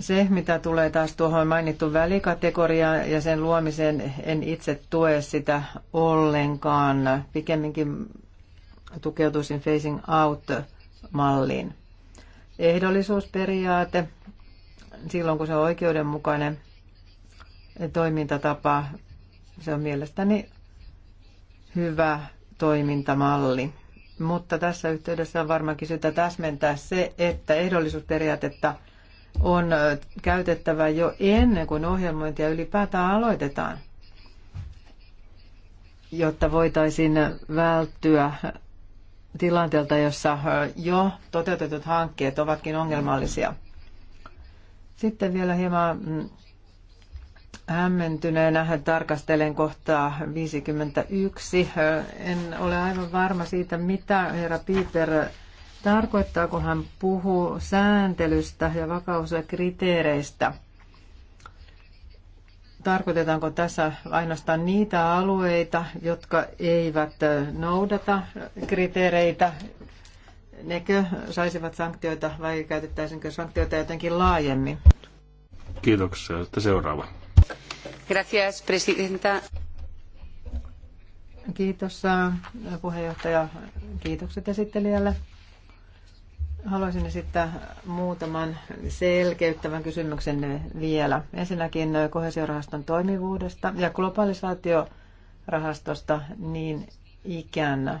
Se, mitä tulee taas tuohon mainittu välikategoriaan ja sen luomiseen, en itse tue sitä ollenkaan. Pikemminkin tukeutuisin facing out-malliin. Ehdollisuusperiaate, silloin kun se on oikeudenmukainen toimintatapa, se on mielestäni hyvä toimintamalli. Mutta tässä yhteydessä on varmaankin syytä täsmentää se, että ehdollisuusperiaatetta on käytettävä jo ennen kuin ohjelmointia ylipäätään aloitetaan, jotta voitaisiin välttyä tilanteelta, jossa jo toteutetut hankkeet ovatkin ongelmallisia. Sitten vielä hieman mm, hämmentyneenä tarkastelen kohtaa 51. En ole aivan varma siitä, mitä herra Piper tarkoittaa, kun hän puhuu sääntelystä ja vakaus- ja kriteereistä. Tarkoitetaanko tässä ainoastaan niitä alueita, jotka eivät noudata kriteereitä? Nekö saisivat sanktioita vai käytettäisinkö sanktioita jotenkin laajemmin? Kiitoksia. Sitten seuraava. Gracias, presidenta. Kiitos äh, puheenjohtaja. Kiitokset esittelijälle. Haluaisin esittää muutaman selkeyttävän kysymyksen vielä. Ensinnäkin äh, kohesiorahaston toimivuudesta ja globalisaatiorahastosta niin ikään.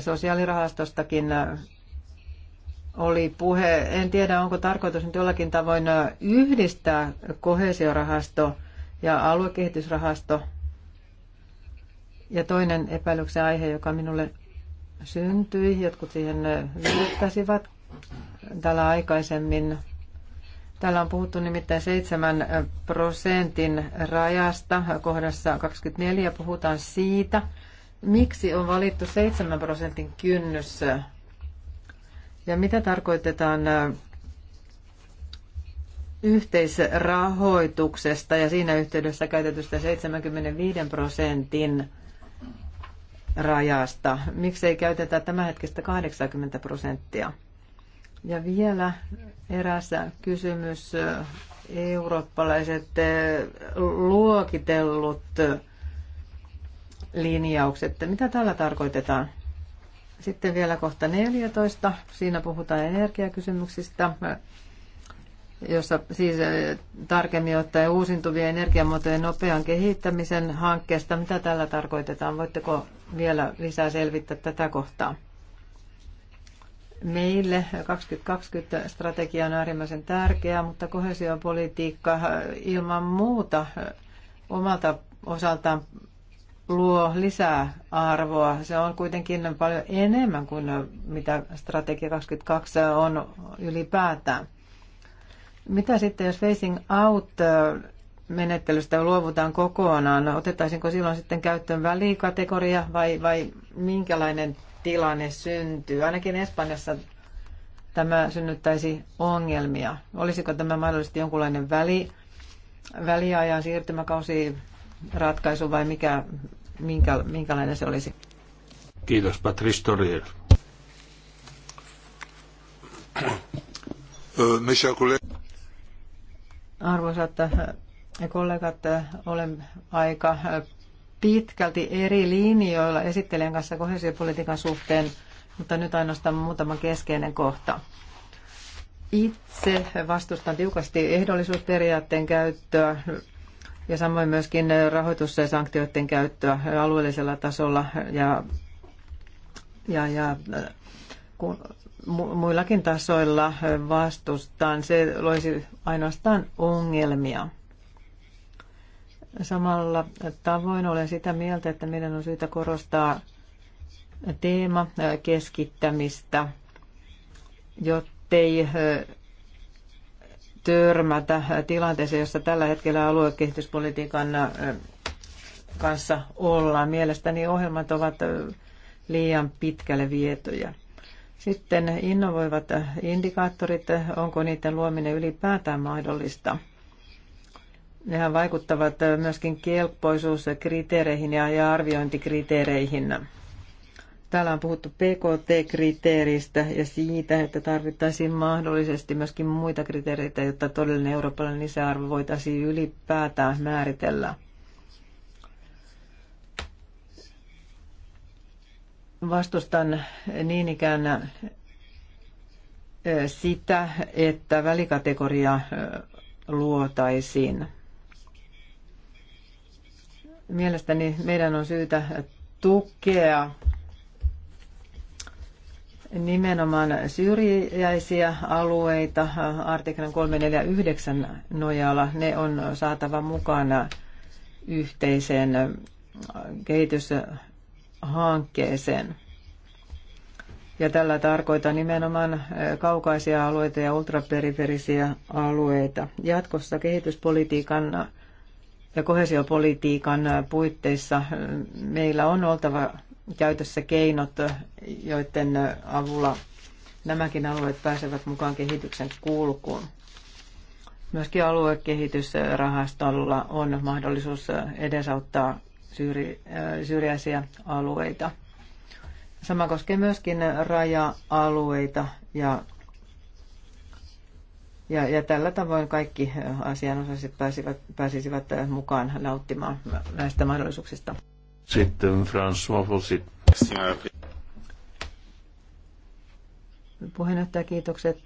Sosiaalirahastostakin äh, oli puhe. En tiedä, onko tarkoitus nyt jollakin tavoin yhdistää kohesiorahasto ja aluekehitysrahasto. Ja toinen epäilyksen aihe, joka minulle syntyi, jotkut siihen viittasivat täällä aikaisemmin. Täällä on puhuttu nimittäin 7 prosentin rajasta. Kohdassa 24 puhutaan siitä, miksi on valittu 7 prosentin kynnys ja mitä tarkoitetaan yhteisrahoituksesta ja siinä yhteydessä käytetystä 75 prosentin rajasta. Miksei käytetä hetkestä 80 prosenttia? Ja vielä eräs kysymys. Eurooppalaiset luokitellut linjaukset. Mitä tällä tarkoitetaan? Sitten vielä kohta 14. Siinä puhutaan energiakysymyksistä, jossa siis eh, tarkemmin ottaen uusintuvien energiamuotojen nopean kehittämisen hankkeesta. Mitä tällä tarkoitetaan? Voitteko vielä lisää selvittää tätä kohtaa? Meille 2020-strategia on äärimmäisen tärkeä, mutta kohesiopolitiikka eh, ilman muuta eh, omalta osaltaan luo lisää arvoa. Se on kuitenkin paljon enemmän kuin mitä Strategia 22 on ylipäätään. Mitä sitten, jos facing out äh, menettelystä luovutaan kokonaan? Otettaisiinko silloin sitten käyttöön välikategoria vai, vai minkälainen tilanne syntyy? Ainakin Espanjassa tämä synnyttäisi ongelmia. Olisiko tämä mahdollisesti jonkunlainen väli, väliajan siirtymäkausi ratkaisu vai mikä minkä, minkälainen se olisi. Kiitos, Patrice Torier. Arvoisat kollegat, olen aika pitkälti eri linjoilla esittelijän kanssa kohesiopolitiikan suhteen, mutta nyt ainoastaan muutama keskeinen kohta. Itse vastustan tiukasti ehdollisuusperiaatteen käyttöä ja samoin myöskin äh, rahoitus- ja sanktioiden käyttöä äh, alueellisella tasolla ja, ja, ja äh, kun, mu, muillakin tasoilla vastustaan. Se loisi ainoastaan ongelmia. Samalla tavoin olen sitä mieltä, että meidän on syytä korostaa teema keskittämistä, jottei törmätä tilanteeseen, jossa tällä hetkellä aluekehityspolitiikan kanssa ollaan. Mielestäni ohjelmat ovat liian pitkälle vietoja. Sitten innovoivat indikaattorit, onko niiden luominen ylipäätään mahdollista? Nehän vaikuttavat myöskin kelpoisuuskriteereihin ja arviointikriteereihin. Täällä on puhuttu PKT-kriteeristä ja siitä, että tarvittaisiin mahdollisesti myöskin muita kriteereitä, jotta todellinen eurooppalainen lisäarvo voitaisiin ylipäätään määritellä. Vastustan niin ikään sitä, että välikategoria luotaisiin. Mielestäni meidän on syytä tukea nimenomaan syrjäisiä alueita artiklan 349 nojalla. Ne on saatava mukana yhteiseen kehityshankkeeseen. Ja tällä tarkoitan nimenomaan kaukaisia alueita ja ultraperiferisiä alueita. Jatkossa kehityspolitiikan ja kohesiopolitiikan puitteissa meillä on oltava käytössä keinot, joiden avulla nämäkin alueet pääsevät mukaan kehityksen kulkuun. Myöskin aluekehitysrahastolla on mahdollisuus edesauttaa syrji, äh, syrjäisiä alueita. Sama koskee myöskin raja-alueita ja, ja, ja tällä tavoin kaikki asianosaiset pääsivät, pääsisivät mukaan nauttimaan näistä mahdollisuuksista. Sitten François Fossit. Puheenjohtaja, kiitokset.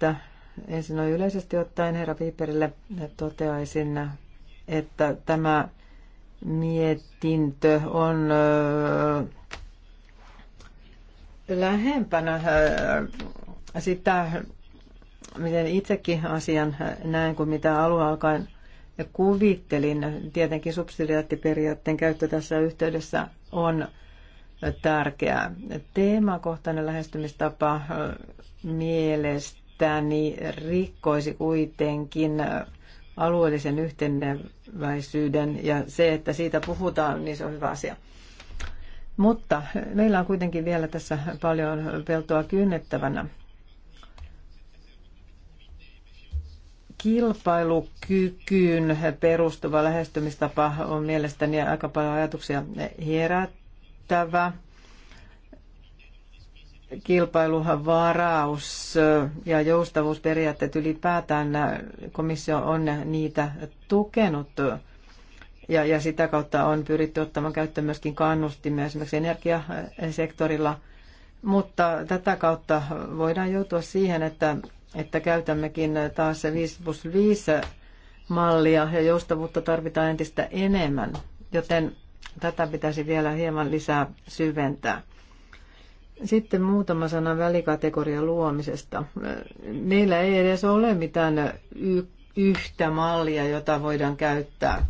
Ensin noin yleisesti ottaen herra Piiperille toteaisin, että tämä mietintö on lähempänä sitä, miten itsekin asian näen, kuin mitä alun alkaen kuvittelin. Tietenkin subsidiaattiperiaatteen käyttö tässä yhteydessä on tärkeää. Teemakohtainen lähestymistapa mielestäni rikkoisi kuitenkin alueellisen yhteneväisyyden ja se, että siitä puhutaan, niin se on hyvä asia. Mutta meillä on kuitenkin vielä tässä paljon peltoa kynnettävänä. kilpailukykyyn perustuva lähestymistapa on mielestäni aika paljon ajatuksia herättävä. varaus ja joustavuusperiaatteet ylipäätään komissio on niitä tukenut ja, ja sitä kautta on pyritty ottamaan käyttöön myöskin kannustimia esimerkiksi energiasektorilla. Mutta tätä kautta voidaan joutua siihen, että että käytämmekin taas se 5 plus 5 mallia ja joustavuutta tarvitaan entistä enemmän, joten tätä pitäisi vielä hieman lisää syventää. Sitten muutama sana välikategorian luomisesta. Meillä ei edes ole mitään yhtä mallia, jota voidaan käyttää.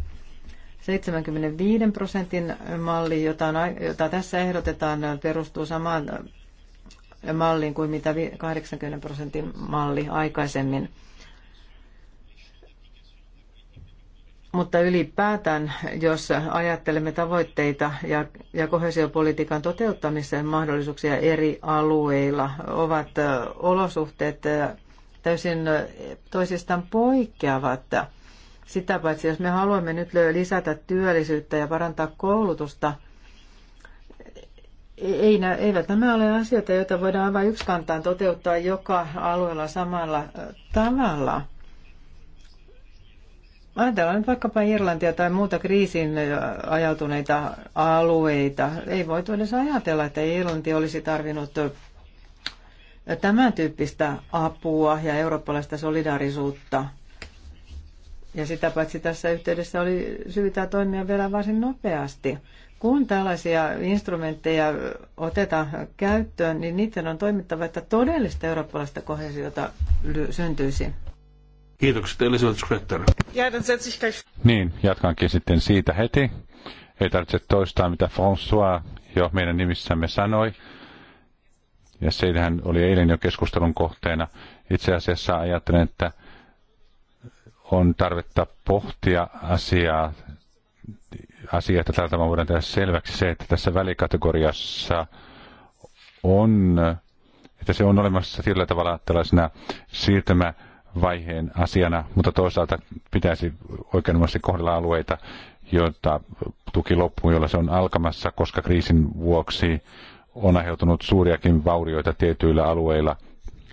75 prosentin malli, jota, on, jota tässä ehdotetaan, perustuu samaan malliin kuin mitä 80 prosentin malli aikaisemmin. Mutta ylipäätään, jos ajattelemme tavoitteita ja, ja kohesiopolitiikan toteuttamisen mahdollisuuksia eri alueilla, ovat olosuhteet täysin toisistaan poikkeavat. Sitä paitsi, jos me haluamme nyt lisätä työllisyyttä ja parantaa koulutusta – ei, eivät nämä ole asioita, joita voidaan vain yksikantaan toteuttaa joka alueella samalla tavalla. Ajatellaan nyt vaikkapa Irlantia tai muuta kriisin ajautuneita alueita. Ei voi edes ajatella, että Irlanti olisi tarvinnut tämän tyyppistä apua ja eurooppalaista solidaarisuutta. Ja sitä paitsi tässä yhteydessä oli syytä toimia vielä varsin nopeasti kun tällaisia instrumentteja otetaan käyttöön, niin niiden on toimittava, että todellista eurooppalaista kohesiota syntyisi. Kiitokset Elisabeth Schroeder. Niin, jatkankin sitten siitä heti. Ei tarvitse toistaa, mitä François jo meidän nimissämme sanoi. Ja sehän oli eilen jo keskustelun kohteena. Itse asiassa ajattelen, että on tarvetta pohtia asiaa asia, että tällä tavalla voidaan tehdä selväksi se, että tässä välikategoriassa on, että se on olemassa sillä tavalla tällaisena siirtymävaiheen asiana, mutta toisaalta pitäisi oikeudenmukaisesti kohdella alueita, joita tuki loppuu, jolla se on alkamassa, koska kriisin vuoksi on aiheutunut suuriakin vaurioita tietyillä alueilla.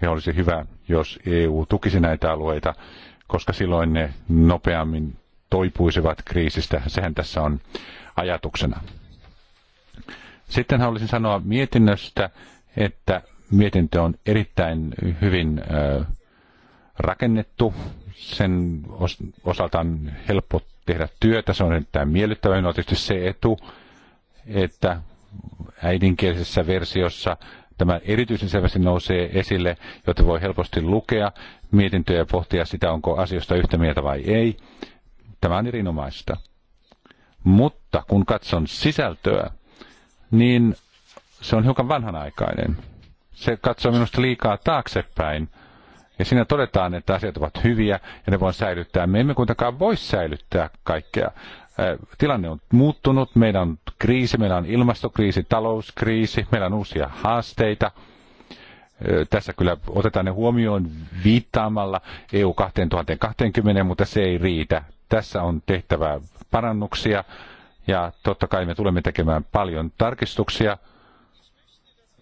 Ja olisi hyvä, jos EU tukisi näitä alueita, koska silloin ne nopeammin toipuisivat kriisistä. Sehän tässä on ajatuksena. Sitten haluaisin sanoa mietinnöstä, että mietintö on erittäin hyvin rakennettu. Sen osalta on helppo tehdä työtä. Se on erittäin miellyttävä. On tietysti se etu, että äidinkielisessä versiossa tämä erityisen selvästi nousee esille, jotta voi helposti lukea mietintöjä ja pohtia sitä, onko asioista yhtä mieltä vai ei. Tämä on erinomaista. Mutta kun katson sisältöä, niin se on hiukan vanhanaikainen. Se katsoo minusta liikaa taaksepäin. Ja siinä todetaan, että asiat ovat hyviä ja ne voi säilyttää. Me emme kuitenkaan voi säilyttää kaikkea. Tilanne on muuttunut, meillä on kriisi, meillä on ilmastokriisi, talouskriisi, meillä on uusia haasteita – tässä kyllä otetaan ne huomioon viittaamalla EU 2020, mutta se ei riitä. Tässä on tehtävä parannuksia ja totta kai me tulemme tekemään paljon tarkistuksia.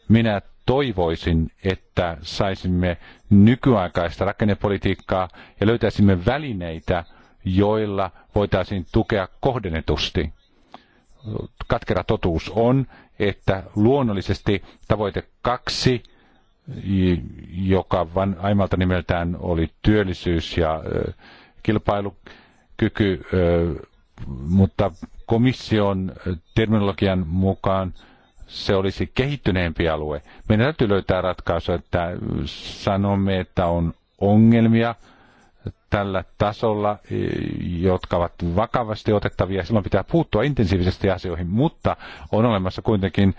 Minä toivoisin, että saisimme nykyaikaista rakennepolitiikkaa ja löytäisimme välineitä, joilla voitaisiin tukea kohdennetusti. Katkera totuus on, että luonnollisesti tavoite kaksi – joka van, aimalta nimeltään oli työllisyys ja kilpailukyky, mutta komission terminologian mukaan se olisi kehittyneempi alue. Meidän täytyy löytää ratkaisu, että sanomme, että on ongelmia tällä tasolla, e, jotka ovat vakavasti otettavia. Silloin pitää puuttua intensiivisesti asioihin, mutta on olemassa kuitenkin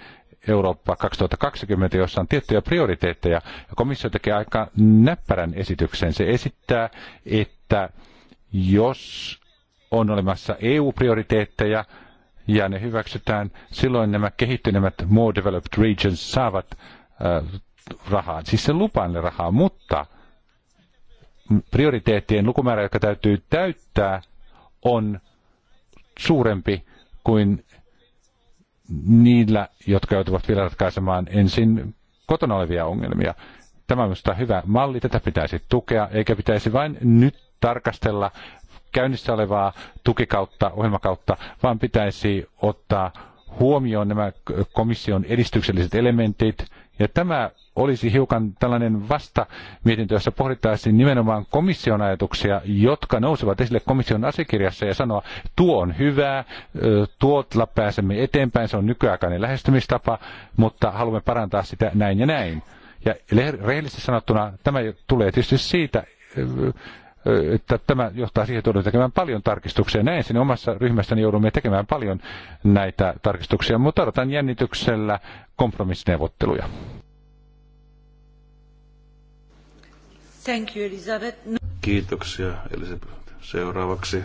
Eurooppa 2020, jossa on tiettyjä prioriteetteja. Ja komissio tekee aika näppärän esityksen. Se esittää, että jos on olemassa EU-prioriteetteja ja ne hyväksytään, silloin nämä kehittyneimmät more developed regions saavat äh, rahaa. Siis se lupaa ne rahaa, mutta prioriteettien lukumäärä, joka täytyy täyttää, on suurempi kuin niillä, jotka joutuvat vielä ratkaisemaan ensin kotona olevia ongelmia. Tämä on minusta hyvä malli, tätä pitäisi tukea, eikä pitäisi vain nyt tarkastella käynnissä olevaa tukikautta, ohjelmakautta, vaan pitäisi ottaa huomioon nämä komission edistykselliset elementit ja tämä olisi hiukan tällainen vasta mietintö, jossa pohdittaisiin nimenomaan komission ajatuksia, jotka nousevat esille komission asiakirjassa ja sanoa, tuo on hyvää, tuotla pääsemme eteenpäin, se on nykyaikainen lähestymistapa, mutta haluamme parantaa sitä näin ja näin. Ja rehellisesti sanottuna tämä tulee tietysti siitä, että tämä johtaa siihen, että tekemään paljon tarkistuksia. Näin sen omassa ryhmässäni joudumme tekemään paljon näitä tarkistuksia, mutta odotan jännityksellä kompromissineuvotteluja. Thank you, Elizabeth. No- Kiitoksia, Elisabeth. Seuraavaksi.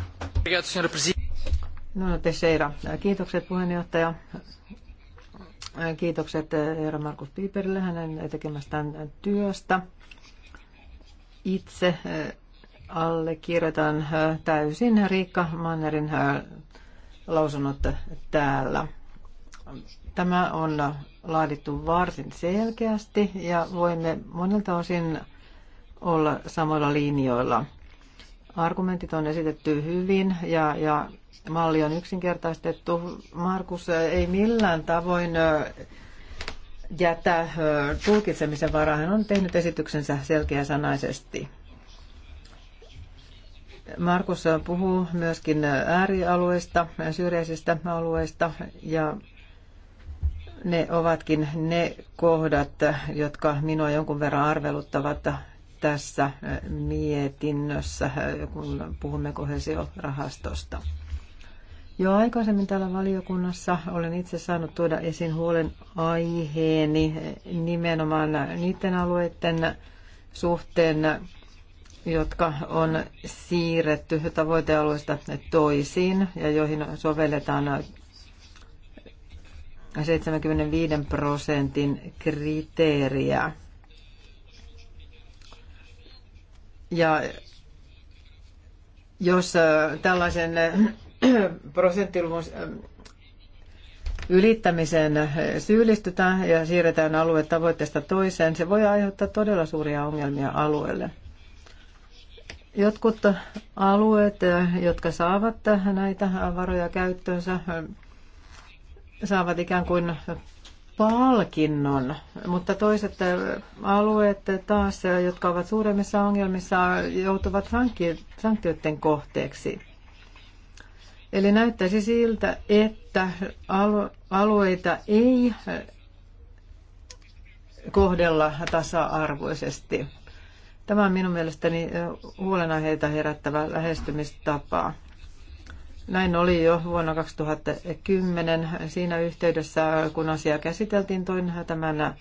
No, Teixeira. Kiitokset puheenjohtaja. Kiitokset herra Markus Piiperille hänen tekemästään työstä. Itse allekirjoitan äh, täysin Riikka Mannerin äh, lausunnot täällä. Tämä on laadittu varsin selkeästi ja voimme monelta osin olla samoilla linjoilla. Argumentit on esitetty hyvin ja, ja malli on yksinkertaistettu. Markus äh, ei millään tavoin jätä tulkitsemisen varaa. Hän on tehnyt esityksensä selkeäsanaisesti. Markus puhuu myöskin äärialueista, syrjäisistä alueista ja ne ovatkin ne kohdat, jotka minua jonkun verran arveluttavat tässä mietinnössä, kun puhumme kohesiorahastosta. Jo aikaisemmin täällä valiokunnassa olen itse saanut tuoda esiin huolen aiheeni nimenomaan niiden alueiden suhteen, jotka on siirretty tavoitealueista toisiin ja joihin sovelletaan 75 prosentin kriteeriä. Ja jos äh, tällaisen äh, *clears throat* prosenttiluvun äh, ylittämiseen syyllistytään ja siirretään alue tavoitteesta toiseen, se voi aiheuttaa todella suuria ongelmia alueelle. Jotkut alueet, jotka saavat näitä varoja käyttöönsä, saavat ikään kuin palkinnon, mutta toiset alueet taas, jotka ovat suuremmissa ongelmissa, joutuvat sanktioiden kohteeksi. Eli näyttäisi siltä, että alueita ei kohdella tasa-arvoisesti. Tämä on minun mielestäni huolenaiheita herättävä lähestymistapa. Näin oli jo vuonna 2010 siinä yhteydessä, kun asiaa käsiteltiin, toin tämän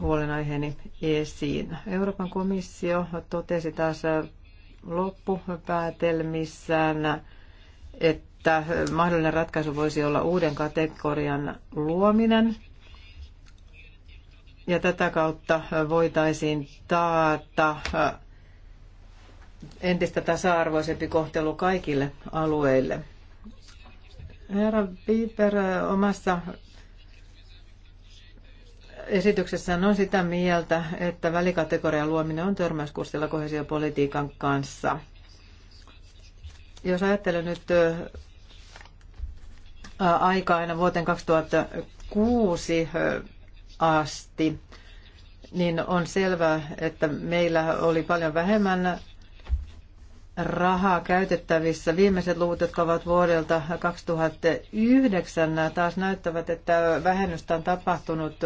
huolenaiheeni esiin. Euroopan komissio totesi taas loppupäätelmissään, että mahdollinen ratkaisu voisi olla uuden kategorian luominen, ja tätä kautta voitaisiin taata entistä tasa-arvoisempi kohtelu kaikille alueille. Herra Piper omassa esityksessään on sitä mieltä, että välikategorian luominen on törmäyskurssilla kohesiopolitiikan kanssa. Jos ajattelen nyt aikaa aina vuoteen 2006 asti, niin on selvää, että meillä oli paljon vähemmän rahaa käytettävissä. Viimeiset luvut, jotka ovat vuodelta 2009, taas näyttävät, että vähennystä on tapahtunut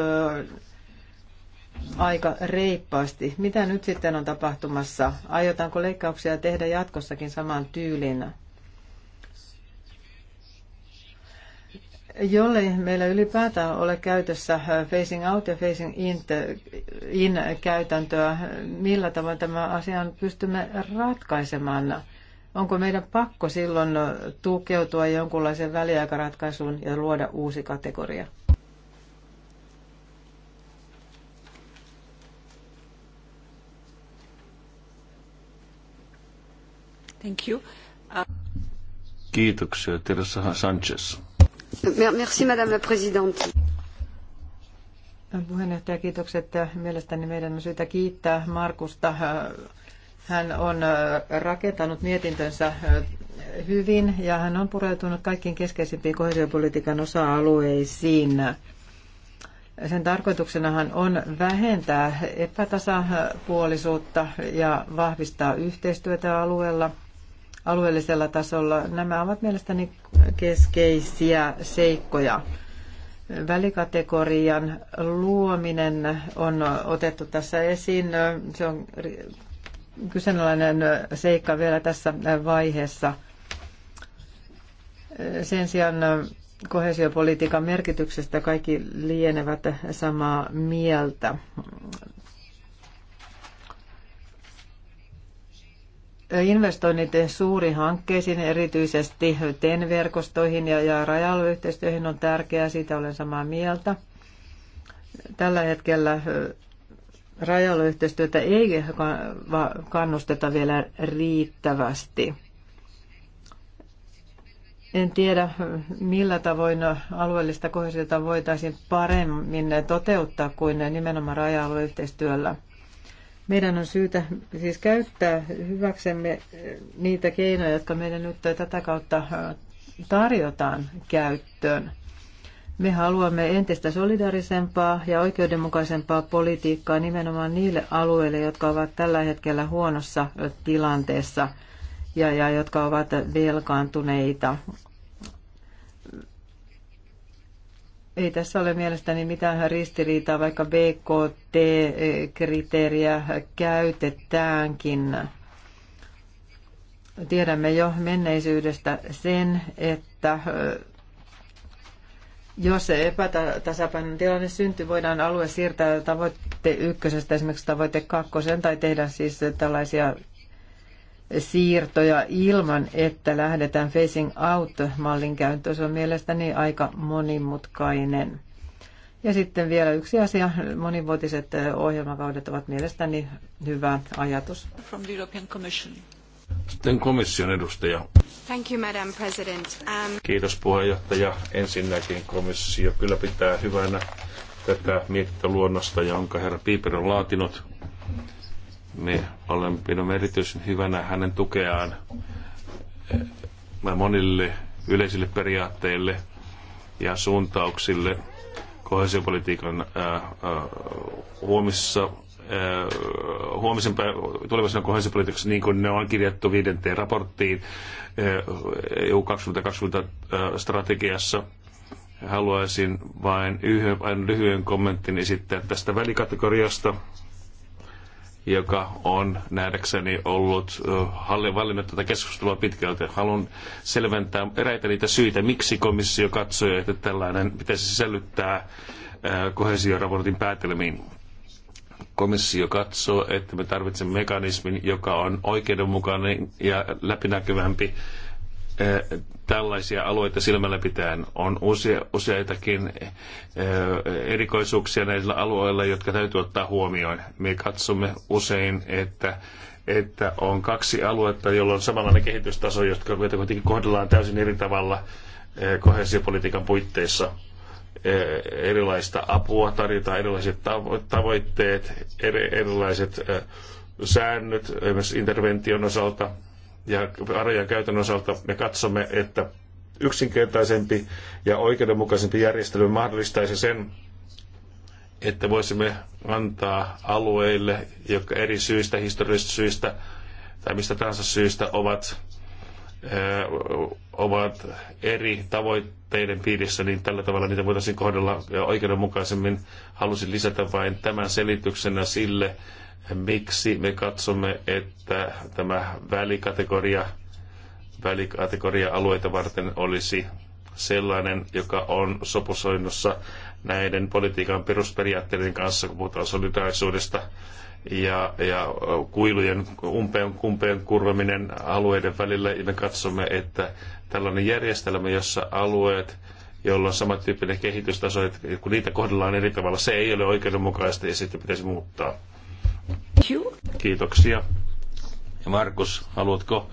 aika reippaasti. Mitä nyt sitten on tapahtumassa? Aiotaanko leikkauksia tehdä jatkossakin samaan tyylinä. Jollei meillä ylipäätään ole käytössä äh, facing out ja facing in, äh, in käytäntöä, millä tavoin tämä asian pystymme ratkaisemaan? Onko meidän pakko silloin tukeutua jonkunlaiseen väliaikaratkaisuun ja luoda uusi kategoria? Thank you. Uh, Kiitoksia, Teresa Sanchez. Merci, madame la présidente. Puheenjohtaja, kiitokset. Mielestäni meidän on syytä kiittää Markusta. Hän on rakentanut mietintönsä hyvin ja hän on pureutunut kaikkiin keskeisimpiin kohesiopolitiikan osa-alueisiin. Sen tarkoituksenahan on vähentää epätasapuolisuutta ja vahvistaa yhteistyötä alueella – alueellisella tasolla. Nämä ovat mielestäni keskeisiä seikkoja. Välikategorian luominen on otettu tässä esiin. Se on kyseenalainen seikka vielä tässä vaiheessa. Sen sijaan kohesiopolitiikan merkityksestä kaikki lienevät samaa mieltä. Investoinnit suuriin hankkeisiin, erityisesti TEN-verkostoihin ja, ja raja on tärkeää, siitä olen samaa mieltä. Tällä hetkellä raja ei kannusteta vielä riittävästi. En tiedä, millä tavoin alueellista kohdista voitaisiin paremmin toteuttaa kuin nimenomaan raja-alueyhteistyöllä – meidän on syytä siis käyttää hyväksemme eh, niitä keinoja, jotka meidän nyt tätä kautta eh, tarjotaan käyttöön. Me haluamme entistä solidaarisempaa ja oikeudenmukaisempaa politiikkaa nimenomaan niille alueille, jotka ovat tällä hetkellä huonossa eh, tilanteessa ja, ja jotka ovat velkaantuneita. Ei tässä ole mielestäni mitään ristiriitaa, vaikka BKT-kriteeriä käytetäänkin. Tiedämme jo menneisyydestä sen, että jos epätasapainon tilanne syntyy, voidaan alue siirtää tavoitte ykkösestä esimerkiksi tavoitte kakkosen tai tehdä siis tällaisia siirtoja ilman, että lähdetään facing out-mallin käyttöön. Se on mielestäni aika monimutkainen. Ja sitten vielä yksi asia. Monivuotiset ohjelmakaudet ovat mielestäni hyvä ajatus. From the European Commission. Sitten komission edustaja. Thank you, Madam President. Um... Kiitos puheenjohtaja. Ensinnäkin komissio kyllä pitää hyvänä tätä mietintöluonnosta, jonka herra Piiper on laatinut niin olemme pidän erityisen hyvänä hänen tukeaan eh, monille yleisille periaatteille ja suuntauksille kohesiopolitiikan eh, eh, huomissa huomisen tulevaisena kohdallisessa niin kuin ne on kirjattu viidenteen raporttiin EU 2020 strategiassa. Haluaisin vain yhden, vain lyhyen kommentin esittää tästä välikategoriasta, joka on nähdäkseni ollut valinnut tätä keskustelua pitkälti. Haluan selventää eräitä niitä syitä, miksi komissio katsoi, että tällainen pitäisi sisällyttää kohesioraportin päätelmiin. Komissio katsoo, että me tarvitsemme mekanismin, joka on oikeudenmukainen ja läpinäkyvämpi tällaisia alueita silmällä pitäen. On usea, useitakin eh, erikoisuuksia näillä alueilla, jotka täytyy ottaa huomioon. Me katsomme usein, että että on kaksi aluetta, jolla on samanlainen kehitystaso, jotka kuitenkin kohdellaan täysin eri tavalla eh, kohesiopolitiikan puitteissa eh, erilaista apua, tarjotaan erilaiset tavoitteet, erilaiset säännöt myös intervention osalta ja varojen käytön osalta me katsomme, että yksinkertaisempi ja oikeudenmukaisempi järjestely mahdollistaisi sen, että voisimme antaa alueille, jotka eri syistä, historiallisista syistä tai mistä tahansa syistä ovat, ovat eri tavoitteiden piirissä, niin tällä tavalla niitä voitaisiin kohdella oikeudenmukaisemmin. Halusin lisätä vain tämän selityksenä sille, miksi me katsomme, että tämä välikategoria, välikategoria-alueita varten olisi sellainen, joka on sopusoinnussa näiden politiikan perusperiaatteiden kanssa, kun puhutaan solidaarisuudesta ja, ja kuilujen umpeen, umpeen kurvaminen alueiden välillä. Ja me katsomme, että tällainen järjestelmä, jossa alueet, joilla on samantyyppinen kehitystaso, että kun niitä kohdellaan eri tavalla, se ei ole oikeudenmukaista ja sitten pitäisi muuttaa. Kiitoksia. Ja Markus, haluatko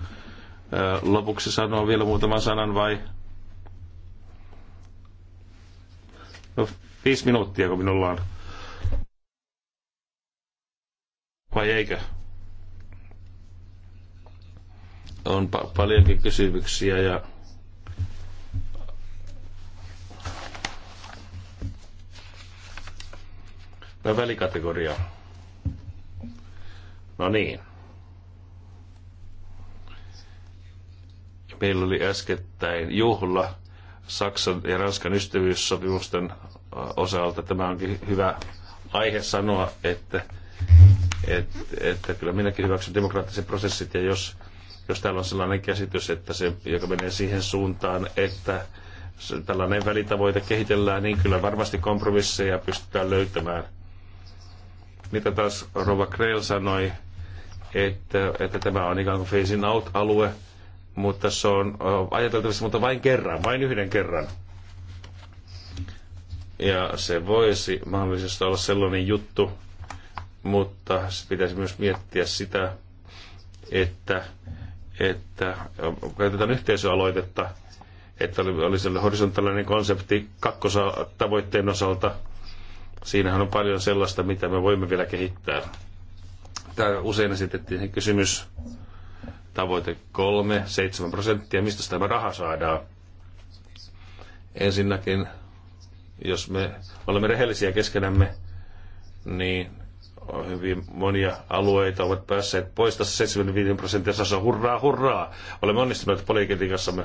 lopuksi sanoa vielä muutaman sanan vai? No, viisi minuuttia, kun minulla on. Vai eikö? On pa- paljonkin kysymyksiä ja välikategoriaa No niin. Meillä oli äskettäin juhla Saksan ja Ranskan ystävyyssopimusten äh, osalta. Tämä onkin hyvä aihe sanoa, että, että, että kyllä minäkin hyväksyn demokraattiset prosessit ja jos, jos täällä on sellainen käsitys, että se, joka menee siihen suuntaan, että tällainen välitavoite kehitellään, niin kyllä varmasti kompromisseja pystytään löytämään. Mitä taas Rova Krell sanoi että, että tämä on ikään kuin phasing out-alue, mutta se on ajateltavissa, mutta vain kerran, vain yhden kerran. Ja se voisi mahdollisesti olla sellainen juttu, mutta se pitäisi myös miettiä sitä, että, että käytetään yhteisöaloitetta, että oli, oli sellainen horisontaalinen konsepti tavoitteen osalta. Siinähän on paljon sellaista, mitä me voimme vielä kehittää usein esitettiin kysymys, tavoite kolme, seitsemän prosenttia, mistä tämä raha saadaan. Ensinnäkin, jos me olemme rehellisiä keskenämme, niin hyvin monia alueita ovat päässeet pois tässä 75 prosenttia, osassa. Hurraa, hurraa! Olemme onnistuneet politiikassamme.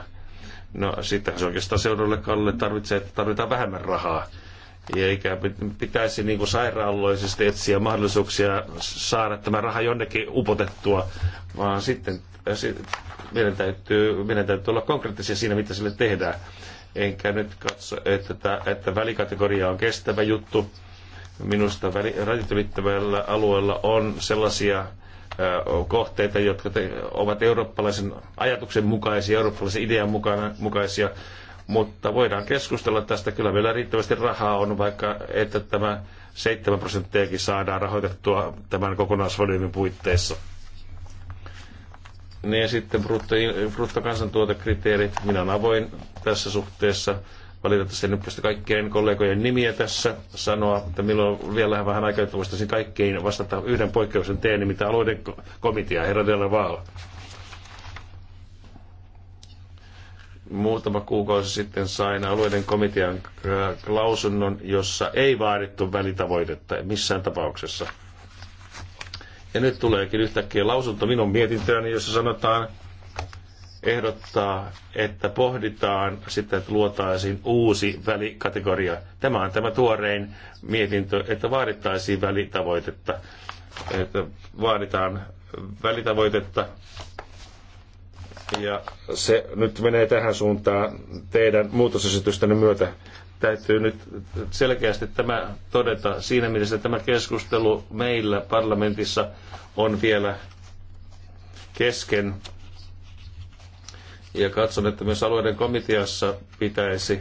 No sitten se oikeastaan seuraavalle kalle tarvitsee, että tarvitaan vähemmän rahaa eikä pitäisi niin kuin sairaaloisesti etsiä mahdollisuuksia saada tämä raha jonnekin upotettua, vaan sitten äh, meidän täytyy, meidän täytyy olla konkreettisia siinä, mitä sille tehdään. Enkä nyt katso, että, tämä, että välikategoria on kestävä juttu. Minusta rajat ylittävällä alueella on sellaisia äh, kohteita, jotka te, ovat eurooppalaisen ajatuksen mukaisia, eurooppalaisen idean mukaisia, mutta voidaan keskustella tästä. Kyllä vielä riittävästi rahaa on, vaikka että tämä 7 prosenttiakin saadaan rahoitettua tämän kokonaisvolyymin puitteissa. Niin ja sitten brutto, bruttokansantuotekriteerit. Minä olen avoin tässä suhteessa. Valitettavasti en pysty kaikkien kollegojen nimiä tässä sanoa, mutta milloin on vielä vähän aikaa, että voistaisin kaikkein vastata yhden poikkeuksen teen, mitä alueiden komitea, herra Della Muutama kuukausi sitten sain alueiden komitean lausunnon, jossa ei vaadittu välitavoitetta missään tapauksessa. Ja nyt tuleekin yhtäkkiä lausunto minun mietintöäni, jossa sanotaan, ehdottaa, että pohditaan sitten, että luotaisiin uusi välikategoria. Tämä on tämä tuorein mietintö, että vaadittaisiin välitavoitetta. Että vaaditaan välitavoitetta ja se nyt menee tähän suuntaan teidän muutosesitystenne myötä. Täytyy nyt selkeästi tämä todeta siinä mielessä, että tämä keskustelu meillä parlamentissa on vielä kesken. Ja katson, että myös alueiden komiteassa pitäisi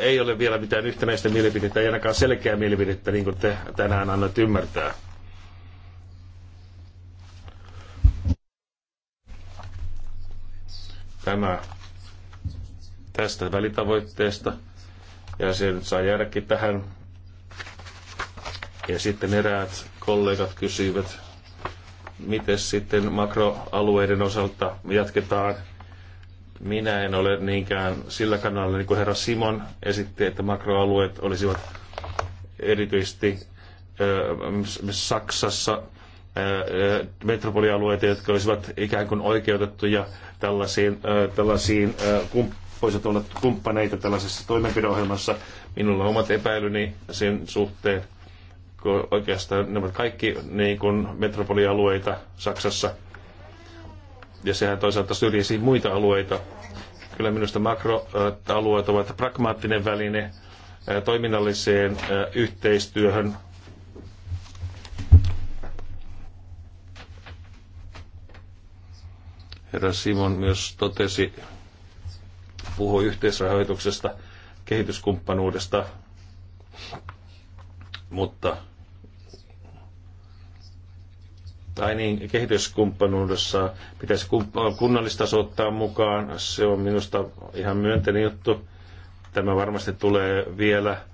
ei ole vielä mitään yhtenäistä mielipidettä, ei ainakaan selkeää mielipidettä, niin kuin te tänään annat ymmärtää. tämä tästä välitavoitteesta ja se nyt saa jäädäkin tähän. Ja sitten eräät kollegat kysyivät, miten sitten makroalueiden osalta jatketaan. Minä en ole niinkään sillä kannalla, niin kuin herra Simon esitti, että makroalueet olisivat erityisesti Saksassa metropolialueita, jotka olisivat ikään kuin oikeutettuja tällaisiin, tällaisiin voisivat olla kumppaneita tällaisessa toimenpideohjelmassa. Minulla on omat epäilyni sen suhteen, kun oikeastaan ne ovat kaikki niin kuin metropolialueita Saksassa. Ja sehän toisaalta syrjisi muita alueita. Kyllä minusta makroalueet ovat pragmaattinen väline toiminnalliseen yhteistyöhön Herra Simon myös totesi, puhui yhteisrahoituksesta, kehityskumppanuudesta, mutta tai niin, kehityskumppanuudessa pitäisi kunnallista ottaa mukaan. Se on minusta ihan myönteinen juttu. Tämä varmasti tulee vielä äh,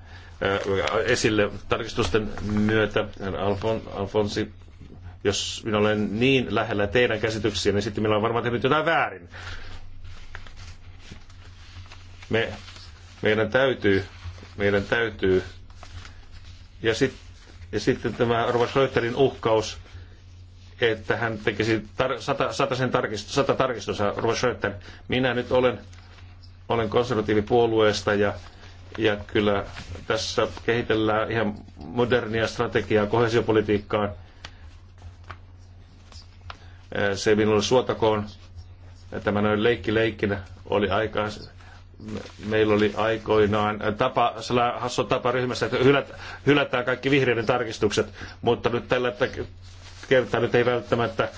esille tarkistusten myötä. Alfon, Alfonsi jos minä olen niin lähellä teidän käsityksiä, niin sitten minä olen varmaan tehnyt jotain väärin. Me, meidän täytyy, meidän täytyy. Ja, sit, ja sitten tämä Arvas Reuterin uhkaus, että hän tekisi tar- sata, sata, sen tarkist- sata tarkistusta, Arvas Reuter. Minä nyt olen, olen konservatiivipuolueesta ja ja kyllä tässä kehitellään ihan modernia strategiaa kohesiopolitiikkaan – se minulle suotakoon. Tämä noin leikki leikkinä oli aikaan meillä oli aikoinaan tapa, sellainen hassu tapa ryhmässä, että hylätään kaikki vihreiden tarkistukset, mutta nyt tällä kertaa nyt ei välttämättä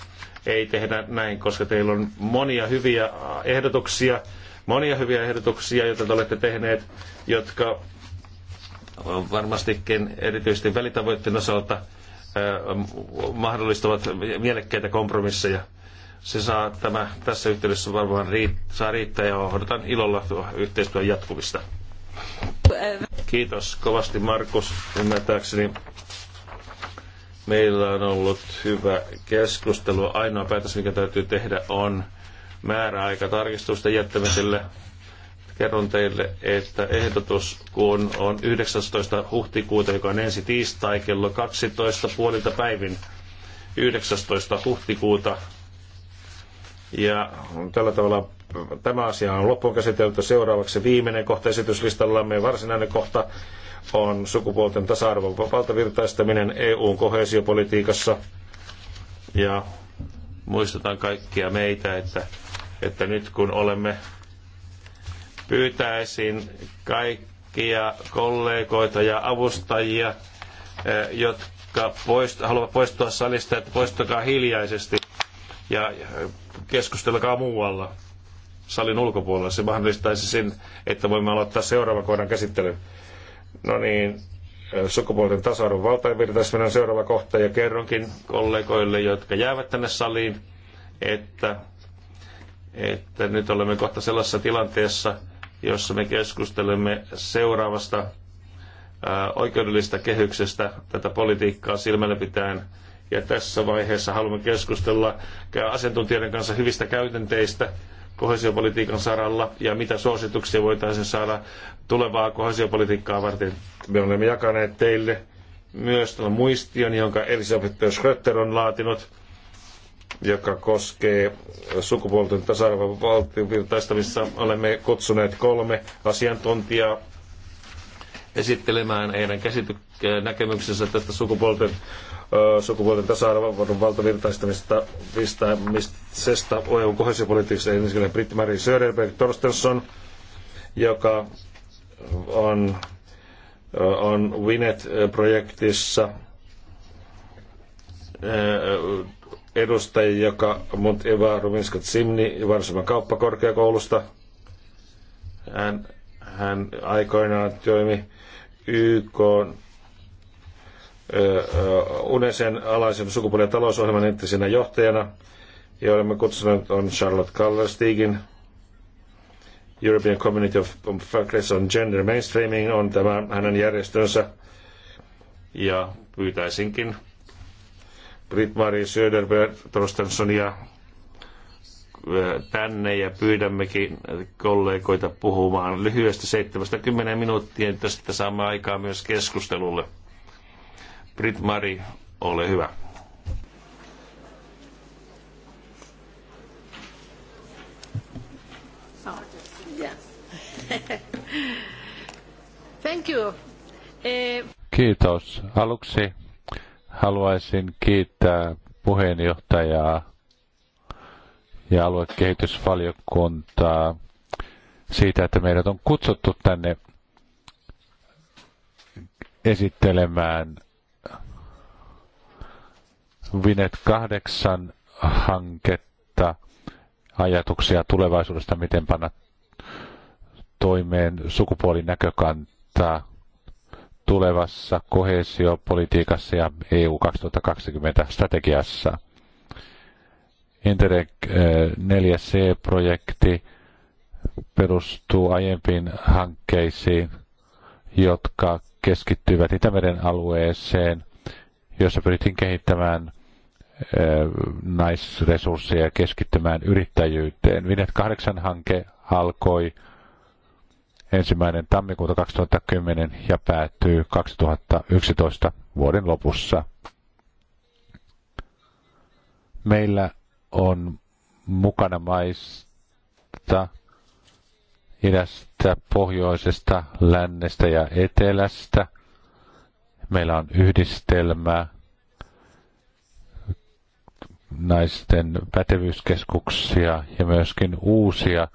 ei tehdä näin, koska teillä on monia hyviä ehdotuksia, monia hyviä ehdotuksia, joita te olette tehneet, jotka varmastikin erityisesti välitavoitteen osalta mahdollistavat mielekkäitä kompromisseja. Se saa tämä tässä yhteydessä varmaan riitt- saa riittää ja odotan ilolla tuo yhteistyön jatkuvista. Kiitos kovasti Markus. Ymmärtääkseni meillä on ollut hyvä keskustelu. Ainoa päätös, mikä täytyy tehdä, on määräaika tarkistusten jättämiselle kerron teille, että ehdotus, kun on 19. huhtikuuta, joka on ensi tiistai kello 12 puolilta päivin, 19. huhtikuuta. Ja tällä tavalla tämä asia on loppuun käsitelty. Seuraavaksi viimeinen kohta esityslistallamme varsinainen kohta on sukupuolten tasa-arvon valtavirtaistaminen EUn kohesiopolitiikassa. Ja muistetaan kaikkia meitä, että, että nyt kun olemme Pyytäisin kaikkia kollegoita ja avustajia, eh, jotka poist, haluavat poistua salista, että poistukaa hiljaisesti ja eh, keskustelkaa muualla salin ulkopuolella. Se mahdollistaisi sen, että voimme aloittaa seuraavan kohdan käsittelyn. No niin, eh, sukupuolten tasa-arvon valtavirtaisminen seuraava kohta ja kerronkin kollegoille, jotka jäävät tänne saliin, että, että nyt olemme kohta sellaisessa tilanteessa, jossa me keskustelemme seuraavasta oikeudellisesta kehyksestä tätä politiikkaa silmällä pitäen. Ja tässä vaiheessa haluamme keskustella asiantuntijoiden kanssa hyvistä käytänteistä kohesiopolitiikan saralla ja mitä suosituksia voitaisiin saada tulevaa kohesiopolitiikkaa varten. Me olemme jakaneet teille myös tämän muistion, jonka Elisabeth Schröter on laatinut joka koskee sukupuolten tasa-arvon missä Olemme kutsuneet kolme asiantuntijaa esittelemään heidän käsity- näkemyksensä tästä sukupuolten, sukupuolten tasa-arvon valtavirtaistamista mistä EU kohesiopolitiikassa ensimmäinen Britti Marie Söderberg Torstensson, joka on, on Winet-projektissa edustajia, joka mut Eva Ruminska Simni Varsovan kauppakorkeakoulusta. Hän, hän aikoinaan toimi YK Unesen alaisen sukupuolen talousohjelman entisenä johtajana, jolle me kutsunut on Charlotte Kallerstigin. European Community of Focus on Gender Mainstreaming on tämä hänen järjestönsä. Ja pyytäisinkin Britmarin Söderberg ja äh, tänne ja pyydämmekin kollegoita puhumaan lyhyesti 70 minuuttia, että sitten saamme aikaa myös keskustelulle. Britmari, ole hyvä. Thank you. Eh, Kiitos. Aluksi Haluaisin kiittää puheenjohtajaa ja aluekehitysvaliokuntaa siitä, että meidät on kutsuttu tänne esittelemään Vinet 8 hanketta, ajatuksia tulevaisuudesta, miten panna toimeen sukupuolinäkökantaa tulevassa kohesiopolitiikassa ja EU 2020 strategiassa. Interreg 4C-projekti eh, perustuu aiempiin hankkeisiin, jotka keskittyvät Itämeren alueeseen, jossa pyrittiin kehittämään eh, naisresursseja keskittymään yrittäjyyteen. Vinet 8 hanke alkoi ensimmäinen tammikuuta 2010 ja päättyy 2011 vuoden lopussa. Meillä on mukana maista idästä, pohjoisesta, lännestä ja etelästä. Meillä on yhdistelmä naisten pätevyyskeskuksia ja myöskin uusia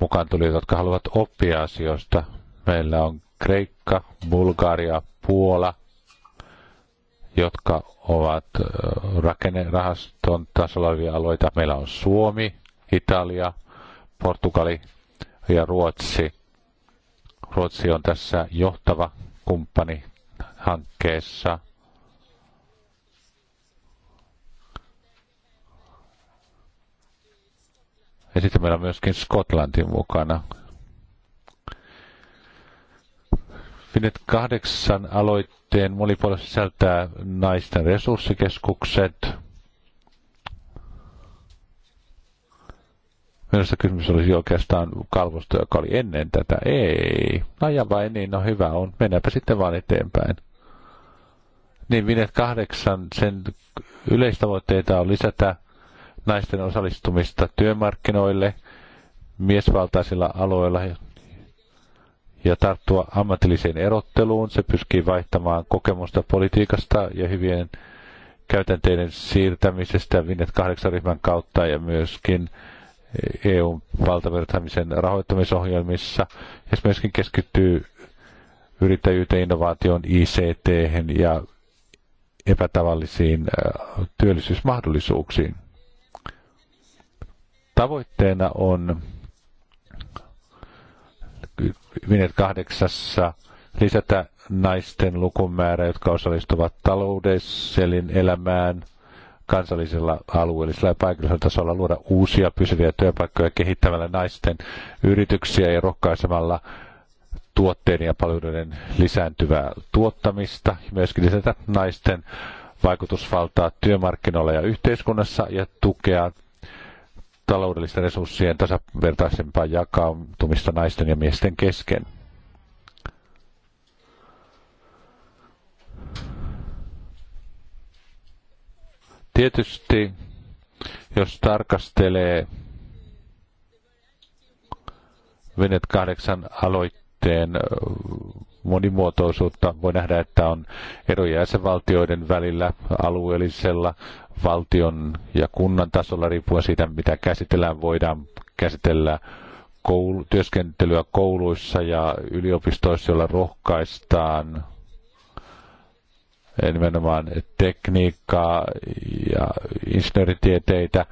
mukaan tuli, jotka haluavat oppia asioista. Meillä on Kreikka, Bulgaria, Puola, jotka ovat rakennerahaston tasolla olevia alueita. Meillä on Suomi, Italia, Portugali ja Ruotsi. Ruotsi on tässä johtava kumppani hankkeessa. Ja sitten meillä on myöskin Skotlanti mukana. Finet 8 aloitteen monipuolisesti sisältää naisten resurssikeskukset. Minusta kysymys olisi oikeastaan kalvosto, joka oli ennen tätä. Ei. No ja vai niin, no hyvä on. Mennäänpä sitten vaan eteenpäin. Niin Vinet 8, sen yleistavoitteita on lisätä naisten osallistumista työmarkkinoille miesvaltaisilla aloilla ja tarttua ammatilliseen erotteluun. Se pyrkii vaihtamaan kokemusta politiikasta ja hyvien käytänteiden siirtämisestä Vinnet 8 ryhmän kautta ja myöskin EUn valtavertaamisen rahoittamisohjelmissa. Ja se myöskin keskittyy yrittäjyyteen, innovaatioon, ICT ja epätavallisiin työllisyysmahdollisuuksiin. Tavoitteena on Vinet kahdeksassa lisätä naisten lukumäärä, jotka osallistuvat taloudelliseen elämään kansallisella, alueellisella ja paikallisella tasolla, luoda uusia pysyviä työpaikkoja kehittämällä naisten yrityksiä ja rohkaisemalla tuotteiden ja palveluiden lisääntyvää tuottamista, myöskin lisätä naisten vaikutusvaltaa työmarkkinoilla ja yhteiskunnassa ja tukea taloudellisten resurssien tasavertaisempaa jakautumista naisten ja miesten kesken. Tietysti, jos tarkastelee Venet 8 aloitteen monimuotoisuutta, voi nähdä, että on eroja jäsenvaltioiden välillä alueellisella valtion ja kunnan tasolla, riippuen siitä, mitä käsitellään, voidaan käsitellä koulu, työskentelyä kouluissa ja yliopistoissa, joilla rohkaistaan nimenomaan tekniikkaa ja insinööritieteitä,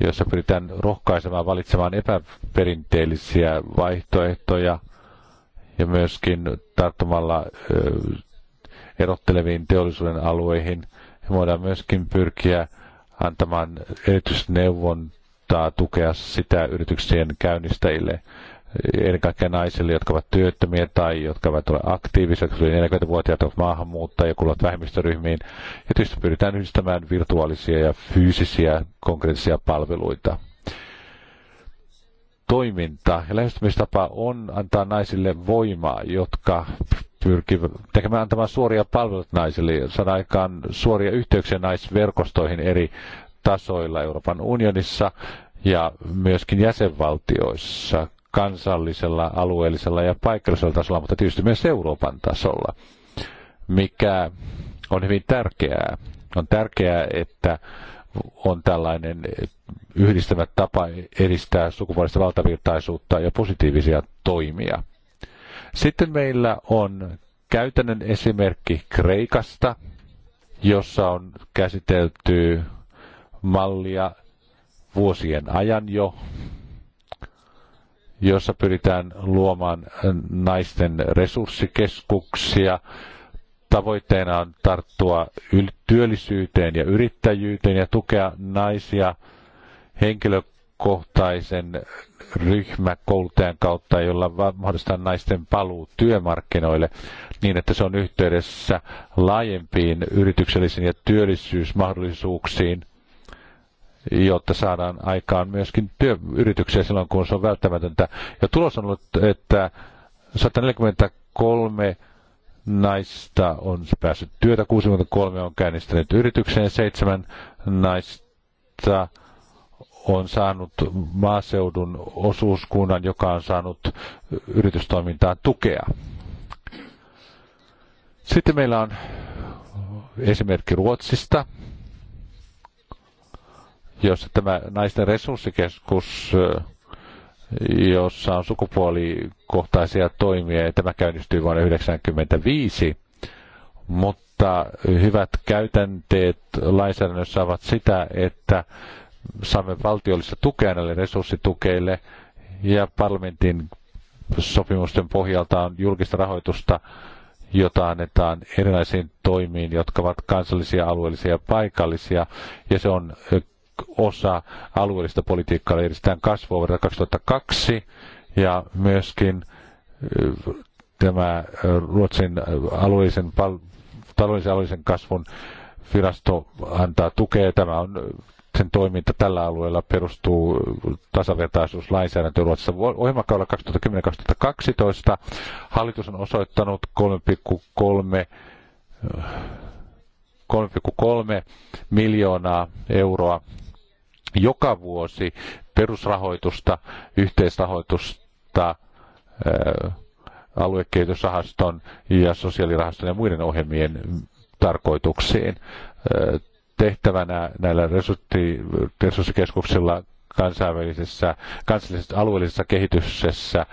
joissa pyritään rohkaisemaan valitsemaan epäperinteellisiä vaihtoehtoja ja myöskin tarttumalla erotteleviin teollisuuden alueihin – voidaan myöskin pyrkiä antamaan erityisneuvontaa, tukea sitä yrityksien käynnistäjille, ennen kaikkea naisille, jotka ovat työttömiä tai jotka ovat ole aktiivisia, koska 40-vuotiaat, ovat maahanmuuttajia, kuuluvat vähemmistöryhmiin. Ja tietysti pyritään yhdistämään virtuaalisia ja fyysisiä konkreettisia palveluita. Toiminta ja lähestymistapa on antaa naisille voimaa, jotka pyrkivät tekemään antamaan suoria palveluita naisille, saada aikaan suoria yhteyksiä naisverkostoihin eri tasoilla Euroopan unionissa ja myöskin jäsenvaltioissa kansallisella, alueellisella ja paikallisella tasolla, mutta tietysti myös Euroopan tasolla, mikä on hyvin tärkeää. On tärkeää, että on tällainen yhdistävä tapa edistää sukupuolista valtavirtaisuutta ja positiivisia toimia. Sitten meillä on käytännön esimerkki Kreikasta, jossa on käsitelty mallia vuosien ajan jo, jossa pyritään luomaan naisten resurssikeskuksia. Tavoitteena on tarttua työllisyyteen ja yrittäjyyteen ja tukea naisia henkilökohtaisesti kohtaisen ryhmäkouluttajan kautta, jolla mahdollistetaan naisten paluu työmarkkinoille niin, että se on yhteydessä laajempiin yrityksellisiin ja työllisyysmahdollisuuksiin, jotta saadaan aikaan myöskin työyrityksiä silloin, kun se on välttämätöntä. Ja tulos on ollut, että 143 naista on päässyt työtä, 63 on käynnistänyt yritykseen, 7 naista – on saanut maaseudun osuuskunnan, joka on saanut yritystoimintaan tukea. Sitten meillä on esimerkki Ruotsista, jossa tämä naisten resurssikeskus, jossa on sukupuolikohtaisia toimia, ja tämä käynnistyy vuonna 1995, mutta hyvät käytänteet lainsäädännössä ovat sitä, että saamme valtiollista tukea näille resurssitukeille ja parlamentin sopimusten pohjalta on julkista rahoitusta, jota annetaan erilaisiin toimiin, jotka ovat kansallisia, alueellisia ja paikallisia. Ja se on osa alueellista politiikkaa, edistetään kasvua vuodelta 2002 ja myöskin tämä Ruotsin alueellisen, taloudellisen alueellisen kasvun virasto antaa tukea. Tämä on sen toiminta tällä alueella perustuu tasavertaisuuslainsäädäntöön Ruotsissa. Ohjelmakaudella 2010-2012 hallitus on osoittanut 3,3 3,3 miljoonaa euroa joka vuosi perusrahoitusta, yhteisrahoitusta aluekehitysrahaston ja sosiaalirahaston ja muiden ohjelmien tarkoituksiin tehtävänä näillä resurssikeskuksilla kansainvälisessä, kansallisessa alueellisessa kehityksessä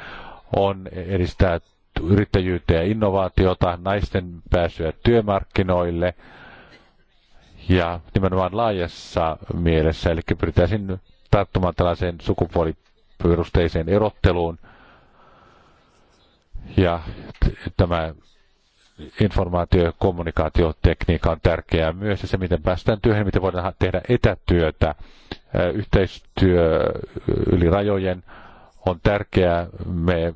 on edistää yrittäjyyttä ja innovaatiota, naisten pääsyä työmarkkinoille ja nimenomaan laajassa mielessä, eli pyritään tarttumaan tällaiseen sukupuoliperusteiseen erotteluun. Ja tämä informaatio- ja kommunikaatiotekniikka on tärkeää myös, ja se, miten päästään työhön, miten voidaan tehdä etätyötä, yhteistyö yli rajojen on tärkeää. Me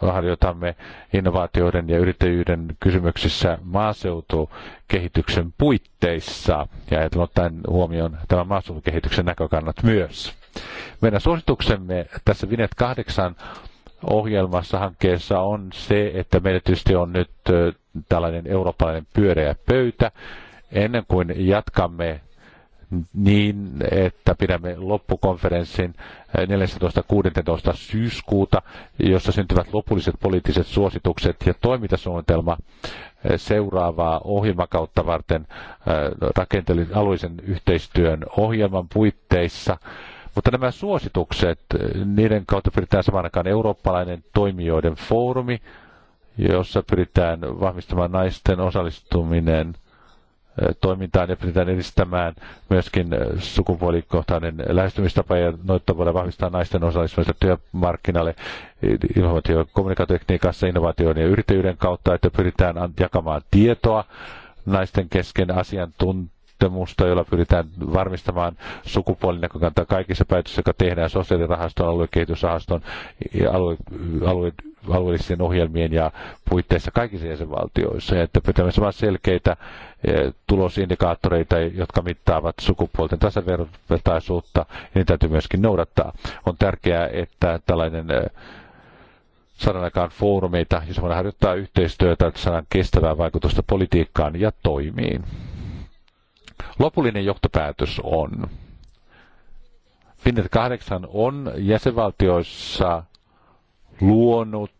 harjoitamme innovaatioiden ja yrittäjyyden kysymyksissä maaseutukehityksen puitteissa, ja ottaen huomioon tämän maaseutukehityksen näkökannat myös. Meidän suosituksemme tässä Vinet 8 ohjelmassa hankkeessa on se, että meillä tietysti on nyt tällainen eurooppalainen pyöreä pöytä. Ennen kuin jatkamme niin, että pidämme loppukonferenssin 14.16. syyskuuta, jossa syntyvät lopulliset poliittiset suositukset ja toimintasuunnitelma seuraavaa ohjelmakautta varten rakenteellisen alueellisen yhteistyön ohjelman puitteissa – mutta nämä suositukset, eh, niiden kautta pyritään samaan aikaan eurooppalainen toimijoiden foorumi, jossa pyritään vahvistamaan naisten osallistuminen eh, toimintaan ja pyritään edistämään myöskin eh, sukupuolikohtainen lähestymistapa ja noita voidaan vahvistaa naisten osallistumista työmarkkinalle innovaatio- ja kommunikaatiotekniikassa, innovaatioiden ja yrittäjyyden kautta, että pyritään jakamaan tietoa naisten kesken asiantuntijoiden avoimuutta, jolla pyritään varmistamaan sukupuolinäkökantaa kaikissa päätöksissä, jotka tehdään sosiaalirahaston, aluekehitysrahaston, alue, alue, alueellisten ohjelmien ja puitteissa kaikissa jäsenvaltioissa. Ja että pitämme vain selkeitä e, tulosindikaattoreita, jotka mittaavat sukupuolten tasavertaisuutta, niin täytyy myöskin noudattaa. On tärkeää, että tällainen e, saadaan aikaan foorumeita, jos voidaan harjoittaa yhteistyötä, että saadaan kestävää vaikutusta politiikkaan ja toimiin. Lopullinen johtopäätös on, Finnet 8 on jäsenvaltioissa luonut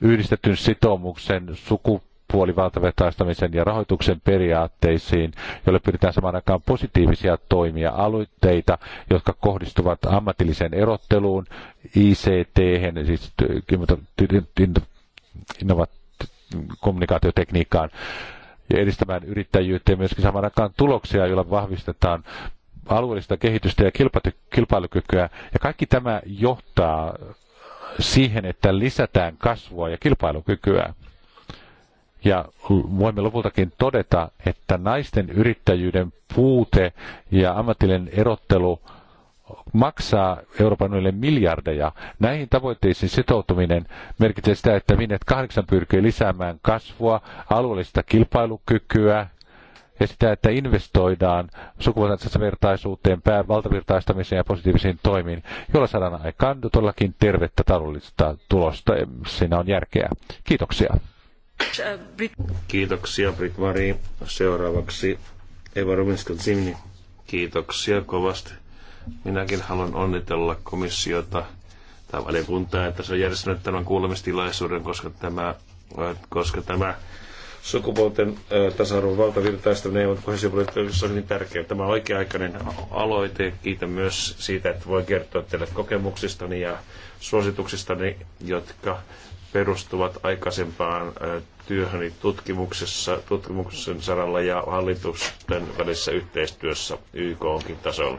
yhdistetyn sitoumuksen sukupuolivaltavertaistamisen ja rahoituksen periaatteisiin, jolle pyritään samaan aikaan positiivisia toimia aloitteita, jotka kohdistuvat ammatilliseen erotteluun, ICT, siis innovaatiotekniikkaan, ja edistämään yrittäjyyttä ja myöskin samaan aikaan tuloksia, joilla vahvistetaan alueellista kehitystä ja kilpailukykyä. Ja kaikki tämä johtaa siihen, että lisätään kasvua ja kilpailukykyä. Ja voimme lopultakin todeta, että naisten yrittäjyyden puute ja ammatillinen erottelu – maksaa Euroopan unionille miljardeja. Näihin tavoitteisiin sitoutuminen merkitsee sitä, että Vinet 8 pyrkii lisäämään kasvua, alueellista kilpailukykyä ja sitä, että investoidaan sukupuolten vertaisuuteen, valtavirtaistamiseen ja positiivisiin toimiin, joilla saadaan aikaan todellakin tervettä taloudellista tulosta. Siinä on järkeä. Kiitoksia. Kiitoksia, Britvari. Seuraavaksi Eva rubinska zimni Kiitoksia kovasti. Minäkin haluan onnitella komissiota tai valiokuntaa, että se on järjestänyt tämän kuulemistilaisuuden, koska tämä, äh, koska tämä sukupuolten äh, tasa-arvon valtavirtaistaminen ole kohdassa on niin tärkeä. Tämä on oikea-aikainen aloite. Kiitän myös siitä, että voin kertoa teille kokemuksistani ja suosituksistani, jotka perustuvat aikaisempaan äh, työhöni tutkimuksessa, tutkimuksen saralla ja hallitusten välissä yhteistyössä YK tasolla.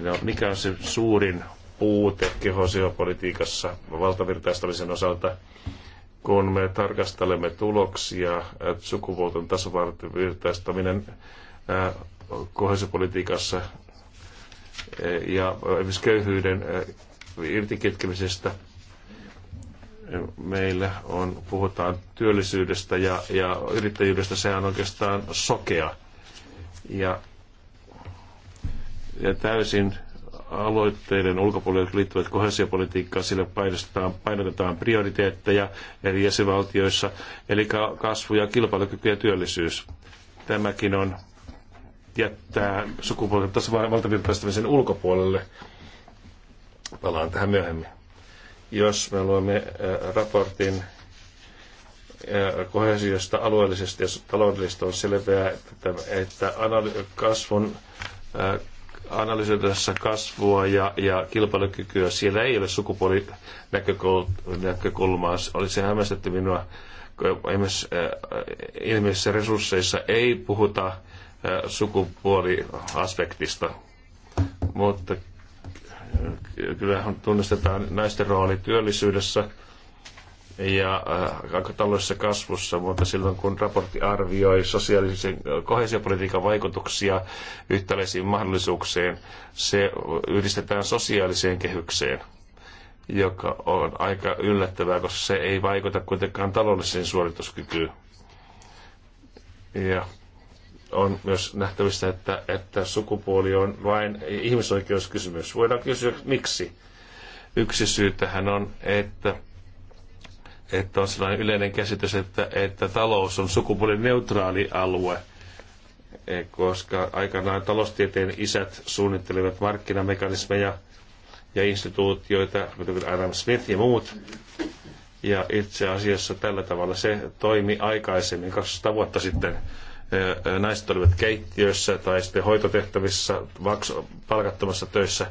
No, mikä on se suurin puute kehosiopolitiikassa valtavirtaistamisen osalta, kun me tarkastelemme tuloksia, että sukupuolten tasavirtaistaminen kohesiopolitiikassa ja esimerkiksi köyhyyden irtikitkemisestä. Meillä on, puhutaan työllisyydestä ja, ja yrittäjyydestä, sehän on oikeastaan sokea. Ja ja täysin aloitteiden ulkopuolelle liittyvät kohesiopolitiikkaa, sillä painotetaan, painotetaan prioriteetteja eri jäsenvaltioissa, eli kasvu ja kilpailukyky ja työllisyys. Tämäkin on jättää sukupuolten valtavirtaistamisen ulkopuolelle. Palaan tähän myöhemmin. Jos me luemme äh, raportin äh, kohesiosta alueellisesti ja taloudellisesti on selvää, että, että kasvun äh, analysoidessa kasvua ja, ja kilpailukykyä. Siellä ei ole sukupuolinäkökulmaa. Oli se hämmästetty minua. Esimerkiksi äh, ilmeisissä resursseissa ei puhuta äh, sukupuoliaspektista, mutta äh, kyllähän tunnistetaan naisten rooli työllisyydessä – ja äh, taloudellisessa kasvussa, mutta silloin kun raportti arvioi sosiaalisen äh, kohesiopolitiikan vaikutuksia yhtäläisiin mahdollisuuksiin, se yhdistetään sosiaaliseen kehykseen joka on aika yllättävää, koska se ei vaikuta kuitenkaan taloudelliseen suorituskykyyn. Ja on myös nähtävissä, että, että sukupuoli on vain ihmisoikeuskysymys. Voidaan kysyä, miksi? Yksi syy tähän on, että että on sellainen yleinen käsitys, että, että talous on neutraali alue, e, koska aikanaan taloustieteen isät suunnittelivat markkinamekanismeja ja instituutioita, kuten Adam Smith ja muut. Ja itse asiassa tällä tavalla se toimi aikaisemmin, 200 vuotta sitten. E, e, naiset olivat keittiössä tai sitten hoitotehtävissä, palkattomassa töissä,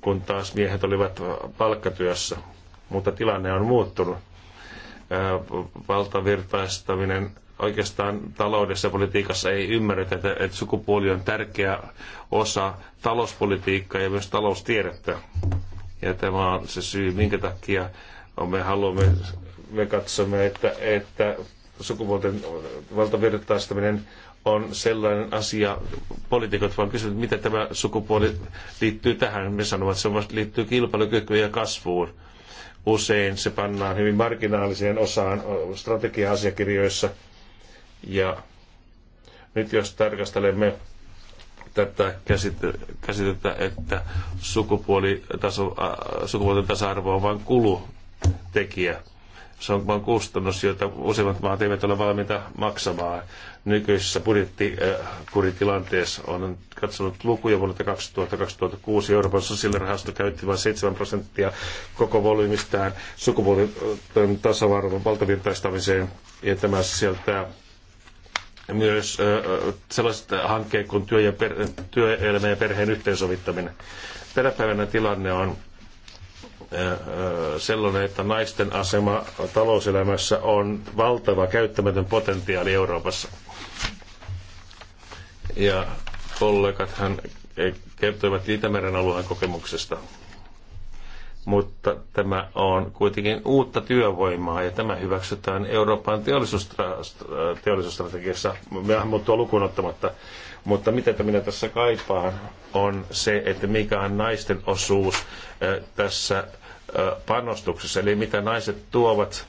kun taas miehet olivat palkkatyössä mutta tilanne on muuttunut. Valtavirtaistaminen oikeastaan taloudessa ja politiikassa ei ymmärretä, että, että sukupuoli on tärkeä osa talouspolitiikkaa ja myös taloustiedettä. Ja tämä on se syy, minkä takia me haluamme, me katsomme, että, että sukupuolten valtavirtaistaminen on sellainen asia, poliitikot vaan kysyvät, miten tämä sukupuoli liittyy tähän. Me sanovat, että se liittyy kilpailukykyyn ja kasvuun. Usein se pannaan hyvin marginaaliseen osaan strategia-asiakirjoissa. Ja nyt jos tarkastelemme tätä käsitettä, että sukupuolten tasa-arvo on vain kulutekijä. Se on vain kustannus, jota useimmat maat eivät ole valmiita maksamaan nykyisessä budjettikuritilanteessa. Äh, on katsonut lukuja vuonna 2000-2006. Euroopan sosiaalirahasto käytti vain 7 prosenttia koko volyymistään sukupuolten tasavarvon valtavirtaistamiseen. Ja tämä sieltä myös äh, sellaiset hankkeet kuin työ ja per, työelämä ja perheen yhteensovittaminen. Tänä päivänä tilanne on äh, sellainen, että naisten asema talouselämässä on valtava käyttämätön potentiaali Euroopassa ja hän kertoivat Itämeren alueen kokemuksesta. Mutta tämä on kuitenkin uutta työvoimaa ja tämä hyväksytään Euroopan teollisuusstrategiassa muuttua lukuun ottamatta. Mutta mitä minä tässä kaipaan on se, että mikä on naisten osuus tässä panostuksessa, eli mitä naiset tuovat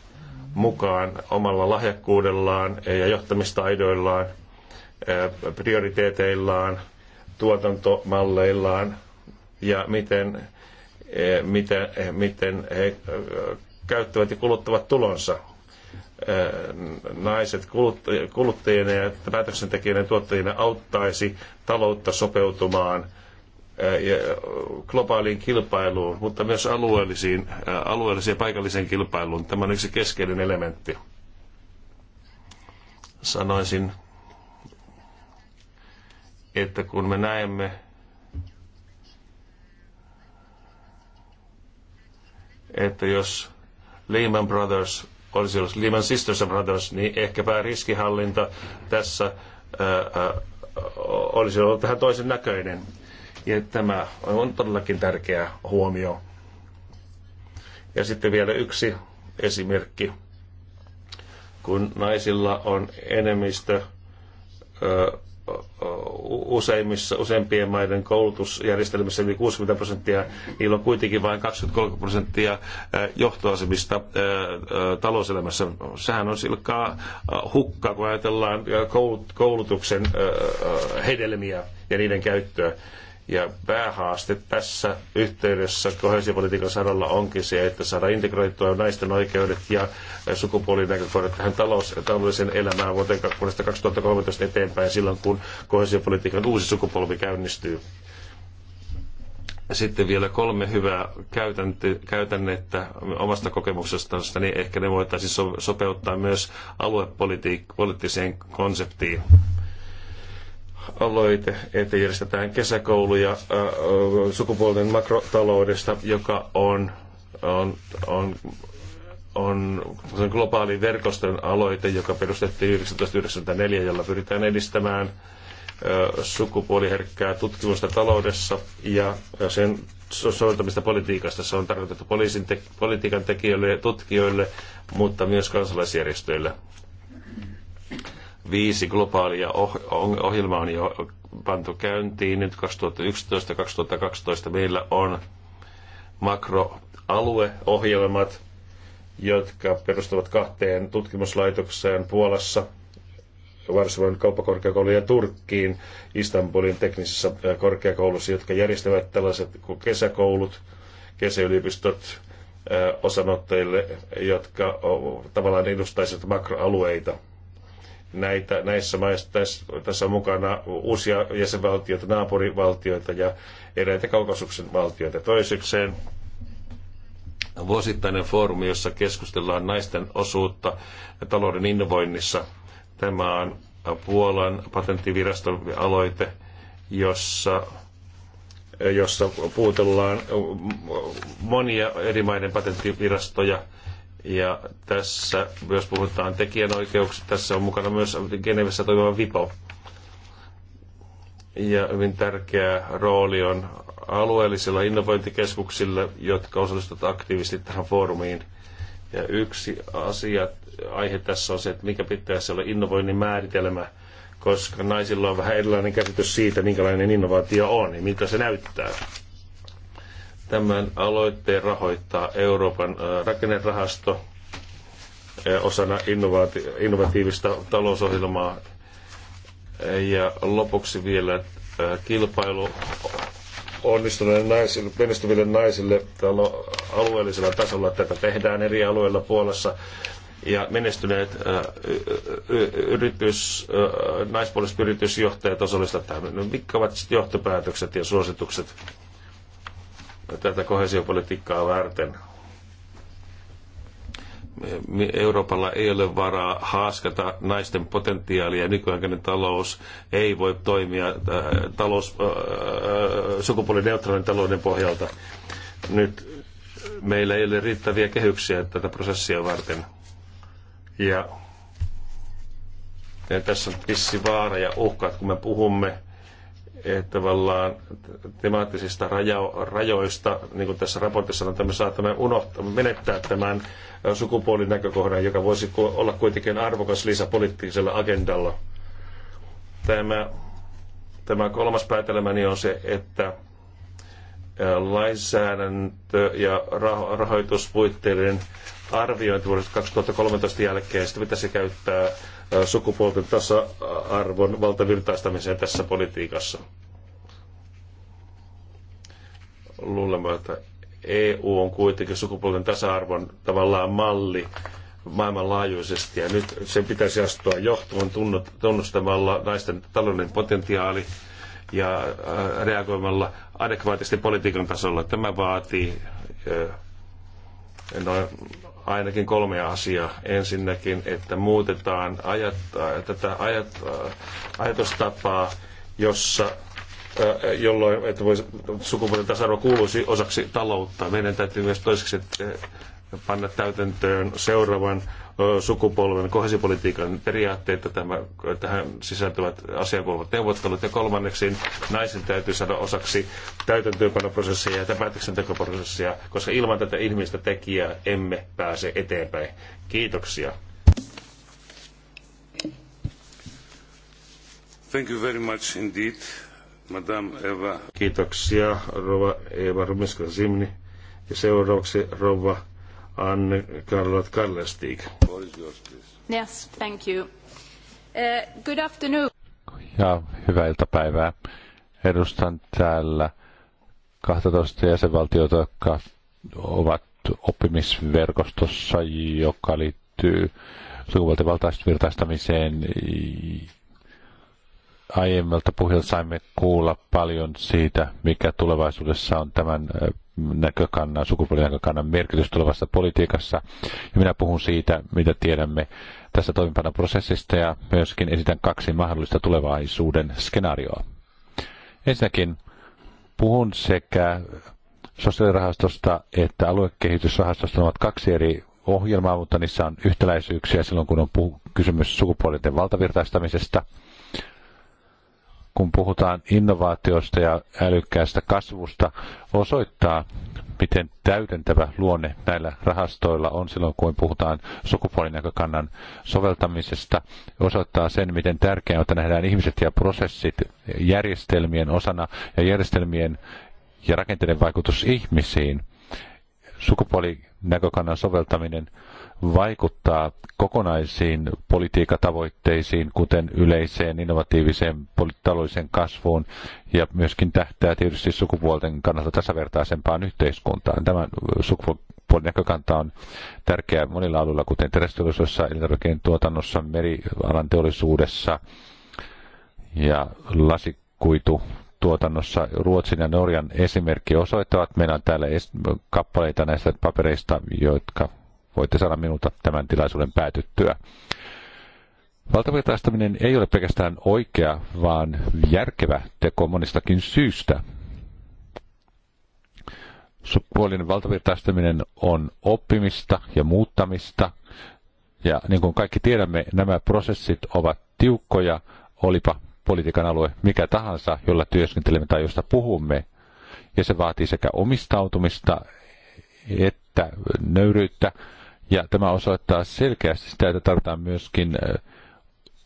mukaan omalla lahjakkuudellaan ja johtamistaidoillaan – prioriteeteillaan, tuotantomalleillaan ja miten, miten, miten he käyttävät ja kuluttavat tulonsa. Naiset kuluttajina ja päätöksentekijöinä ja tuottajina auttaisi taloutta sopeutumaan globaaliin kilpailuun, mutta myös alueellisiin, alueelliseen ja paikalliseen kilpailuun. Tämä on yksi keskeinen elementti. Sanoisin että kun me näemme että jos Lehman Brothers olisi ollut Lehman Sisters Brothers, niin ehkäpä riskihallinta tässä ää, olisi ollut vähän toisen näköinen. Ja tämä on todellakin tärkeä huomio. Ja sitten vielä yksi esimerkki. Kun naisilla on enemmistö ää, useimmissa, useimpien maiden koulutusjärjestelmissä yli 60 prosenttia, niillä on kuitenkin vain 23 prosenttia johtoasemista talouselämässä. Sehän on silkkaa hukkaa, kun ajatellaan koulutuksen hedelmiä ja niiden käyttöä. Ja päähaaste tässä yhteydessä kohesiopolitiikan saralla onkin se, että saada integroitua naisten oikeudet ja sukupuolinäkökohdat tähän talous, taloudelliseen elämään vuoteen 2013 eteenpäin silloin, kun kohesiopolitiikan uusi sukupolvi käynnistyy. Sitten vielä kolme hyvää käytännettä omasta kokemuksestani, niin ehkä ne voitaisiin sopeuttaa myös aluepoliittiseen konseptiin aloite, että järjestetään kesäkouluja sukupuolten makrotaloudesta, joka on, on, on on globaali verkoston aloite, joka perustettiin 1994, jolla pyritään edistämään sukupuoliherkkää tutkimusta taloudessa ja sen soveltamista politiikasta. Se on tarkoitettu poliisin te- politiikan tekijöille ja tutkijoille, mutta myös kansalaisjärjestöille. Viisi globaalia oh-, ohjelmaa on jo pantu käyntiin. Nyt 2011-2012 meillä on makroalueohjelmat, jotka perustuvat kahteen tutkimuslaitokseen Puolassa, Varsovan kauppakorkeakoulu ja Turkkiin Istanbulin teknisessä korkeakoulussa, jotka järjestävät tällaiset kuin kesäkoulut, kesäyliopistot osanottajille, jotka tavallaan edustaisivat makroalueita näitä, näissä maissa tässä, tässä on mukana uusia jäsenvaltioita, naapurivaltioita ja eräitä kaukasuksen valtioita. Toisekseen vuosittainen foorumi, jossa keskustellaan naisten osuutta talouden innovoinnissa. Tämä on Puolan patenttiviraston aloite, jossa jossa puutellaan monia eri maiden patenttivirastoja ja tässä myös puhutaan tekijänoikeuksista. Tässä on mukana myös Genevessä toimiva VIPO. Ja hyvin tärkeä rooli on alueellisilla innovointikeskuksilla, jotka osallistuvat aktiivisesti tähän foorumiin. Ja yksi asia, aihe tässä on se, että mikä pitäisi olla innovoinnin määritelmä, koska naisilla on vähän erilainen käsitys siitä, minkälainen innovaatio on ja miltä se näyttää Tämän aloitteen rahoittaa Euroopan äh, rakennerahasto äh, osana innovatiivista talousohjelmaa. Ja lopuksi vielä äh, kilpailu onnistuneille naisille, menestyville naisille alueellisella tasolla. Tätä tehdään eri alueilla Puolassa ja menestyneet yritys, naispuoliset yritysjohtajat osallistuvat tähän. No, mitkä ovat johtopäätökset ja suositukset? tätä kohesiopolitiikkaa varten. Euroopalla ei ole varaa haaskata naisten potentiaalia. Nykyaikainen talous ei voi toimia äh, talous, äh, äh, sukupuolineutraalin talouden pohjalta. Nyt meillä ei ole riittäviä kehyksiä tätä prosessia varten. Ja, ja tässä on vissi vaara ja uhkat, kun me puhumme että tavallaan temaattisista rajo- rajoista, niin kuin tässä raportissa on, me saatamme unohtaa, menettää tämän sukupuolinäkökohdan, joka voisi olla kuitenkin arvokas lisä poliittisella agendalla. Tämä, tämä kolmas päätelmäni on se, että lainsäädäntö ja raho- rahoituspuitteiden arviointi vuodesta 2013 jälkeen, sitä pitäisi käyttää sukupuolten tasa-arvon valtavirtaistamiseen tässä politiikassa. Luulemme, että EU on kuitenkin sukupuolten tasa-arvon tavallaan malli maailmanlaajuisesti ja nyt sen pitäisi astua johtoon tunnustamalla naisten talouden potentiaali ja reagoimalla adekvaatisti politiikan tasolla. Tämä vaatii noin ainakin kolmea asiaa. Ensinnäkin, että muutetaan ajat, äh, tätä ajat, äh, ajatustapaa, jossa äh, jolloin että voisi, sukupuolten tasa-arvo kuuluisi osaksi taloutta. Meidän täytyy myös toiseksi panna täytäntöön seuraavan sukupolven kohesipolitiikan periaatteita tämä, tähän sisältyvät asiakuuluvat neuvottelut. Ja kolmanneksi naisen täytyy saada osaksi täytäntöönpanoprosessia ja päätöksentekoprosessia, koska ilman tätä ihmistä tekijää emme pääse eteenpäin. Kiitoksia. Thank you very much indeed, Madame Eva. Kiitoksia, Rova Eva rumiska zimni Ja seuraavaksi Rova Anne Karlat Kallestig. Yes, thank you. Uh, good afternoon. Ja hyvää iltapäivää. Edustan täällä 12 jäsenvaltiota, jotka ovat oppimisverkostossa, joka liittyy sukupuolten valtaistamiseen aiemmalta puhujalta saimme kuulla paljon siitä, mikä tulevaisuudessa on tämän näkökannan, sukupuolinäkökannan merkitys tulevassa politiikassa. Ja minä puhun siitä, mitä tiedämme tästä prosessista ja myöskin esitän kaksi mahdollista tulevaisuuden skenaarioa. Ensinnäkin puhun sekä sosiaalirahastosta että aluekehitysrahastosta. Ne ovat kaksi eri ohjelmaa, mutta niissä on yhtäläisyyksiä silloin, kun on kysymys sukupuolinten valtavirtaistamisesta – kun puhutaan innovaatioista ja älykkäästä kasvusta, osoittaa, miten täydentävä luonne näillä rahastoilla on silloin, kun puhutaan sukupuolinäkökannan soveltamisesta. Osoittaa sen, miten tärkeää on, että nähdään ihmiset ja prosessit järjestelmien osana ja järjestelmien ja rakenteiden vaikutus ihmisiin. Sukupuolinäkökannan soveltaminen vaikuttaa kokonaisiin politiikatavoitteisiin, kuten yleiseen innovatiiviseen taloudelliseen kasvuun ja myöskin tähtää tietysti sukupuolten kannalta tasavertaisempaan yhteiskuntaan. Tämä sukupuolen näkökanta on tärkeä monilla alueilla, kuten terästeollisuudessa, elintarvikeen tuotannossa, merialan teollisuudessa ja lasikuitu tuotannossa Ruotsin ja Norjan esimerkki osoittavat. Meillä on täällä kappaleita näistä papereista, jotka voitte saada minulta tämän tilaisuuden päätyttyä. Valtavirtaistaminen ei ole pelkästään oikea, vaan järkevä teko monistakin syystä. Sukupuolinen valtavirtaistaminen on oppimista ja muuttamista, ja niin kuin kaikki tiedämme, nämä prosessit ovat tiukkoja, olipa politiikan alue mikä tahansa, jolla työskentelemme tai josta puhumme. Ja se vaatii sekä omistautumista että nöyryyttä, ja tämä osoittaa selkeästi sitä, että tarvitaan myöskin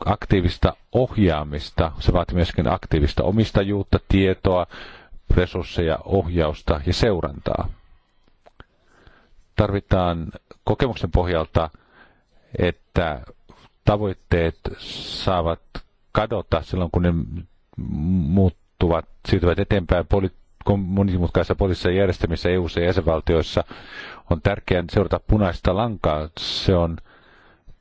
aktiivista ohjaamista. Se vaatii myöskin aktiivista omistajuutta, tietoa, resursseja, ohjausta ja seurantaa. Tarvitaan kokemuksen pohjalta, että tavoitteet saavat kadota silloin, kun ne muuttuvat, siirtyvät eteenpäin poli- monimutkaisessa poliittisessa järjestelmissä eu ja jäsenvaltioissa on tärkeää seurata punaista lankaa. Se on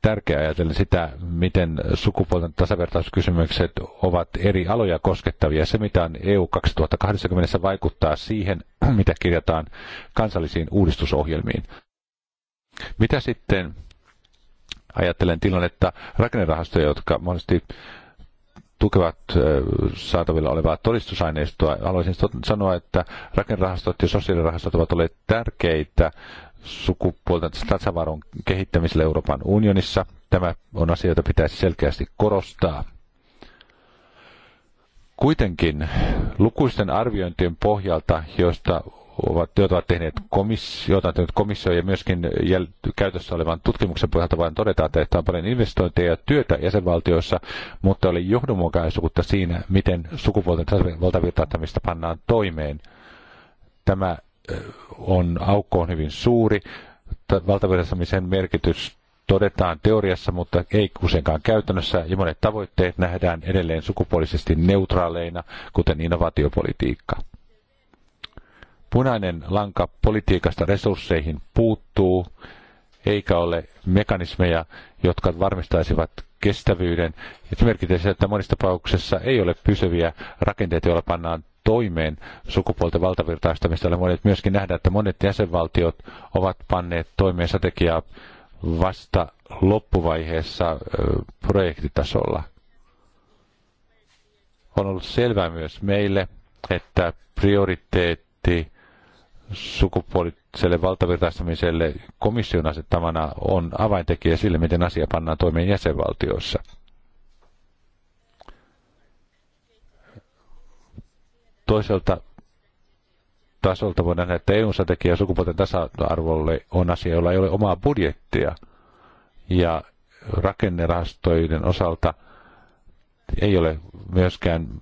tärkeää ajatella sitä, miten sukupuolten tasavertaiskysymykset ovat eri aloja koskettavia. Se, mitä on EU 2020 vaikuttaa siihen, *clears throat* mitä kirjataan kansallisiin uudistusohjelmiin. Mitä sitten ajattelen tilannetta rakennerahastoja, jotka monesti tukevat saatavilla olevaa todistusaineistoa. Haluaisin sanoa, että rakennerahastot ja sosiaalirahastot ovat olleet tärkeitä sukupuolten tasavaron kehittämiselle Euroopan unionissa. Tämä on asia, jota pitäisi selkeästi korostaa. Kuitenkin lukuisten arviointien pohjalta, joista ovat, työt ovat tehneet komissio, joita on tehnyt komissio ja myöskin jäl, käytössä olevan tutkimuksen pohjalta vain todetaan, että on paljon investointeja ja työtä jäsenvaltioissa, mutta oli johdonmukaisuutta siinä, miten sukupuolten valtavirtaattamista pannaan toimeen. Tämä on, aukko on hyvin suuri. Valtavirtaattamisen merkitys todetaan teoriassa, mutta ei useinkaan käytännössä, ja monet tavoitteet nähdään edelleen sukupuolisesti neutraaleina, kuten innovaatiopolitiikka punainen lanka politiikasta resursseihin puuttuu, eikä ole mekanismeja, jotka varmistaisivat kestävyyden. Esimerkiksi se merkitsee että monissa tapauksissa ei ole pysyviä rakenteita, joilla pannaan toimeen sukupuolten valtavirtaistamista. Olen voinut myöskin nähdä, että monet jäsenvaltiot ovat panneet toimeen strategiaa vasta loppuvaiheessa projektitasolla. On ollut selvää myös meille, että prioriteetti sukupuoliselle valtavirtaistamiselle komission asettamana on avaintekijä sille, miten asia pannaan toimeen jäsenvaltioissa. Toiselta tasolta voidaan nähdä, että EU-strategia sukupuolten tasa-arvolle on asia, jolla ei ole omaa budjettia. Ja rakennerahastoiden osalta ei ole myöskään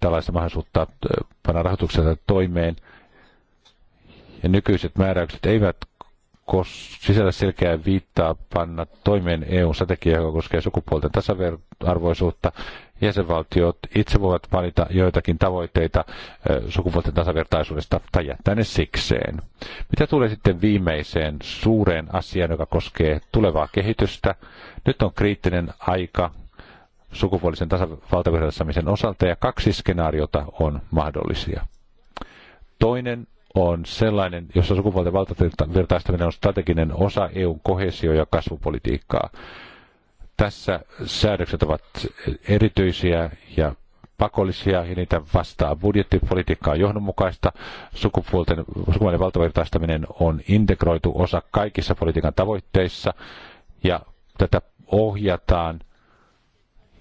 tällaista mahdollisuutta äh, panna rahoituksella toimeen – ja nykyiset määräykset eivät sisällä selkeää viittaa panna toimeen EU-strategiaa, joka koskee sukupuolten tasavertaisuutta. Jäsenvaltiot itse voivat valita joitakin tavoitteita sukupuolten tasavertaisuudesta tai jättää ne sikseen. Mitä tulee sitten viimeiseen suureen asiaan, joka koskee tulevaa kehitystä? Nyt on kriittinen aika sukupuolisen tasavaltavertaistamisen osalta ja kaksi skenaariota on mahdollisia. Toinen on sellainen, jossa sukupuolten valtavirtaistaminen on strateginen osa EUn kohesio- ja kasvupolitiikkaa. Tässä säädökset ovat erityisiä ja pakollisia ja niitä vastaa budjettipolitiikka on johdonmukaista. Sukupuolten, sukupuolten valtavirtaistaminen on integroitu osa kaikissa politiikan tavoitteissa ja tätä ohjataan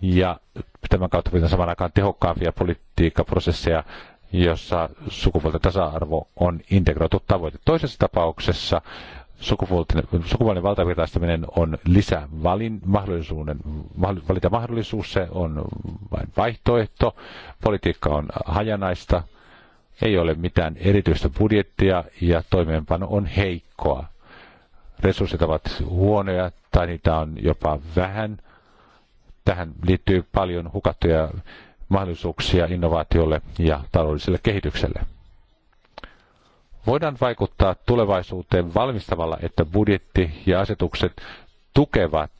ja tämän kautta pitää saman aikaan tehokkaampia politiikkaprosesseja jossa sukupuolten tasa-arvo on integroitu tavoite. Toisessa tapauksessa sukupuolten, valtavirtaistaminen on lisävalin mahdollisuuden, valita mahdollisuus, se on vain vaihtoehto, politiikka on hajanaista, ei ole mitään erityistä budjettia ja toimeenpano on heikkoa. Resurssit ovat huonoja tai niitä on jopa vähän. Tähän liittyy paljon hukattuja mahdollisuuksia innovaatiolle ja taloudelliselle kehitykselle. Voidaan vaikuttaa tulevaisuuteen valmistavalla, että budjetti ja asetukset tukevat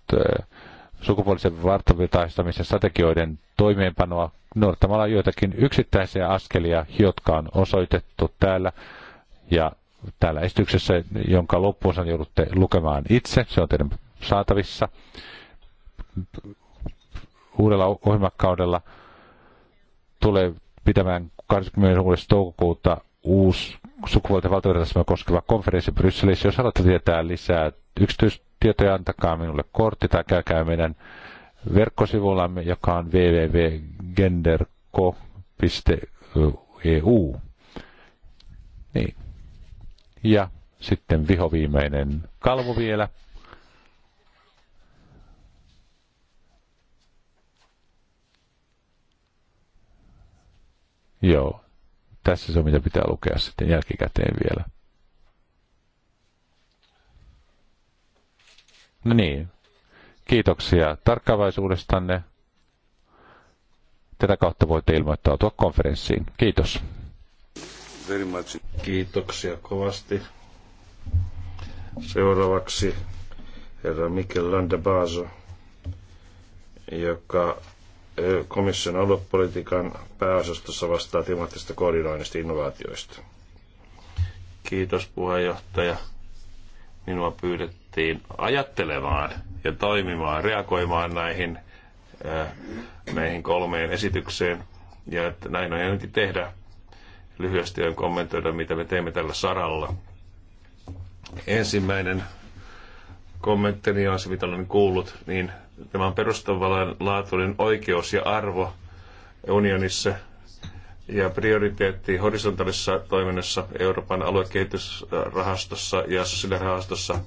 sukupuolisen vartavitaistamisen strategioiden toimeenpanoa noudattamalla joitakin yksittäisiä askelia, jotka on osoitettu täällä ja täällä esityksessä, jonka loppuosan joudutte lukemaan itse. Se on teidän saatavissa uudella ohjelmakaudella tulee pitämään 26. toukokuuta uusi sukupuolten valtavirtaisemme koskeva konferenssi Brysselissä. Jos haluatte tietää lisää yksityistietoja, antakaa minulle kortti tai käykää meidän verkkosivullamme, joka on www.genderko.eu. Niin. Ja sitten vihoviimeinen kalvo vielä. Joo, tässä se on mitä pitää lukea sitten jälkikäteen vielä. No niin, kiitoksia tarkkaavaisuudestanne. Tätä kautta voitte ilmoittautua konferenssiin. Kiitos. Kiitoksia kovasti. Seuraavaksi herra Mikkel Landabaso, joka komission aluepolitiikan pääosastossa vastaa temaattisesta koordinoinnista innovaatioista. Kiitos puheenjohtaja. Minua pyydettiin ajattelemaan ja toimimaan, reagoimaan näihin, näihin kolmeen esitykseen. Ja että näin on ainakin tehdä. Lyhyesti on kommentoida, mitä me teemme tällä saralla. Ensimmäinen kommentti on se, mitä olen kuullut, niin Tämä on perustavanlaatuinen oikeus ja arvo unionissa ja prioriteetti horisontaalisessa toiminnassa Euroopan aluekehitysrahastossa ja sosiaalirahastossa,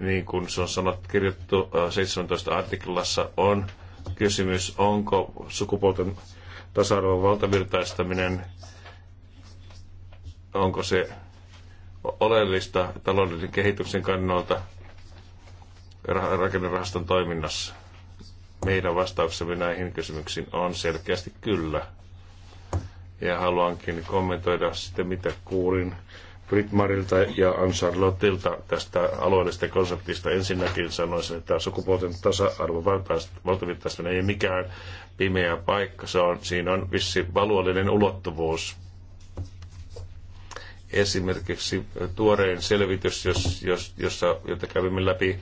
niin kuin se on sanottu kirjoittu 17 äh, artiklassa, on kysymys, onko sukupuolten tasa-arvon valtavirtaistaminen, onko se oleellista taloudellisen kehityksen kannalta – rakennerahaston toiminnassa? Meidän vastauksemme näihin kysymyksiin on selkeästi kyllä. Ja haluankin kommentoida sitten, mitä kuulin Britmarilta ja Ansar Lottilta tästä alueellisesta konseptista. Ensinnäkin sanoisin, että sukupuolten tasa-arvo valtavirtaistaminen ei mikään pimeä paikka. Se on, siinä on vissi valuollinen ulottuvuus. Esimerkiksi tuorein selvitys, jos, jos, jossa, jota kävimme läpi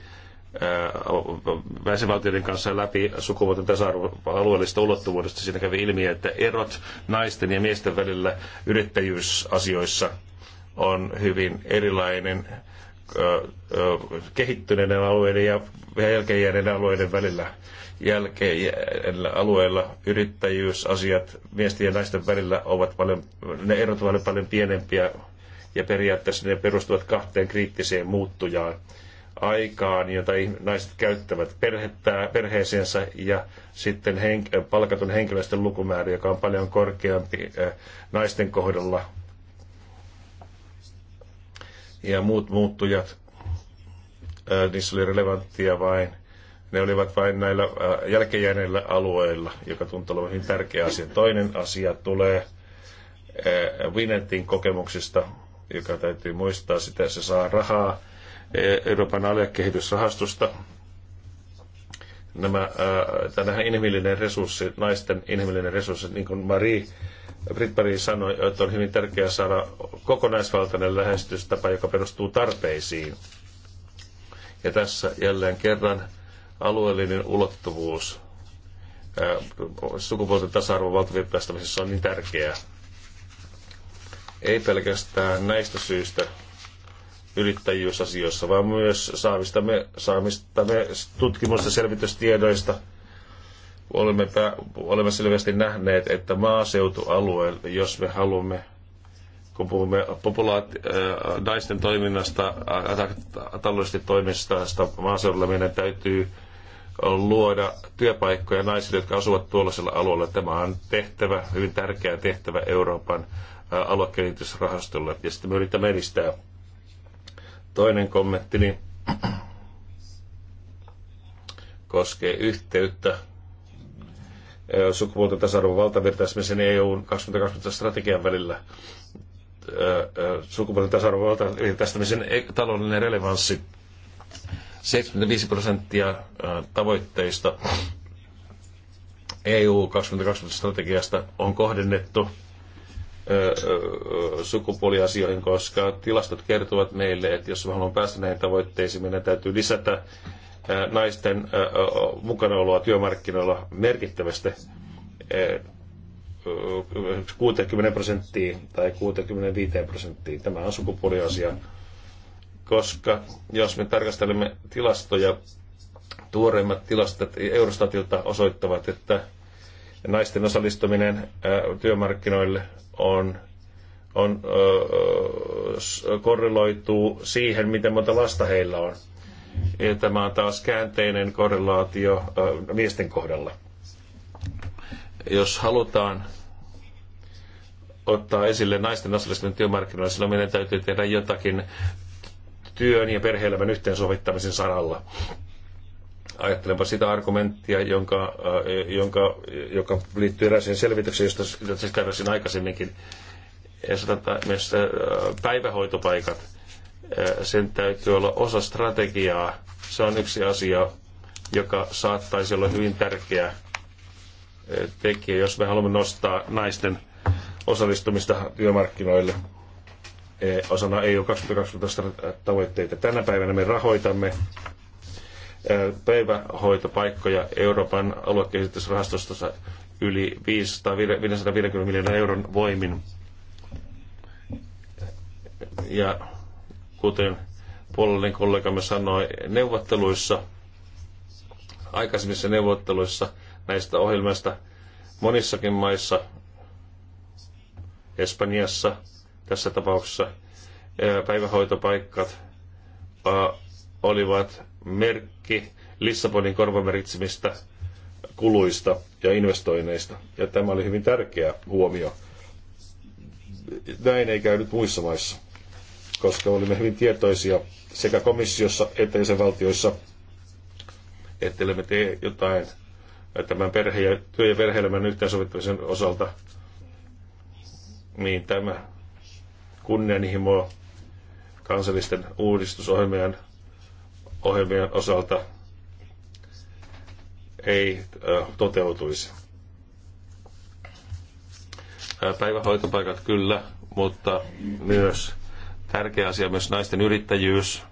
väisevaltioiden kanssa läpi sukupuolten tasa-arvoalueellisesta ulottuvuudesta. Siinä kävi ilmi, että erot naisten ja miesten välillä yrittäjyysasioissa on hyvin erilainen kehittyneiden alueiden ja jälkeenjääneiden alueiden välillä. Jälkeen alueella yrittäjyysasiat miesten ja naisten välillä ovat paljon, ne erot ovat paljon pienempiä ja periaatteessa ne perustuvat kahteen kriittiseen muuttujaan aikaan, jota naiset käyttävät perhettää, perheeseensä ja sitten henk- äh, palkatun henkilöstön lukumäärä, joka on paljon korkeampi äh, naisten kohdalla ja muut muuttujat, äh, niissä oli relevanttia vain. Ne olivat vain näillä jälkeenjääneillä alueilla, joka tuntuu olevan hyvin tärkeä asia. Toinen asia tulee Winnetin kokemuksista, joka täytyy muistaa sitä, se saa rahaa Euroopan aluekehitysrahastosta. Nämä, tämähän inhimillinen resurssi, naisten inhimillinen resurssi, niin kuin Marie Britt-Marie sanoi, että on hyvin tärkeää saada kokonaisvaltainen lähestystapa, joka perustuu tarpeisiin. Ja tässä jälleen kerran alueellinen ulottuvuus sukupuolten tasa-arvon valtavirtaistamisessa on niin tärkeää. Ei pelkästään näistä syistä, yrittäjyysasioissa, vaan myös saamistamme, saamistamme tutkimus- ja selvitystiedoista. Olemme, olemme selvästi nähneet, että maaseutualueella, jos me haluamme kun puhumme populaati- äh, naisten toiminnasta, äh, taloudellisesti toiminnasta maaseudulla, meidän täytyy luoda työpaikkoja naisille, jotka asuvat tuollaisella alueella. Tämä on tehtävä, hyvin tärkeä tehtävä Euroopan äh, aluekehitysrahastolle, ja sitten me yritämme edistää Toinen niin koskee yhteyttä sukupuolten tasa-arvon valtavirtaismisen EUn 2020 strategian välillä sukupuolten tasa-arvon valtavirtaistamisen e-, taloudellinen relevanssi. 75 prosenttia tavoitteista EU 2020 strategiasta on kohdennettu sukupuoliasioihin, koska tilastot kertovat meille, että jos me haluamme päästä näihin tavoitteisiin, meidän täytyy lisätä naisten mukanaoloa työmarkkinoilla merkittävästi 60 prosenttiin tai 65 prosenttiin. Tämä on sukupuoliasia, koska jos me tarkastelemme tilastoja, tuoreimmat tilastot Eurostatilta osoittavat, että naisten osallistuminen työmarkkinoille on, on öö, korreloituu siihen, miten monta lasta heillä on. Ja tämä on taas käänteinen korrelaatio öö, miesten kohdalla. Jos halutaan ottaa esille naisten osallistuminen työmarkkinoilla, silloin meidän täytyy tehdä jotakin työn ja perhe-elämän yhteensovittamisen saralla. Ajattelenpa sitä argumenttia, jonka, äh, jonka, joka liittyy erääseen selvitykseen, josta siis käydäisin aikaisemminkin. Ja sanotaan myös äh, päivähoitopaikat, äh, sen täytyy olla osa strategiaa. Se on yksi asia, joka saattaisi olla hyvin tärkeä tekijä, jos me haluamme nostaa naisten osallistumista työmarkkinoille osana EU 2020 tavoitteita. Tänä päivänä me rahoitamme päivähoitopaikkoja Euroopan aluekehitysrahastosta yli 550 miljoonaa euron voimin. Ja kuten puolellinen kollegamme sanoi, neuvotteluissa, aikaisemmissa neuvotteluissa näistä ohjelmista monissakin maissa, Espanjassa tässä tapauksessa, päivähoitopaikat olivat merkki Lissabonin korvamerkitsemistä kuluista ja investoinneista. Ja tämä oli hyvin tärkeä huomio. Näin ei käynyt muissa maissa, koska olimme hyvin tietoisia sekä komissiossa että jäsenvaltioissa, että me tee jotain tämän perhe- ja työ- ja perhe-elämän yhteensovittamisen osalta, niin tämä kunnianhimo kansallisten uudistusohjelmien ohjelmien osalta ei toteutuisi. Päivähoitopaikat kyllä, mutta myös tärkeä asia myös naisten yrittäjyys.